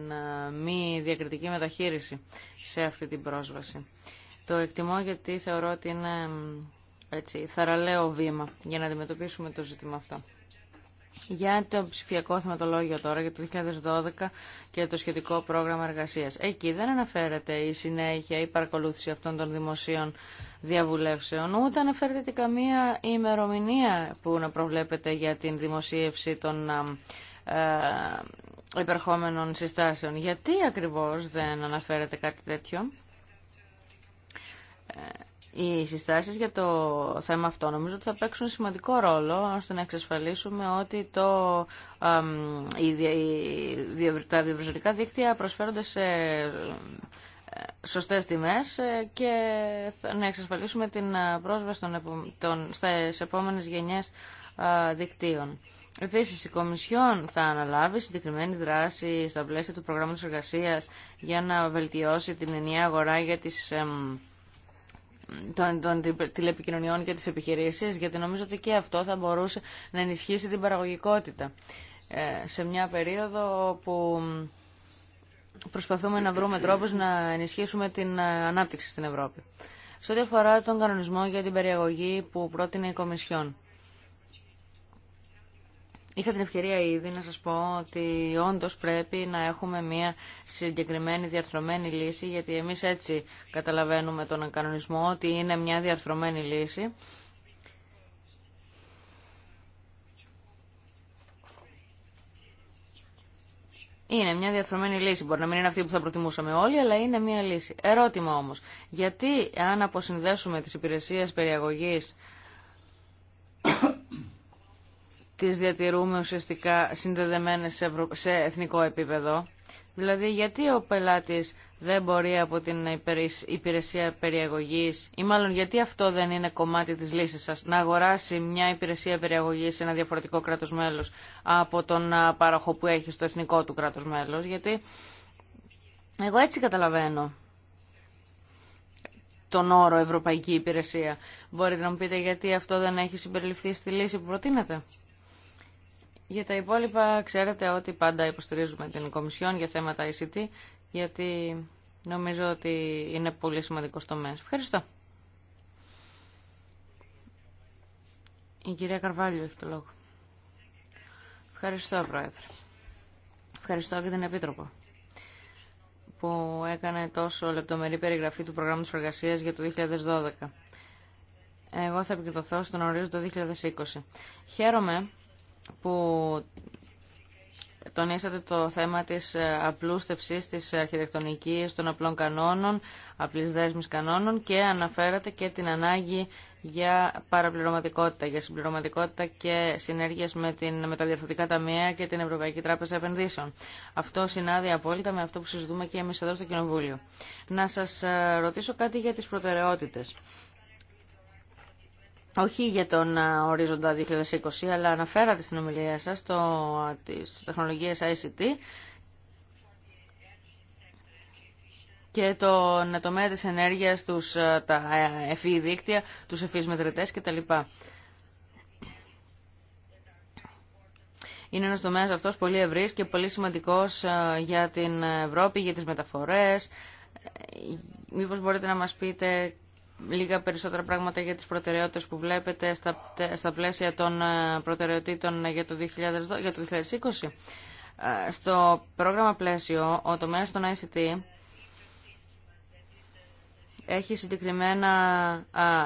μη διακριτική μεταχείριση σε αυτή την πρόσβαση. Το εκτιμώ γιατί θεωρώ ότι είναι έτσι, θαραλέο βήμα για να αντιμετωπίσουμε το ζήτημα αυτό για το ψηφιακό θεματολόγιο τώρα για το 2012 και το σχετικό πρόγραμμα εργασίας. Εκεί δεν αναφέρεται η συνέχεια, η παρακολούθηση αυτών των δημοσίων διαβουλεύσεων, ούτε αναφέρεται καμία ημερομηνία που να προβλέπεται για την δημοσίευση των ε, υπερχόμενων συστάσεων. Γιατί ακριβώς δεν αναφέρεται κάτι τέτοιο. Ε, οι συστάσεις για το θέμα αυτό νομίζω ότι θα παίξουν σημαντικό ρόλο ώστε να εξασφαλίσουμε ότι το, η, τα διευρυζωτικά δίκτυα προσφέρονται σε ε, σωστές τιμές ε, και να εξασφαλίσουμε την ε, πρόσβαση των, των, στις επόμενες γενιές δικτύων. Επίσης, η Κομισιόν θα αναλάβει συγκεκριμένη δράση στα πλαίσια του προγράμματος εργασίας για να βελτιώσει την ενιαία αγορά για τις των, των τηλεπικοινωνιών και τις επιχειρήσεις, γιατί νομίζω ότι και αυτό θα μπορούσε να ενισχύσει την παραγωγικότητα ε, σε μια περίοδο που προσπαθούμε να βρούμε τρόπους να ενισχύσουμε την ε, ανάπτυξη στην Ευρώπη. Σε ό,τι αφορά τον κανονισμό για την περιαγωγή που πρότεινε η Κομισιόν. Είχα την ευκαιρία ήδη να σας πω ότι όντως πρέπει να έχουμε μια συγκεκριμένη διαρθρωμένη λύση, γιατί εμείς έτσι καταλαβαίνουμε τον κανονισμό ότι είναι μια διαρθρωμένη λύση. Είναι μια διαρθρωμένη λύση. Μπορεί να μην είναι αυτή που θα προτιμούσαμε όλοι, αλλά είναι μια λύση. Ερώτημα όμω. Γιατί αν αποσυνδέσουμε τι υπηρεσίε περιαγωγή τις διατηρούμε ουσιαστικά συνδεδεμένες σε εθνικό επίπεδο. Δηλαδή γιατί ο πελάτης δεν μπορεί από την υπηρεσία περιαγωγής ή μάλλον γιατί αυτό δεν είναι κομμάτι της λύσης σας να αγοράσει μια υπηρεσία περιαγωγής σε ένα διαφορετικό κράτος μέλος από τον παροχό που έχει στο εθνικό του κράτος μέλος γιατί εγώ έτσι καταλαβαίνω τον όρο Ευρωπαϊκή Υπηρεσία. Μπορείτε να μου πείτε γιατί αυτό δεν έχει συμπεριληφθεί στη λύση που προτείνετε. Για τα υπόλοιπα ξέρετε ότι πάντα υποστηρίζουμε την Κομισιόν για θέματα ICT γιατί νομίζω ότι είναι πολύ σημαντικό μέσο. Ευχαριστώ. Η κυρία Καρβάλιο έχει το λόγο. Ευχαριστώ, Πρόεδρε. Ευχαριστώ και την Επίτροπο που έκανε τόσο λεπτομερή περιγραφή του προγράμματος Εργασία για το 2012. Εγώ θα επικοινωθώ στον ορίζοντα 2020. Χαίρομαι που τονίσατε το θέμα της ε, απλούστευσης της αρχιτεκτονικής των απλών κανόνων, απλής δέσμης κανόνων και αναφέρατε και την ανάγκη για παραπληρωματικότητα, για συμπληρωματικότητα και συνέργειες με, την, με τα διαρθρωτικά ταμεία και την Ευρωπαϊκή Τράπεζα Επενδύσεων. Αυτό συνάδει απόλυτα με αυτό που συζητούμε και εμείς εδώ στο Κοινοβούλιο. Να σας ε, ρωτήσω κάτι για τις προτεραιότητες όχι για τον ορίζοντα 2020, αλλά αναφέρατε στην ομιλία σας το, τις τεχνολογίες ICT και τον τομέα τη ενέργειας, τα εφή δίκτυα, τους εφή μετρητέ κτλ. Είναι ένας τομέας αυτός πολύ ευρύς και πολύ σημαντικός για την Ευρώπη, για τις μεταφορές. Μήπως μπορείτε να μας πείτε λίγα περισσότερα πράγματα για τις προτεραιότητες που βλέπετε στα, στα πλαίσια των ε, προτεραιοτήτων για το, 2020, για το 2020. Ε, στο πρόγραμμα πλαίσιο, ο τομέας των ICT έχει συγκεκριμένα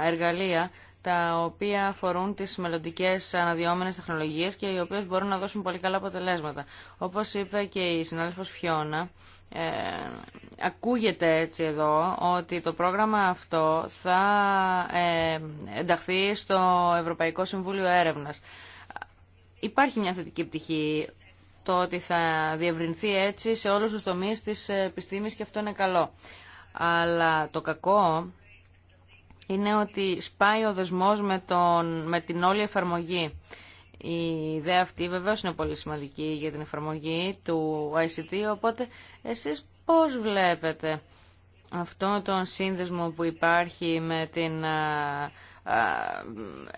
εργαλεία τα οποία αφορούν τις μελλοντικέ αναδυόμενες τεχνολογίες και οι οποίες μπορούν να δώσουν πολύ καλά αποτελέσματα. Όπως είπε και η συνάδελφος Φιώνα, ε, ακούγεται έτσι εδώ ότι το πρόγραμμα αυτό θα ε, ενταχθεί στο Ευρωπαϊκό Συμβούλιο Έρευνας. Υπάρχει μια θετική πτυχή το ότι θα διευρυνθεί έτσι σε όλους τους τομείς της επιστήμης και αυτό είναι καλό. Αλλά το κακό είναι ότι σπάει ο δεσμός με, τον, με την όλη εφαρμογή. Η ιδέα αυτή βεβαίως είναι πολύ σημαντική για την εφαρμογή του ICT, οπότε εσείς πώς βλέπετε αυτό τον σύνδεσμο που υπάρχει με την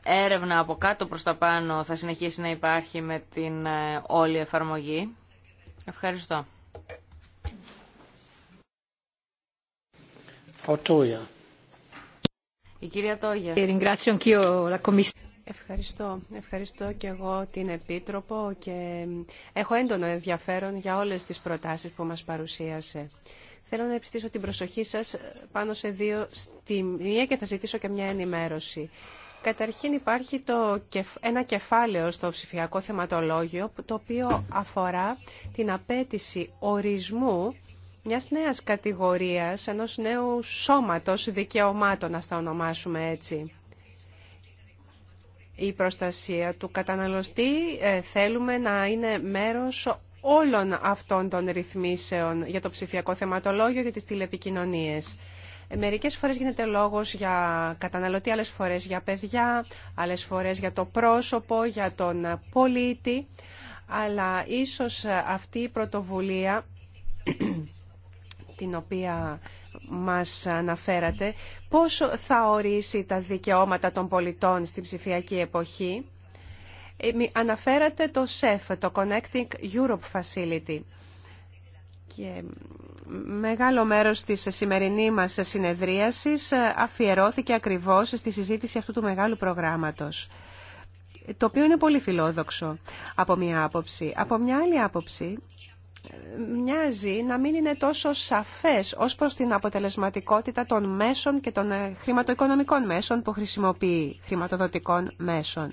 έρευνα από κάτω προς τα πάνω θα συνεχίσει να υπάρχει με την όλη εφαρμογή. Ευχαριστώ. Η κυρία Τόγια. Ευχαριστώ. Ευχαριστώ και εγώ την Επίτροπο και έχω έντονο ενδιαφέρον για όλες τις προτάσεις που μας παρουσίασε. Θέλω να επιστήσω την προσοχή σας πάνω σε δύο στιγμή και θα ζητήσω και μια ενημέρωση. Καταρχήν υπάρχει το, ένα κεφάλαιο στο ψηφιακό θεματολόγιο το οποίο αφορά την απέτηση ορισμού μιας νέας κατηγορίας, ενός νέου σώματος δικαιωμάτων, να τα ονομάσουμε έτσι η προστασία του καταναλωστή ε, θέλουμε να είναι μέρος όλων αυτών των ρυθμίσεων για το ψηφιακό θεματολόγιο και τις τηλεπικοινωνίες. Ε, μερικές φορές γίνεται λόγος για καταναλωτή, άλλες φορές για παιδιά, άλλες φορές για το πρόσωπο, για τον πολίτη, αλλά ίσως αυτή η πρωτοβουλία την οποία μας αναφέρατε, πώς θα ορίσει τα δικαιώματα των πολιτών στην ψηφιακή εποχή. Ε, αναφέρατε το ΣΕΦ το Connecting Europe Facility. Και μεγάλο μέρος της σημερινή μας συνεδρίασης ε, αφιερώθηκε ακριβώς στη συζήτηση αυτού του μεγάλου προγράμματος το οποίο είναι πολύ φιλόδοξο από μία άποψη. Από μια άλλη άποψη, μοιάζει να μην είναι τόσο σαφές ως προς την αποτελεσματικότητα των μέσων και των ε, χρηματοοικονομικών μέσων που χρησιμοποιεί χρηματοδοτικών μέσων.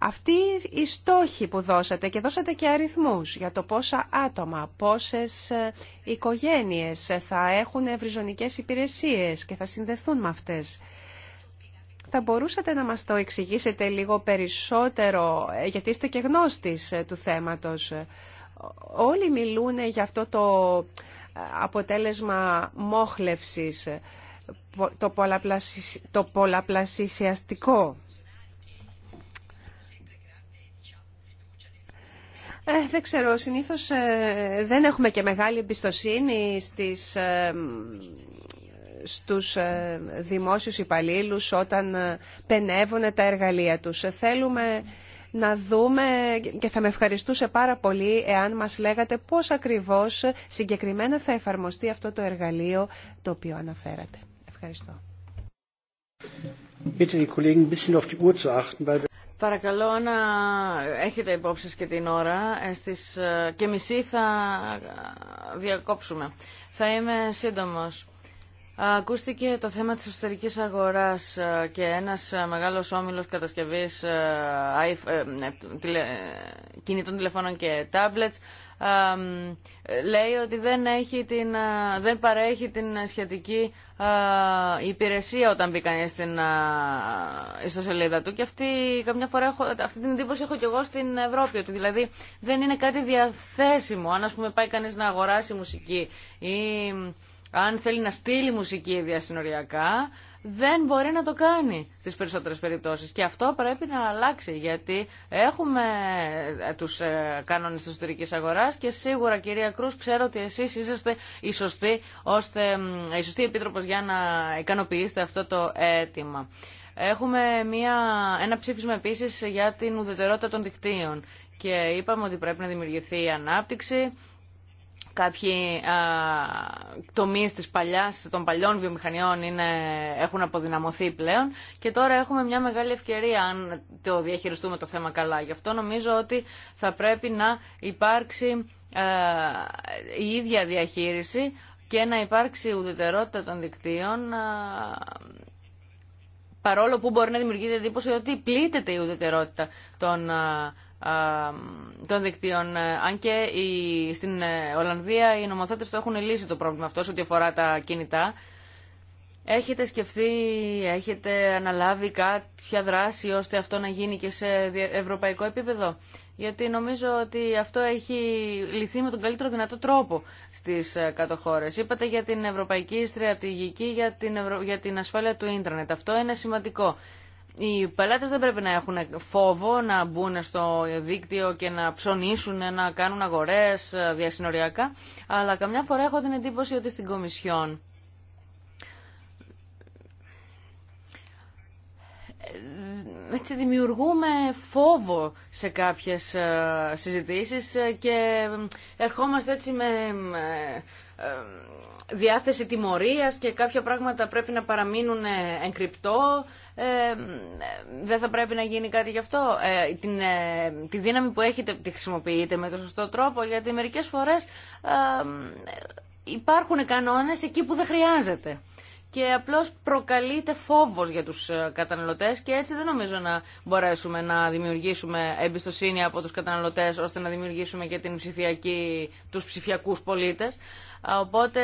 Αυτή η στόχη που δώσατε και δώσατε και αριθμούς για το πόσα άτομα, πόσες ε, οικογένειες θα έχουν ευρυζωνικές υπηρεσίες και θα συνδεθούν με αυτές θα μπορούσατε να μας το εξηγήσετε λίγο περισσότερο, ε, γιατί είστε και γνώστης του θέματος όλοι μιλούν για αυτό το ε, αποτέλεσμα μόχλευσης, το, το πολλαπλασιαστικό. Ε, δεν ξέρω, συνήθως ε, δεν έχουμε και μεγάλη εμπιστοσύνη στις, ε, στους ε, δημόσιους υπαλλήλους όταν πενεύουν τα εργαλεία τους. Θέλουμε να δούμε και θα με ευχαριστούσε πάρα πολύ εάν μας λέγατε πώς ακριβώς συγκεκριμένα θα εφαρμοστεί αυτό το εργαλείο το οποίο αναφέρατε. Ευχαριστώ. Παρακαλώ να έχετε υπόψη και την ώρα. Ε, στις ε, και μισή θα διακόψουμε. Θα είμαι σύντομος. Ακούστηκε το θέμα της εσωτερικής αγοράς ε, και ένας ε, μεγάλος όμιλος κατασκευής ε, κινητών τηλεφώνων και τάμπλετς λέει ότι δεν, έχει την, δεν παρέχει την σχετική υπηρεσία όταν μπει κανείς στην ιστοσελίδα του και αυτή, καμιά φορά αυτή την εντύπωση έχω και εγώ στην Ευρώπη ότι δηλαδή δεν είναι κάτι διαθέσιμο αν ας πούμε πάει κανείς να αγοράσει μουσική ή αν θέλει να στείλει μουσική διασυνοριακά, δεν μπορεί να το κάνει στις περισσότερες περιπτώσεις. Και αυτό πρέπει να αλλάξει, γιατί έχουμε ε, τους ε, κανόνες της εσωτερικής αγοράς και σίγουρα, κυρία Κρούς, ξέρω ότι εσείς είσαστε η σωστή, ώστε, η σωστή επίτροπος για να ικανοποιήσετε αυτό το αίτημα. Έχουμε μια, ένα ψήφισμα επίσης για την ουδετερότητα των δικτύων και είπαμε ότι πρέπει να δημιουργηθεί η ανάπτυξη Κάποιοι τομεί τομείς της των παλιών βιομηχανιών είναι, έχουν αποδυναμωθεί πλέον και τώρα έχουμε μια μεγάλη ευκαιρία αν το διαχειριστούμε το θέμα καλά. Γι' αυτό νομίζω ότι θα πρέπει να υπάρξει η ίδια διαχείριση και να υπάρξει ουδετερότητα των δικτύων παρόλο που μπορεί να δημιουργείται εντύπωση ότι πλήττεται η ουδετερότητα των των δικτύων. Ε, αν και στην ε, Ολλανδία οι νομοθέτες το έχουν λύσει το πρόβλημα αυτό ό,τι αφορά τα κινητά. Έχετε σκεφτεί, έχετε αναλάβει κάποια δράση ώστε αυτό να γίνει και σε ευρωπαϊκό επίπεδο. Γιατί νομίζω ότι αυτό έχει λυθεί με τον καλύτερο δυνατό τρόπο στις ε, χώρες Είπατε για την ευρωπαϊκή στρατηγική, για την, για την ασφάλεια του ίντερνετ. Αυτό είναι σημαντικό οι πελάτες δεν πρέπει να έχουν φόβο να μπουν στο δίκτυο και να ψωνίσουν, να κάνουν αγορές ε, διασυνοριακά, αλλά καμιά φορά έχω την εντύπωση ότι στην Κομισιόν ε, έτσι δημιουργούμε φόβο σε κάποιες ε, συζητήσεις και ερχόμαστε έτσι με διάθεση τιμωρίας και κάποια πράγματα πρέπει να παραμείνουν ε, εγκρυπτό. Ε, δεν θα πρέπει να γίνει κάτι γι' αυτό. Ε, την, ε, τη δύναμη που έχετε τη χρησιμοποιείτε με τον σωστό τρόπο γιατί μερικές φορές υπάρχουν κανόνες εκεί που δεν χρειάζεται και απλώς προκαλείται φόβος για τους καταναλωτές και έτσι δεν νομίζω να μπορέσουμε να δημιουργήσουμε εμπιστοσύνη από τους καταναλωτές ώστε να δημιουργήσουμε και την ψηφιακή, τους ψηφιακούς πολίτες. Οπότε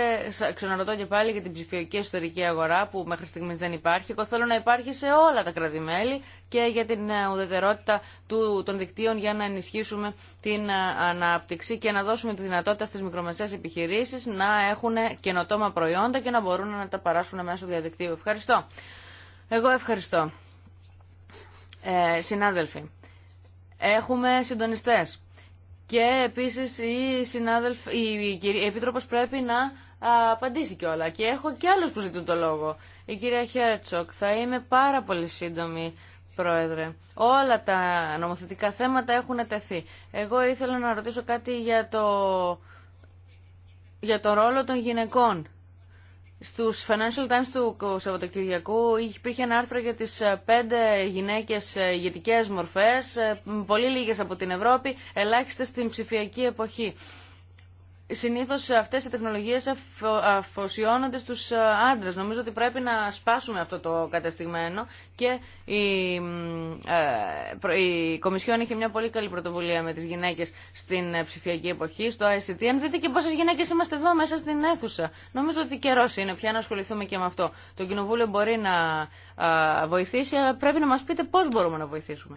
ξαναρωτώ και πάλι για την ψηφιακή ιστορική αγορά που μέχρι στιγμής δεν υπάρχει. Εγώ θέλω να υπάρχει σε όλα τα κρατημέλη και για την ε, ουδετερότητα των δικτύων για να ενισχύσουμε την ε, ανάπτυξη και να δώσουμε τη δυνατότητα στις μικρομεσαίες επιχειρήσεις να έχουν καινοτόμα προϊόντα και να μπορούν να τα παράσουν μέσω διαδικτύου. Ευχαριστώ. Εγώ ευχαριστώ. Ε, συνάδελφοι, έχουμε συντονιστές. Και επίση η, συνάδελφ, η, η Επίτροπος πρέπει να απαντήσει κιόλα. Και έχω και άλλους που ζητούν το λόγο. Η κυρία Χέρτσοκ, θα είμαι πάρα πολύ σύντομη, Πρόεδρε. Όλα τα νομοθετικά θέματα έχουν τεθεί. Εγώ ήθελα να ρωτήσω κάτι για το, για το ρόλο των γυναικών στους Financial Times του Σαββατοκυριακού υπήρχε ένα άρθρο για τις ε, πέντε γυναίκες ε, ηγετικές μορφές, ε, πολύ λίγες από την Ευρώπη, ελάχιστες στην ψηφιακή εποχή. Συνήθω αυτέ οι τεχνολογίε αφοσιώνονται στου ε, άντρε. Νομίζω ότι πρέπει να σπάσουμε αυτό το κατεστημένο και η, ε, η Κομισιόν είχε μια πολύ καλή πρωτοβουλία με τι γυναίκε στην ε, ψηφιακή εποχή, στο ICT. Αν δείτε και πόσε γυναίκε είμαστε εδώ μέσα στην αίθουσα. Νομίζω ότι καιρό είναι πια να ασχοληθούμε και με αυτό. Το Κοινοβούλιο μπορεί να βοηθήσει, αλλά πρέπει να μα πείτε πώ μπορούμε να βοηθήσουμε.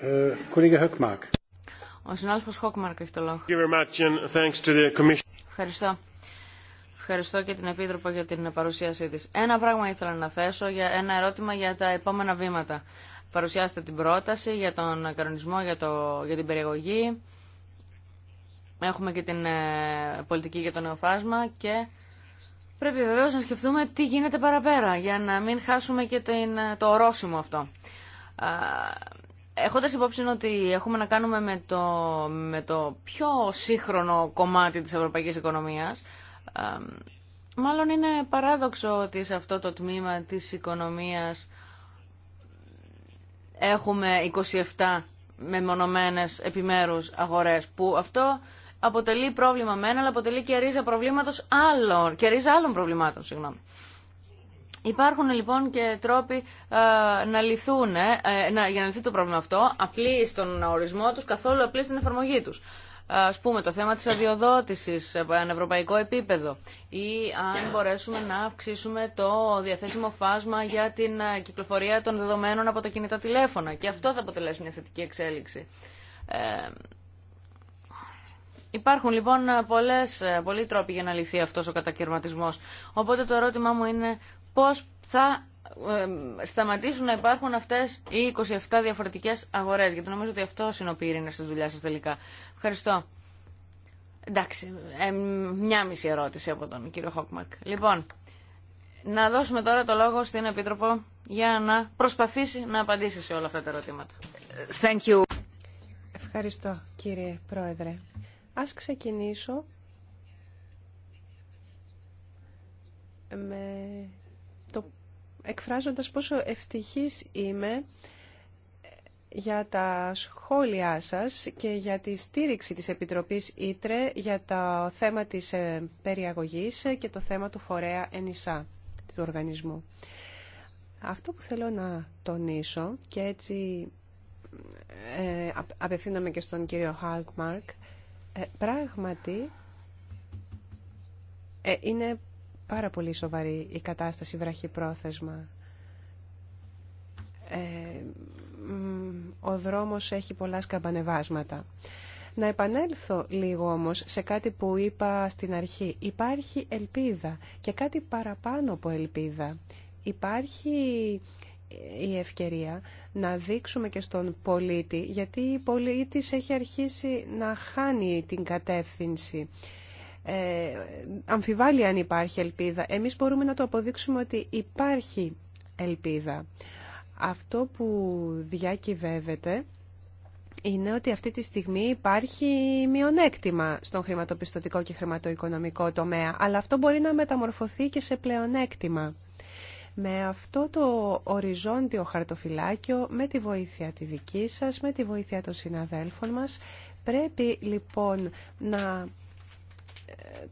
Ε, ο συνάδελφος Χόκμαρκ έχει το λόγο. Ευχαριστώ. Ευχαριστώ και την Επίτροπο για την παρουσίασή της. Ένα πράγμα ήθελα να θέσω, για ένα ερώτημα για τα επόμενα βήματα. Παρουσιάστε την πρόταση για τον κανονισμό, για, το, για την περιεγωγή. Έχουμε και την ε, πολιτική για το νεοφάσμα και πρέπει βεβαίω να σκεφτούμε τι γίνεται παραπέρα για να μην χάσουμε και την, ε, το ορόσημο αυτό. Έχοντα υπόψη ότι έχουμε να κάνουμε με το, με το πιο σύγχρονο κομμάτι της ευρωπαϊκής οικονομίας, μάλλον είναι παράδοξο ότι σε αυτό το τμήμα της οικονομίας έχουμε 27 μεμονωμένες επιμέρους αγορές, που αυτό αποτελεί πρόβλημα μένα, αλλά αποτελεί και ρίζα προβλήματος άλλων, και ρίζα άλλων προβλημάτων, συγγνώμη. Υπάρχουν λοιπόν και τρόποι ε, να λυθούν, ε, να, για να λυθεί το πρόβλημα αυτό, απλή στον ορισμό τους, καθόλου απλή στην εφαρμογή τους. Ας πούμε το θέμα της αδειοδότησης σε ευρωπαϊκό επίπεδο ή αν μπορέσουμε να αυξήσουμε το διαθέσιμο φάσμα για την ε, κυκλοφορία των δεδομένων από τα κινητά τηλέφωνα. Και αυτό θα αποτελέσει μια θετική εξέλιξη. Υπάρχουν λοιπόν πολλές, πολλοί τρόποι για να λυθεί αυτός ο κατακαιρματισμός. Οπότε το ερώτημά μου είναι πώς θα σταματήσουν να υπάρχουν αυτές οι 27 διαφορετικές αγορές. Γιατί νομίζω ότι αυτό είναι ο πύρινας της δουλειάς σας τελικά. Ευχαριστώ. Εντάξει, ε, μια μισή ερώτηση από τον κύριο Χόκμαρκ. Λοιπόν, να δώσουμε τώρα το λόγο στην Επίτροπο για να προσπαθήσει να απαντήσει σε όλα αυτά τα ερωτήματα. Thank you. Ευχαριστώ κύριε Πρόεδρε. Ας ξεκινήσω με εκφράζοντας πόσο ευτυχής είμαι για τα σχόλιά σας και για τη στήριξη της Επιτροπής Ήτρε για το θέμα της ε, περιαγωγής και το θέμα του φορέα ενισά του οργανισμού. Αυτό που θέλω να τονίσω και έτσι ε, απευθύνομαι και στον κύριο Χαλκμαρκ, ε, πράγματι ε, είναι πάρα πολύ σοβαρή η κατάσταση βραχυπρόθεσμα. Ε, ο δρόμος έχει πολλά σκαμπανεβάσματα. Να επανέλθω λίγο όμως σε κάτι που είπα στην αρχή. Υπάρχει ελπίδα και κάτι παραπάνω από ελπίδα. Υπάρχει η ευκαιρία να δείξουμε και στον πολίτη, γιατί η πολίτης έχει αρχίσει να χάνει την κατεύθυνση ε, αμφιβάλλει αν υπάρχει ελπίδα. Εμείς μπορούμε να το αποδείξουμε ότι υπάρχει ελπίδα. Αυτό που διακυβεύεται είναι ότι αυτή τη στιγμή υπάρχει μειονέκτημα στον χρηματοπιστωτικό και χρηματοοικονομικό τομέα, αλλά αυτό μπορεί να μεταμορφωθεί και σε πλεονέκτημα. Με αυτό το οριζόντιο χαρτοφυλάκιο, με τη βοήθεια τη δική σας, με τη βοήθεια των συναδέλφων μας, πρέπει λοιπόν να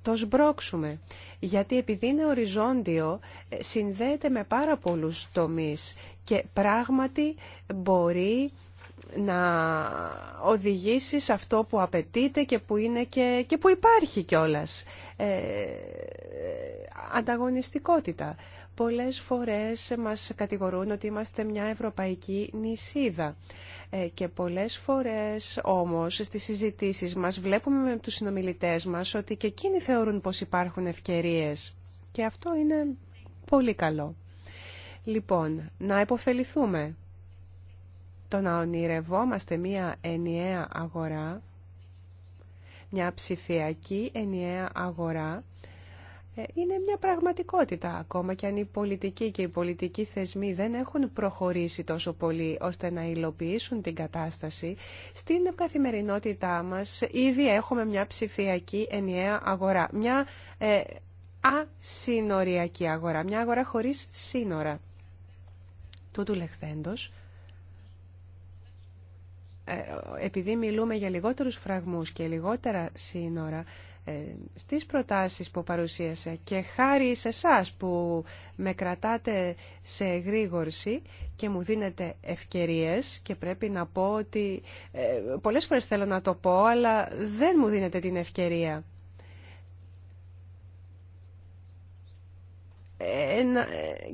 το σμπρώξουμε. Γιατί επειδή είναι οριζόντιο, συνδέεται με πάρα πολλούς τομείς και πράγματι μπορεί να οδηγήσει σε αυτό που απαιτείται και που είναι και, και που υπάρχει κιόλας. Ε, ε ανταγωνιστικότητα. Πολλές φορές μας κατηγορούν ότι είμαστε μια ευρωπαϊκή νησίδα ε, και πολλές φορές όμως στις συζητήσεις μας βλέπουμε με τους συνομιλητές μας ότι και εκείνοι θεωρούν πως υπάρχουν ευκαιρίες και αυτό είναι πολύ καλό. Λοιπόν, να υποφεληθούμε. Το να ονειρευόμαστε μια ενιαία αγορά, μια ψηφιακή ενιαία αγορά, ε, είναι μια πραγματικότητα ακόμα και αν οι πολιτικοί και οι πολιτικοί θεσμοί δεν έχουν προχωρήσει τόσο πολύ ώστε να υλοποιήσουν την κατάσταση. Στην καθημερινότητά μας ήδη έχουμε μια ψηφιακή ενιαία αγορά, μια ε, ασύνοριακή αγορά, μια αγορά χωρίς σύνορα. Τούτου λεχθέντος, ε, επειδή μιλούμε για λιγότερους φραγμούς και λιγότερα σύνορα, ε, στις προτάσεις που παρουσίασα και χάρη σε εσά που με κρατάτε σε εγρήγορση και μου δίνετε ευκαιρίες και πρέπει να πω ότι ε, πολλές φορές θέλω να το πω αλλά δεν μου δίνετε την ευκαιρία.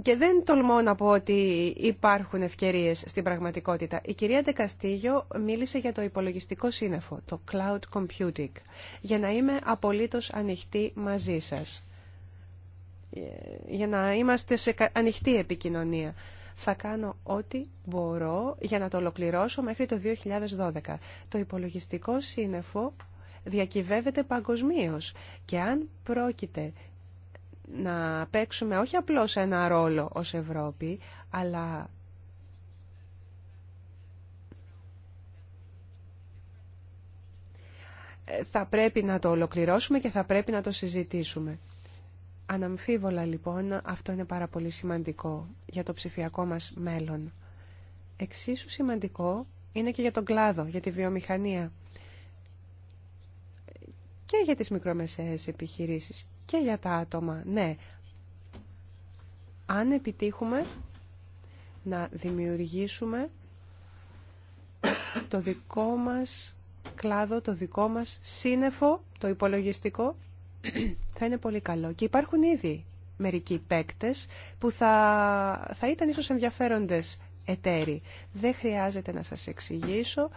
και δεν τολμώ να πω ότι υπάρχουν ευκαιρίες στην πραγματικότητα. Η κυρία Ντεκαστήγιο μίλησε για το υπολογιστικό σύννεφο, το cloud computing, για να είμαι απολύτως ανοιχτή μαζί σας. Για να είμαστε σε ανοιχτή επικοινωνία. Θα κάνω ό,τι μπορώ για να το ολοκληρώσω μέχρι το 2012. Το υπολογιστικό σύννεφο διακυβεύεται παγκοσμίω και αν πρόκειται να παίξουμε όχι απλώς ένα ρόλο ως Ευρώπη, αλλά θα πρέπει να το ολοκληρώσουμε και θα πρέπει να το συζητήσουμε. Αναμφίβολα λοιπόν αυτό είναι πάρα πολύ σημαντικό για το ψηφιακό μας μέλλον. Εξίσου σημαντικό είναι και για τον κλάδο, για τη βιομηχανία και για τις μικρομεσαίες επιχειρήσεις και για τα άτομα. Ναι, αν επιτύχουμε να δημιουργήσουμε το δικό μας κλάδο, το δικό μας σύννεφο, το υπολογιστικό, θα είναι πολύ καλό. Και υπάρχουν ήδη μερικοί παίκτες που θα, θα ήταν ίσως ενδιαφέροντες εταίροι. Δεν χρειάζεται να σας εξηγήσω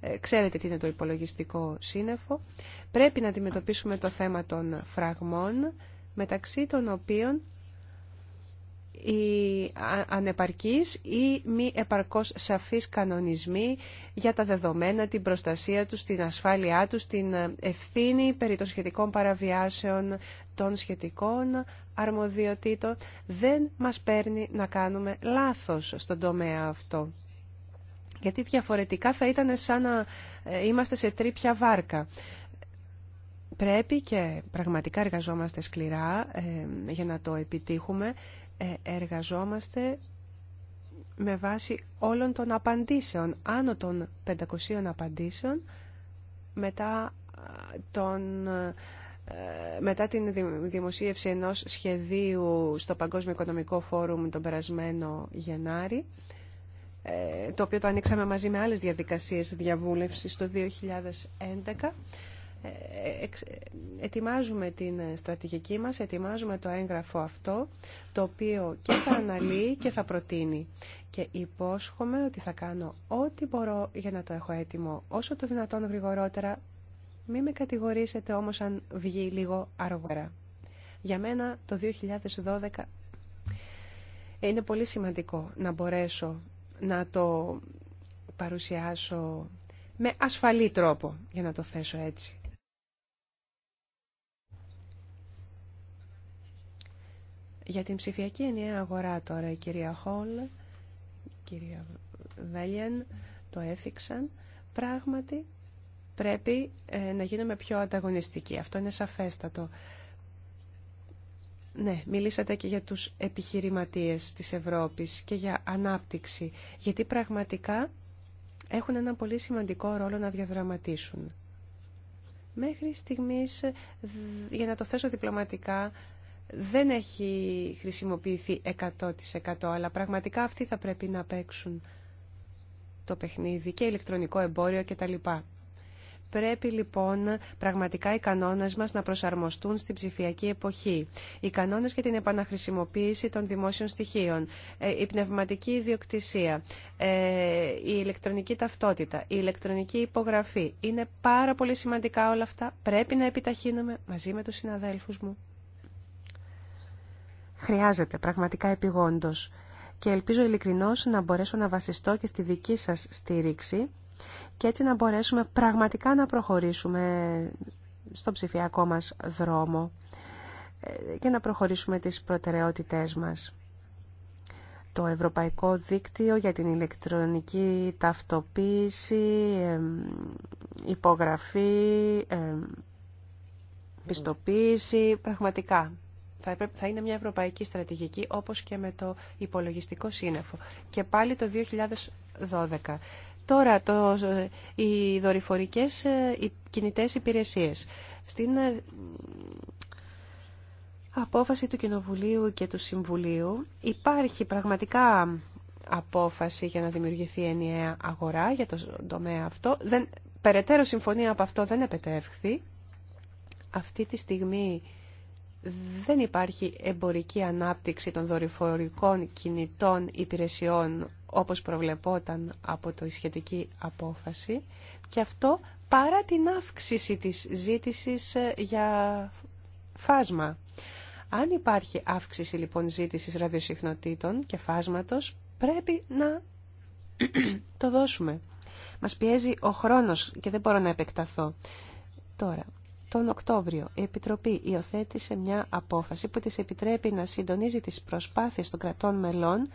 ε, ξέρετε τι είναι το υπολογιστικό σύννεφο. Πρέπει να αντιμετωπίσουμε το θέμα των φραγμών, μεταξύ των οποίων η ανεπαρκείς ή μη επαρκώς σαφής κανονισμοί για τα δεδομένα, την προστασία τους, την ασφάλειά τους, την ε, ευθύνη περί των σχετικών παραβιάσεων των σχετικών αρμοδιοτήτων δεν μας παίρνει να κάνουμε λάθος στον τομέα αυτό γιατί διαφορετικά θα ήταν σαν να ε, είμαστε σε τρίπια βάρκα. Πρέπει και πραγματικά εργαζόμαστε σκληρά ε, για να το επιτύχουμε. Ε, εργαζόμαστε με βάση όλων των απαντήσεων, άνω των 500 απαντήσεων, μετά, τον, μετά την δημοσίευση ενός σχεδίου στο Παγκόσμιο Οικονομικό Φόρουμ τον περασμένο Γενάρη. Ε, το οποίο το ανοίξαμε μαζί με άλλες διαδικασίες διαβούλευσης το 2011. Ε, ετοιμάζουμε την στρατηγική μας, ετοιμάζουμε το έγγραφο αυτό, το οποίο και θα αναλύει και θα προτείνει. Και υπόσχομαι ότι θα κάνω ό,τι μπορώ για να το έχω έτοιμο, όσο το δυνατόν γρηγορότερα. Μην με κατηγορήσετε όμως αν βγει λίγο αργότερα. Για μένα το 2012 είναι πολύ σημαντικό να μπορέσω να το παρουσιάσω με ασφαλή τρόπο, για να το θέσω έτσι. Για την ψηφιακή ενιαία αγορά τώρα, η κυρία Χόλ, η κυρία Βέλιεν το έθιξαν. Πράγματι, πρέπει ε, να γίνουμε πιο ανταγωνιστικοί. Αυτό είναι σαφέστατο. Ναι, μιλήσατε και για τους επιχειρηματίες της Ευρώπης και για ανάπτυξη, γιατί πραγματικά έχουν ένα πολύ σημαντικό ρόλο να διαδραματίσουν. Μέχρι στιγμής, για να το θέσω διπλωματικά, δεν έχει χρησιμοποιηθεί 100% αλλά πραγματικά αυτοί θα πρέπει να παίξουν το παιχνίδι και ηλεκτρονικό εμπόριο κτλ. Πρέπει λοιπόν πραγματικά οι κανόνες μας να προσαρμοστούν στην ψηφιακή εποχή. Οι κανόνες για την επαναχρησιμοποίηση των δημόσιων στοιχείων, ε, η πνευματική ιδιοκτησία, ε, η ηλεκτρονική ταυτότητα, η ηλεκτρονική υπογραφή. Είναι πάρα πολύ σημαντικά όλα αυτά. Πρέπει να επιταχύνουμε μαζί με τους συναδέλφους μου. Χρειάζεται πραγματικά επιγόντως και ελπίζω ειλικρινώς να μπορέσω να βασιστώ και στη δική σας στήριξη και έτσι να μπορέσουμε πραγματικά να προχωρήσουμε στο ψηφιακό μας δρόμο ε, και να προχωρήσουμε τις προτεραιότητές μας. Το Ευρωπαϊκό Δίκτυο για την ηλεκτρονική ταυτοποίηση, υπογραφή, πιστοποίηση, πραγματικά. Θα είναι μια ευρωπαϊκή στρατηγική όπως και με το υπολογιστικό σύννεφο. Και πάλι το 2012. Τώρα, το, οι δορυφορικές ε, οι κινητές υπηρεσίες. Στην ε, απόφαση του Κοινοβουλίου και του Συμβουλίου υπάρχει πραγματικά απόφαση για να δημιουργηθεί ενιαία αγορά για το τομέα αυτό. Δεν, περαιτέρω συμφωνία από αυτό δεν επετεύχθη. Αυτή τη στιγμή δεν υπάρχει εμπορική ανάπτυξη των δορυφορικών κινητών υπηρεσιών όπως προβλεπόταν από το σχετική απόφαση και αυτό παρά την αύξηση της ζήτησης ε, για φάσμα. Αν υπάρχει αύξηση λοιπόν ζήτησης ραδιοσυχνοτήτων και φάσματος, πρέπει να το δώσουμε. Μας πιέζει ο χρόνος και δεν μπορώ να επεκταθώ. Τώρα, τον Οκτώβριο, η Επιτροπή υιοθέτησε μια απόφαση που της επιτρέπει να συντονίζει τις προσπάθειες των κρατών μελών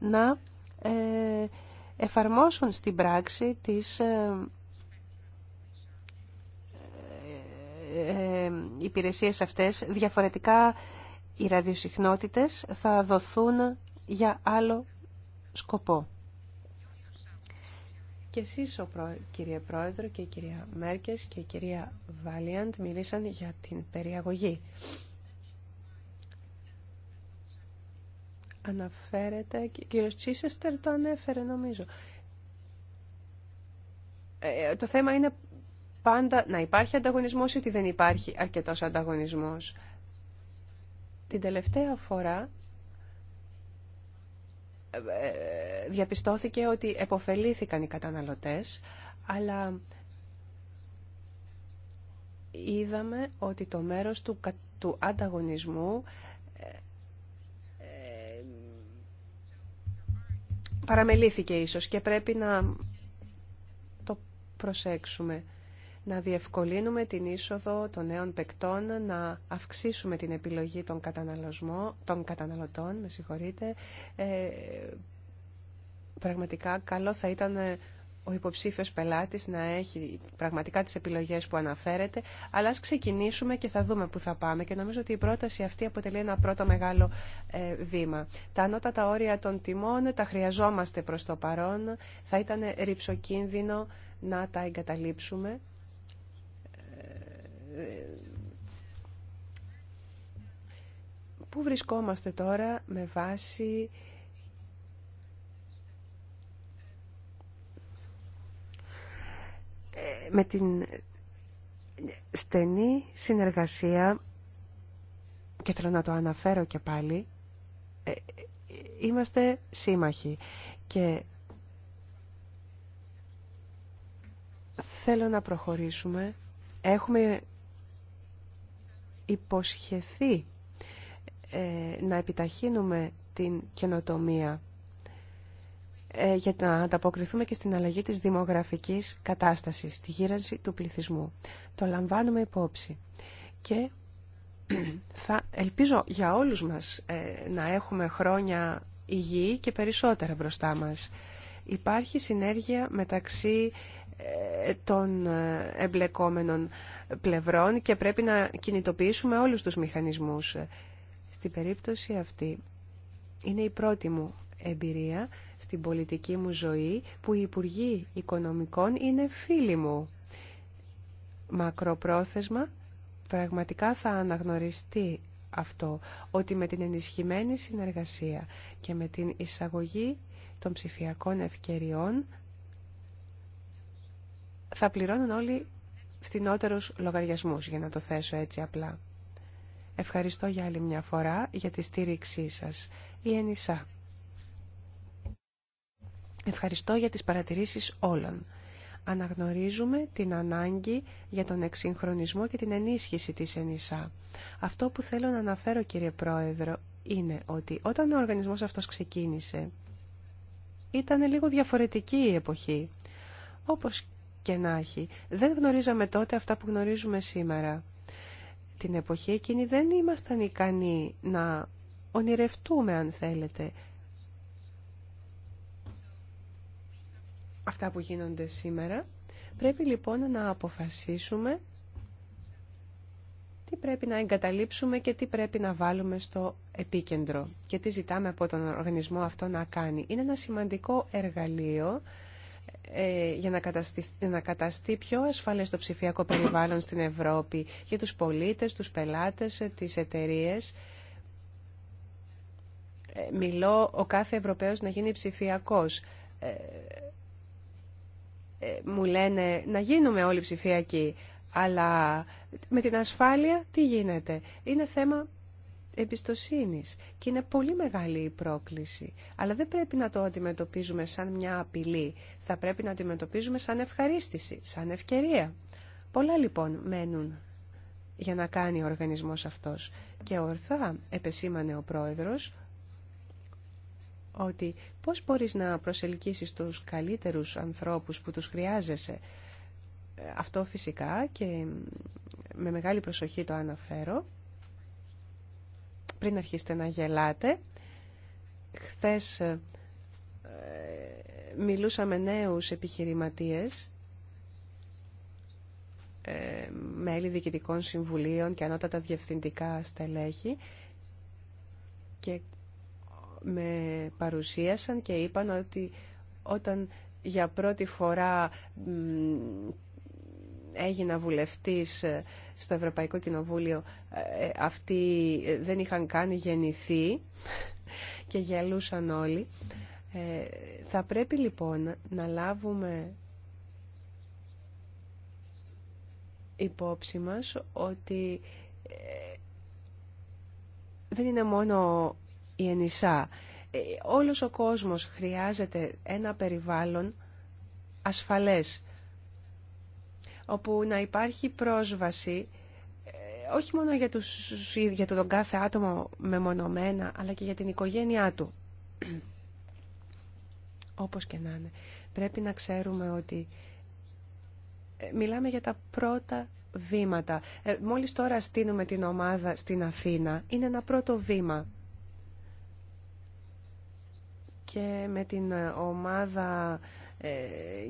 να ε, εφαρμόσουν στην πράξη τις ε, ε, υπηρεσίες αυτές. Διαφορετικά οι ραδιοσυχνότητες θα δοθούν για άλλο σκοπό. Και εσείς, ο κύριε Πρόεδρο και η κυρία Μέρκες και η κυρία Βάλιαντ μιλήσαν για την περιαγωγή. αναφέρεται, κύριος Τσίσεστερ το ανέφερε νομίζω. Ε, ε, το θέμα είναι πάντα να υπάρχει ανταγωνισμός ή ότι δεν υπάρχει αρκετός ανταγωνισμός. Την τελευταία φορά ε, διαπιστώθηκε ότι εποφελήθηκαν οι καταναλωτές, αλλά είδαμε ότι το μέρος του, του ανταγωνισμού παραμελήθηκε ίσως και πρέπει να το προσέξουμε. Να διευκολύνουμε την είσοδο των νέων παικτών, να αυξήσουμε την επιλογή των, των καταναλωτών. Με συγχωρείτε. Ε, πραγματικά καλό θα ήταν ε, ο υποψήφιος πελάτης να έχει πραγματικά τις επιλογές που αναφέρεται, αλλά ας ξεκινήσουμε και θα δούμε που θα πάμε και νομίζω ότι η πρόταση αυτή αποτελεί ένα πρώτο μεγάλο ε, βήμα. Τα ανώτατα όρια των τιμών τα χρειαζόμαστε προς το παρόν, θα ήταν ρηψοκίνδυνο να τα εγκαταλείψουμε. Ε, ε, πού βρισκόμαστε τώρα με βάση με την στενή συνεργασία και θέλω να το αναφέρω και πάλι ε, είμαστε σύμμαχοι και θέλω να προχωρήσουμε έχουμε υποσχεθεί ε, να επιταχύνουμε την καινοτομία ε, για να ανταποκριθούμε και στην αλλαγή της δημογραφικής κατάστασης, τη γύρανση του πληθυσμού. Το λαμβάνουμε υπόψη. Και θα ελπίζω για όλους μας ε, να έχουμε χρόνια υγιή και περισσότερα μπροστά μας. Υπάρχει συνέργεια μεταξύ ε, των εμπλεκόμενων πλευρών και πρέπει να κινητοποιήσουμε όλους τους μηχανισμούς. Στην περίπτωση αυτή είναι η πρώτη μου εμπειρία στην πολιτική μου ζωή που οι Υπουργοί Οικονομικών είναι φίλοι μου. Μακροπρόθεσμα πραγματικά θα αναγνωριστεί αυτό, ότι με την ενισχυμένη συνεργασία και με την εισαγωγή των ψηφιακών ευκαιριών θα πληρώνουν όλοι φθηνότερους λογαριασμούς, για να το θέσω έτσι απλά. Ευχαριστώ για άλλη μια φορά για τη στήριξή σας. Η Ενισά. Ευχαριστώ για τις παρατηρήσεις όλων. Αναγνωρίζουμε την ανάγκη για τον εξυγχρονισμό και την ενίσχυση της ΕΝΙΣΑ. Αυτό που θέλω να αναφέρω, κύριε Πρόεδρο, είναι ότι όταν ο οργανισμός αυτός ξεκίνησε, ήταν λίγο διαφορετική η εποχή. Όπως και να έχει, δεν γνωρίζαμε τότε αυτά που γνωρίζουμε σήμερα. Την εποχή εκείνη δεν ήμασταν ικανοί να ονειρευτούμε, αν θέλετε, αυτά που γίνονται σήμερα. Πρέπει λοιπόν να αποφασίσουμε τι πρέπει να εγκαταλείψουμε και τι πρέπει να βάλουμε στο επίκεντρο και τι ζητάμε από τον οργανισμό αυτό να κάνει. Είναι ένα σημαντικό εργαλείο ε, για να καταστεί, πιο ασφαλές το ψηφιακό περιβάλλον στην Ευρώπη για τους πολίτες, τους πελάτες, ε, τις εταιρείες. Ε, μιλώ ο κάθε Ευρωπαίος να γίνει ψηφιακός. Ε, μου λένε να γίνουμε όλοι ψηφιακοί, αλλά με την ασφάλεια τι γίνεται. Είναι θέμα εμπιστοσύνης και είναι πολύ μεγάλη η πρόκληση. Αλλά δεν πρέπει να το αντιμετωπίζουμε σαν μια απειλή. Θα πρέπει να αντιμετωπίζουμε σαν ευχαρίστηση, σαν ευκαιρία. Πολλά λοιπόν μένουν για να κάνει ο οργανισμός αυτός. Και ορθά επεσήμανε ο πρόεδρος ότι πώς μπορείς να προσελκύσεις τους καλύτερους ανθρώπους που τους χρειάζεσαι. Αυτό φυσικά και με μεγάλη προσοχή το αναφέρω. Πριν αρχίσετε να γελάτε, χθες ε, μιλούσαμε νέους επιχειρηματίες ε, μέλη διοικητικών συμβουλίων και ανώτατα διευθυντικά στελέχη και με παρουσίασαν και είπαν ότι όταν για πρώτη φορά έγινα βουλευτής ε, στο Ευρωπαϊκό Κοινοβούλιο ε, ε, αυτοί δεν είχαν καν γεννηθεί και γελούσαν όλοι. Θα πρέπει λοιπόν να λάβουμε υπόψη μας ότι δεν είναι μόνο η ενισά. Ε, όλος ο κόσμος χρειάζεται ένα περιβάλλον ασφαλές, όπου να υπάρχει πρόσβαση ε, όχι μόνο για, τους, για τον κάθε άτομο μεμονωμένα, αλλά και για την οικογένειά του. Όπως και να είναι. Πρέπει να ξέρουμε ότι ε, μιλάμε για τα πρώτα βήματα. Μόλις τώρα στείλουμε την ομάδα στην Αθήνα, είναι ένα πρώτο βήμα και με την ε, ομάδα ε,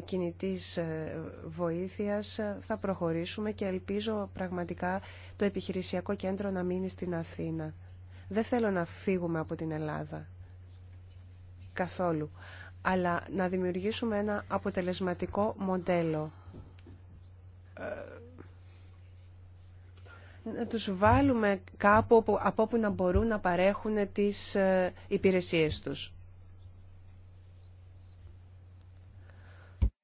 κινητής ε, βοήθειας θα προχωρήσουμε και ελπίζω πραγματικά το επιχειρησιακό κέντρο να μείνει στην Αθήνα. Δεν θέλω να φύγουμε από την Ελλάδα. Καθόλου. Αλλά να δημιουργήσουμε ένα αποτελεσματικό μοντέλο. Να τους βάλουμε κάπου από όπου να μπορούν να παρέχουν τις υπηρεσίες τους.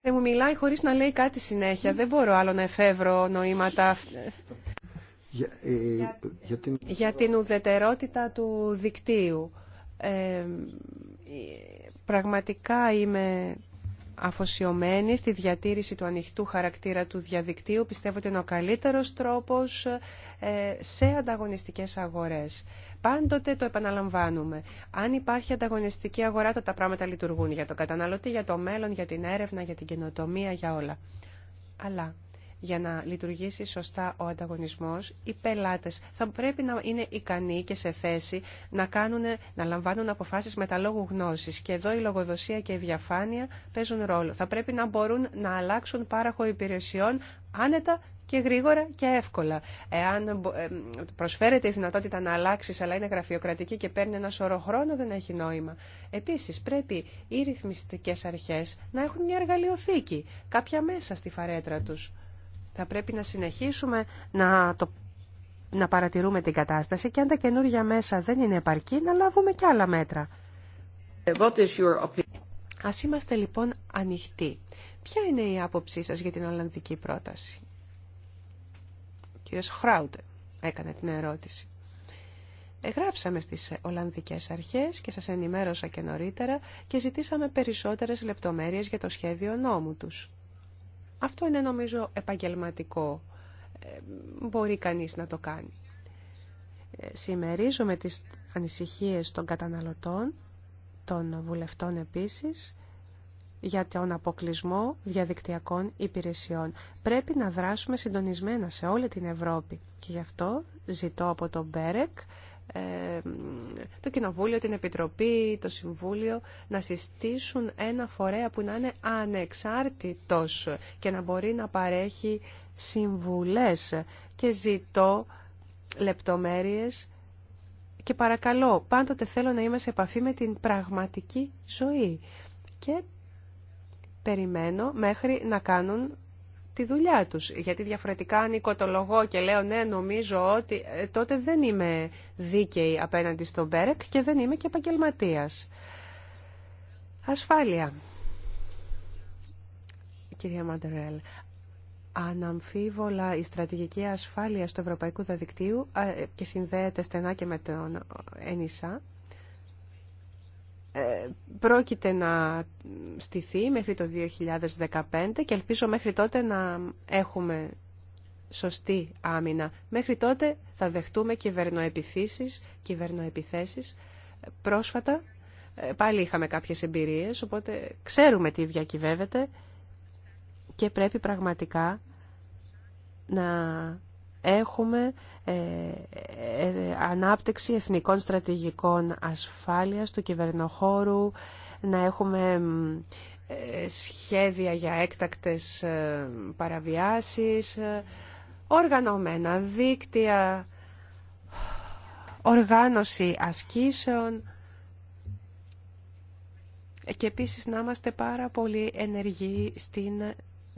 Δεν μου μιλάει χωρίς να λέει κάτι συνέχεια. Δεν μπορώ άλλο να εφεύρω νοήματα. Για, ε, για, την... για την ουδετερότητα του δικτύου. Ε, πραγματικά είμαι Αφοσιωμένη στη διατήρηση του ανοιχτού χαρακτήρα του διαδικτύου. Πιστεύω ότι είναι ο καλύτερος τρόπος ε, σε ανταγωνιστικές αγορές. Πάντοτε το επαναλαμβάνουμε. Αν υπάρχει ανταγωνιστική αγορά, τα πράγματα λειτουργούν για τον καταναλωτή, για το μέλλον, για την έρευνα, για την καινοτομία, για όλα. Αλλά για να λειτουργήσει σωστά ο ανταγωνισμός, οι πελάτες θα πρέπει να είναι ικανοί και σε θέση να, κάνουν, να λαμβάνουν αποφάσεις με τα λόγου γνώσης. Και εδώ η λογοδοσία και η διαφάνεια παίζουν ρόλο. Θα πρέπει να μπορούν να αλλάξουν πάραχο υπηρεσιών άνετα και γρήγορα και εύκολα. Εάν ε, προσφέρεται η δυνατότητα να αλλάξει, αλλά είναι γραφειοκρατική και παίρνει ένα σωρό χρόνο, δεν έχει νόημα. Επίση, πρέπει οι ρυθμιστικέ αρχέ να έχουν μια εργαλειοθήκη, κάποια μέσα στη φαρέτρα του. Θα πρέπει να συνεχίσουμε να, το, να παρατηρούμε την κατάσταση και αν τα καινούργια μέσα δεν είναι επαρκή να λάβουμε και άλλα μέτρα. Α Ας είμαστε λοιπόν ανοιχτοί. Ποια είναι η άποψή σας για την Ολλανδική πρόταση. Ο κύριος Χράουτε έκανε την ερώτηση. Εγράψαμε στις Ολλανδικές Αρχές και σας ενημέρωσα και νωρίτερα και ζητήσαμε περισσότερες λεπτομέρειες για το σχέδιο νόμου τους. Αυτό είναι νομίζω επαγγελματικό. Ε, μπορεί κανείς να το κάνει. Ε, Σημερίζομαι τις ανησυχίες των καταναλωτών, των βουλευτών επίσης, για τον αποκλεισμό διαδικτυακών υπηρεσιών. Πρέπει να δράσουμε συντονισμένα σε όλη την Ευρώπη. Και γι' αυτό ζητώ από τον Μπέρεκ ε, το Κοινοβούλιο, την Επιτροπή, το Συμβούλιο να συστήσουν ένα φορέα που να είναι ανεξάρτητος και να μπορεί να παρέχει συμβουλές και ζητώ λεπτομέρειες και παρακαλώ πάντοτε θέλω να είμαι σε επαφή με την πραγματική ζωή και περιμένω μέχρι να κάνουν τη δουλειά τους. Γιατί διαφορετικά αν οικοτολογώ και λέω ναι νομίζω ότι ε, τότε δεν είμαι δίκαιη απέναντι στον Μπέρεκ και δεν είμαι και επαγγελματία. Ασφάλεια. Κυρία Μαντερέλ, αναμφίβολα η στρατηγική ασφάλεια του Ευρωπαϊκού Δαδικτύου ε, και συνδέεται στενά και με τον ΕΝΙΣΑ ε, πρόκειται να στηθεί μέχρι το 2015 και ελπίζω μέχρι τότε να έχουμε σωστή άμυνα. Μέχρι τότε θα δεχτούμε κυβερνοεπιθήσεις, κυβερνοεπιθέσεις. Πρόσφατα ε, πάλι είχαμε κάποιες εμπειρίες, οπότε ξέρουμε τι διακυβεύεται και πρέπει πραγματικά να έχουμε ε, ε, ανάπτυξη εθνικών στρατηγικών ασφάλειας του κυβερνοχώρου, να έχουμε ε, σχέδια για έκτακτες παραβιάσεις, οργανωμένα δίκτυα, οργάνωση ασκήσεων και επίσης να είμαστε πάρα πολύ ενεργοί στην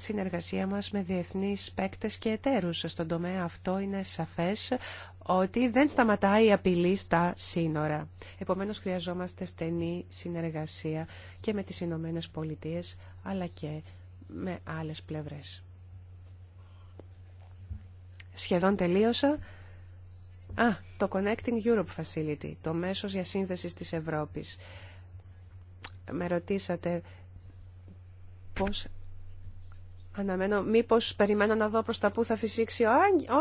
συνεργασία μας με διεθνείς παίκτες και εταίρους. Στον τομέα αυτό είναι σαφές ότι δεν σταματάει η απειλή στα σύνορα. Επομένως χρειαζόμαστε στενή συνεργασία και με τις Ηνωμένε Πολιτείες αλλά και με άλλες πλευρές. Σχεδόν τελείωσα. Α, το Connecting Europe Facility, το μέσο για σύνδεση της Ευρώπης. Με ρωτήσατε πώς Αναμένω, μήπως περιμένω να δω προς τα που θα φυσήξει ο,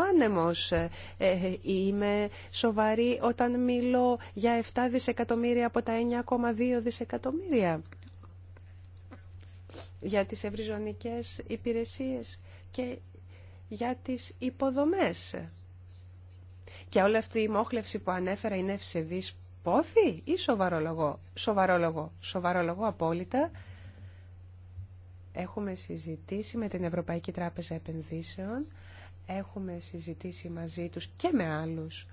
άνεμος. Ε, ε, είμαι σοβαρή όταν μιλώ για 7 δισεκατομμύρια από τα 9,2 δισεκατομμύρια για τις ευρυζωνικές υπηρεσίες και για τις υποδομές. Και όλη αυτή η μόχλευση που ανέφερα είναι ευσεβής πόθη ή σοβαρόλογο. Σοβαρόλογο, σοβαρόλογο απόλυτα Έχουμε συζητήσει με την Ευρωπαϊκή Τράπεζα Επενδύσεων, έχουμε συζητήσει μαζί τους και με άλλους.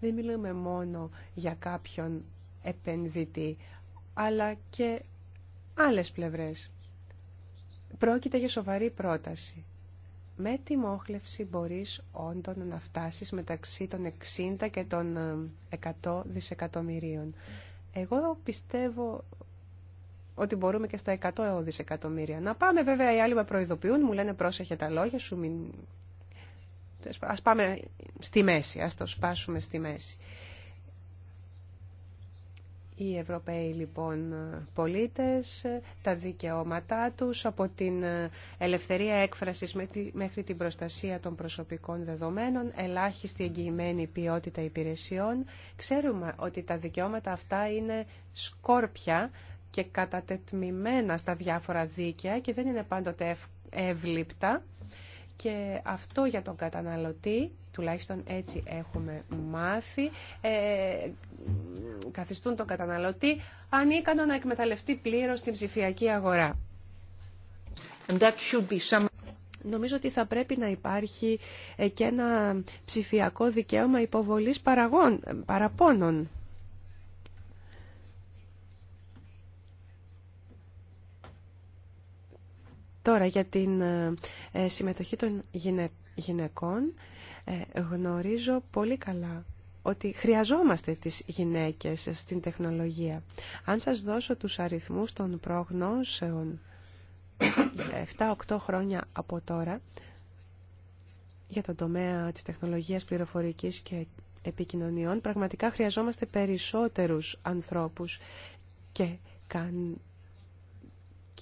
Δεν μιλούμε μόνο για κάποιον επενδυτή, αλλά και άλλες πλευρές. Πρόκειται για σοβαρή πρόταση. Με τη μόχλευση μπορείς όντων να φτάσεις μεταξύ των 60 και των 100 ε, δισεκατομμυρίων. Εγώ πιστεύω ότι μπορούμε και στα 100 δισεκατομμύρια. Να πάμε βέβαια, οι άλλοι με προειδοποιούν, μου λένε πρόσεχε τα λόγια σου, μην... ας πάμε στη μέση, ας το σπάσουμε στη μέση. Οι Ευρωπαίοι λοιπόν πολίτες, τα δικαιώματά τους από την ελευθερία έκφρασης μέχρι την προστασία των προσωπικών δεδομένων, ελάχιστη εγγυημένη ποιότητα υπηρεσιών. Ξέρουμε ότι τα δικαιώματα αυτά είναι σκόρπια και κατατετμημένα στα διάφορα δίκαια και δεν είναι πάντοτε εύληπτα και αυτό για τον καταναλωτή, τουλάχιστον έτσι έχουμε μάθει, ε, καθιστούν τον καταναλωτή ανίκανο να εκμεταλλευτεί πλήρως την ψηφιακή αγορά. Νομίζω ότι θα πρέπει να υπάρχει ε, και ένα ψηφιακό δικαίωμα υποβολής παραγών, παραπόνων. Τώρα για την ε, ε, συμμετοχή των γυναικών ε, γνωρίζω πολύ καλά ότι χρειαζόμαστε τις γυναίκες στην τεχνολογία. Αν σας δώσω τους αριθμούς των προγνώσεων 7-8 χρόνια από τώρα για τον τομέα της τεχνολογίας πληροφορικής και επικοινωνιών, πραγματικά χρειαζόμαστε περισσότερους ανθρώπους και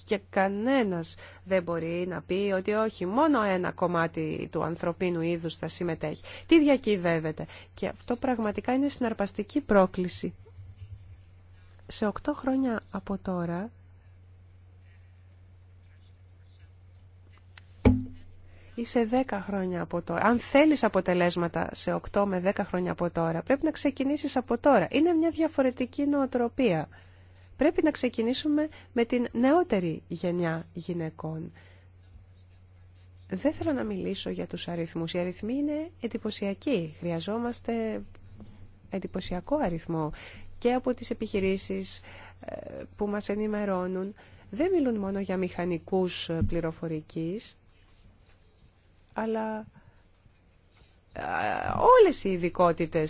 και κανένας δεν μπορεί να πει ότι όχι, μόνο ένα κομμάτι του ανθρωπίνου είδους θα συμμετέχει. Τι διακυβεύεται. Και αυτό πραγματικά είναι συναρπαστική πρόκληση. Σε οκτώ χρόνια από τώρα, ή σε 10 χρόνια από τώρα. Αν θέλεις αποτελέσματα σε 8 με 10 χρόνια από τώρα, πρέπει να ξεκινήσεις από τώρα. Είναι μια διαφορετική νοοτροπία. Πρέπει να ξεκινήσουμε με την νεότερη γενιά γυναικών. Δεν θέλω να μιλήσω για τους αριθμούς. Οι αριθμοί είναι εντυπωσιακοί. Χρειαζόμαστε εντυπωσιακό αριθμό και από τις επιχειρήσεις ε, που μας ενημερώνουν. Δεν μιλούν μόνο για μηχανικούς ε, πληροφορικής, αλλά ε, όλες οι ειδικότητε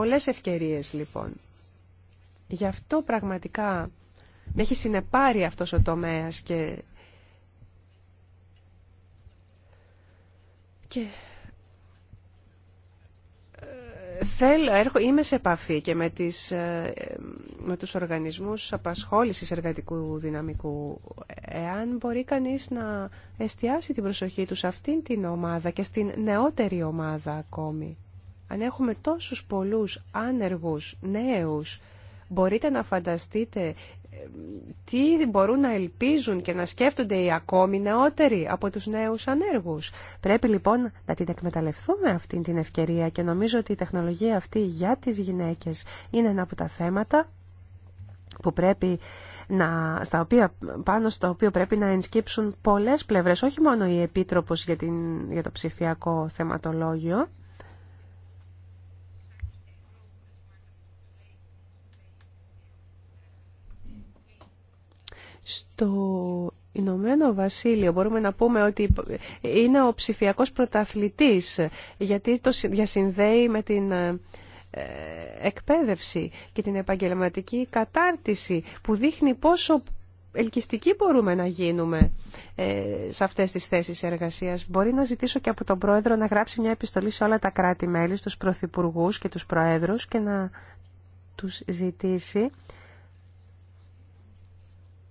πολλές ευκαιρίες λοιπόν. Γι' αυτό πραγματικά με έχει συνεπάρει αυτός ο τομέας και... και... Ε, Θέλω, έρχο, είμαι σε επαφή και με, τις, ε, με τους οργανισμούς απασχόλησης εργατικού δυναμικού. Εάν μπορεί κανείς να εστιάσει την προσοχή του σε αυτήν την ομάδα και στην νεότερη ομάδα ακόμη αν έχουμε τόσους πολλούς άνεργους νέους, μπορείτε να φανταστείτε ε, τι μπορούν να ελπίζουν και να σκέφτονται οι ακόμη νεότεροι από τους νέους ανέργους. Πρέπει λοιπόν να την εκμεταλλευτούμε αυτή την ευκαιρία και νομίζω ότι η τεχνολογία αυτή για τις γυναίκες είναι ένα από τα θέματα που πρέπει να, στα οποία, πάνω στο οποίο πρέπει να ενσκύψουν πολλές πλευρές, όχι μόνο η Επίτροπος την, για το ψηφιακό θεματολόγιο, στο Ηνωμένο Βασίλειο μπορούμε να πούμε ότι είναι ο ψηφιακός πρωταθλητής γιατί το διασυνδέει με την ε, εκπαίδευση και την επαγγελματική κατάρτιση που δείχνει πόσο ελκυστικοί μπορούμε να γίνουμε ε, σε αυτές τις θέσεις εργασίας. Μπορεί να ζητήσω και από τον Πρόεδρο να γράψει μια επιστολή σε όλα τα κράτη-μέλη, στους Πρωθυπουργούς και τους Προέδρους και να τους ζητήσει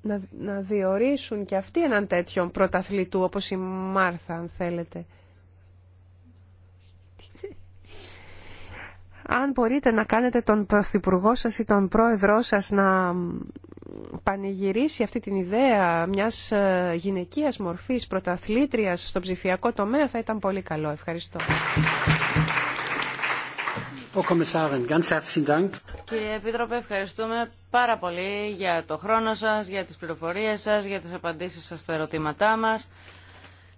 να, διορίσουν και αυτοί έναν τέτοιο πρωταθλητού όπως η Μάρθα αν θέλετε. Αν μπορείτε να κάνετε τον πρωθυπουργό σας ή τον πρόεδρό σας να πανηγυρίσει αυτή την ιδέα μιας ε, γυναικείας μορφής πρωταθλήτριας στο ψηφιακό τομέα θα ήταν πολύ καλό. Ευχαριστώ. Κύριε Επίτροπε, ευχαριστούμε πάρα πολύ για το χρόνο σας, για τις πληροφορίες σας, για τις απαντήσεις σας στα ερωτήματά μας.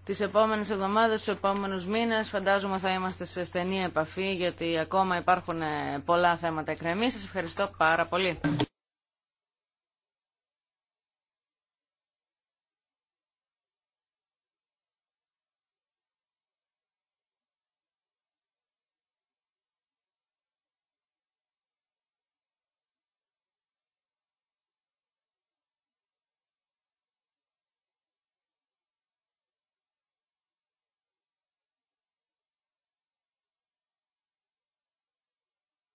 Τις επόμενες εβδομάδες, τους επόμενους μήνες φαντάζομαι θα είμαστε σε στενή επαφή γιατί ακόμα υπάρχουν πολλά θέματα εκκρεμή. Σας ευχαριστώ πάρα πολύ.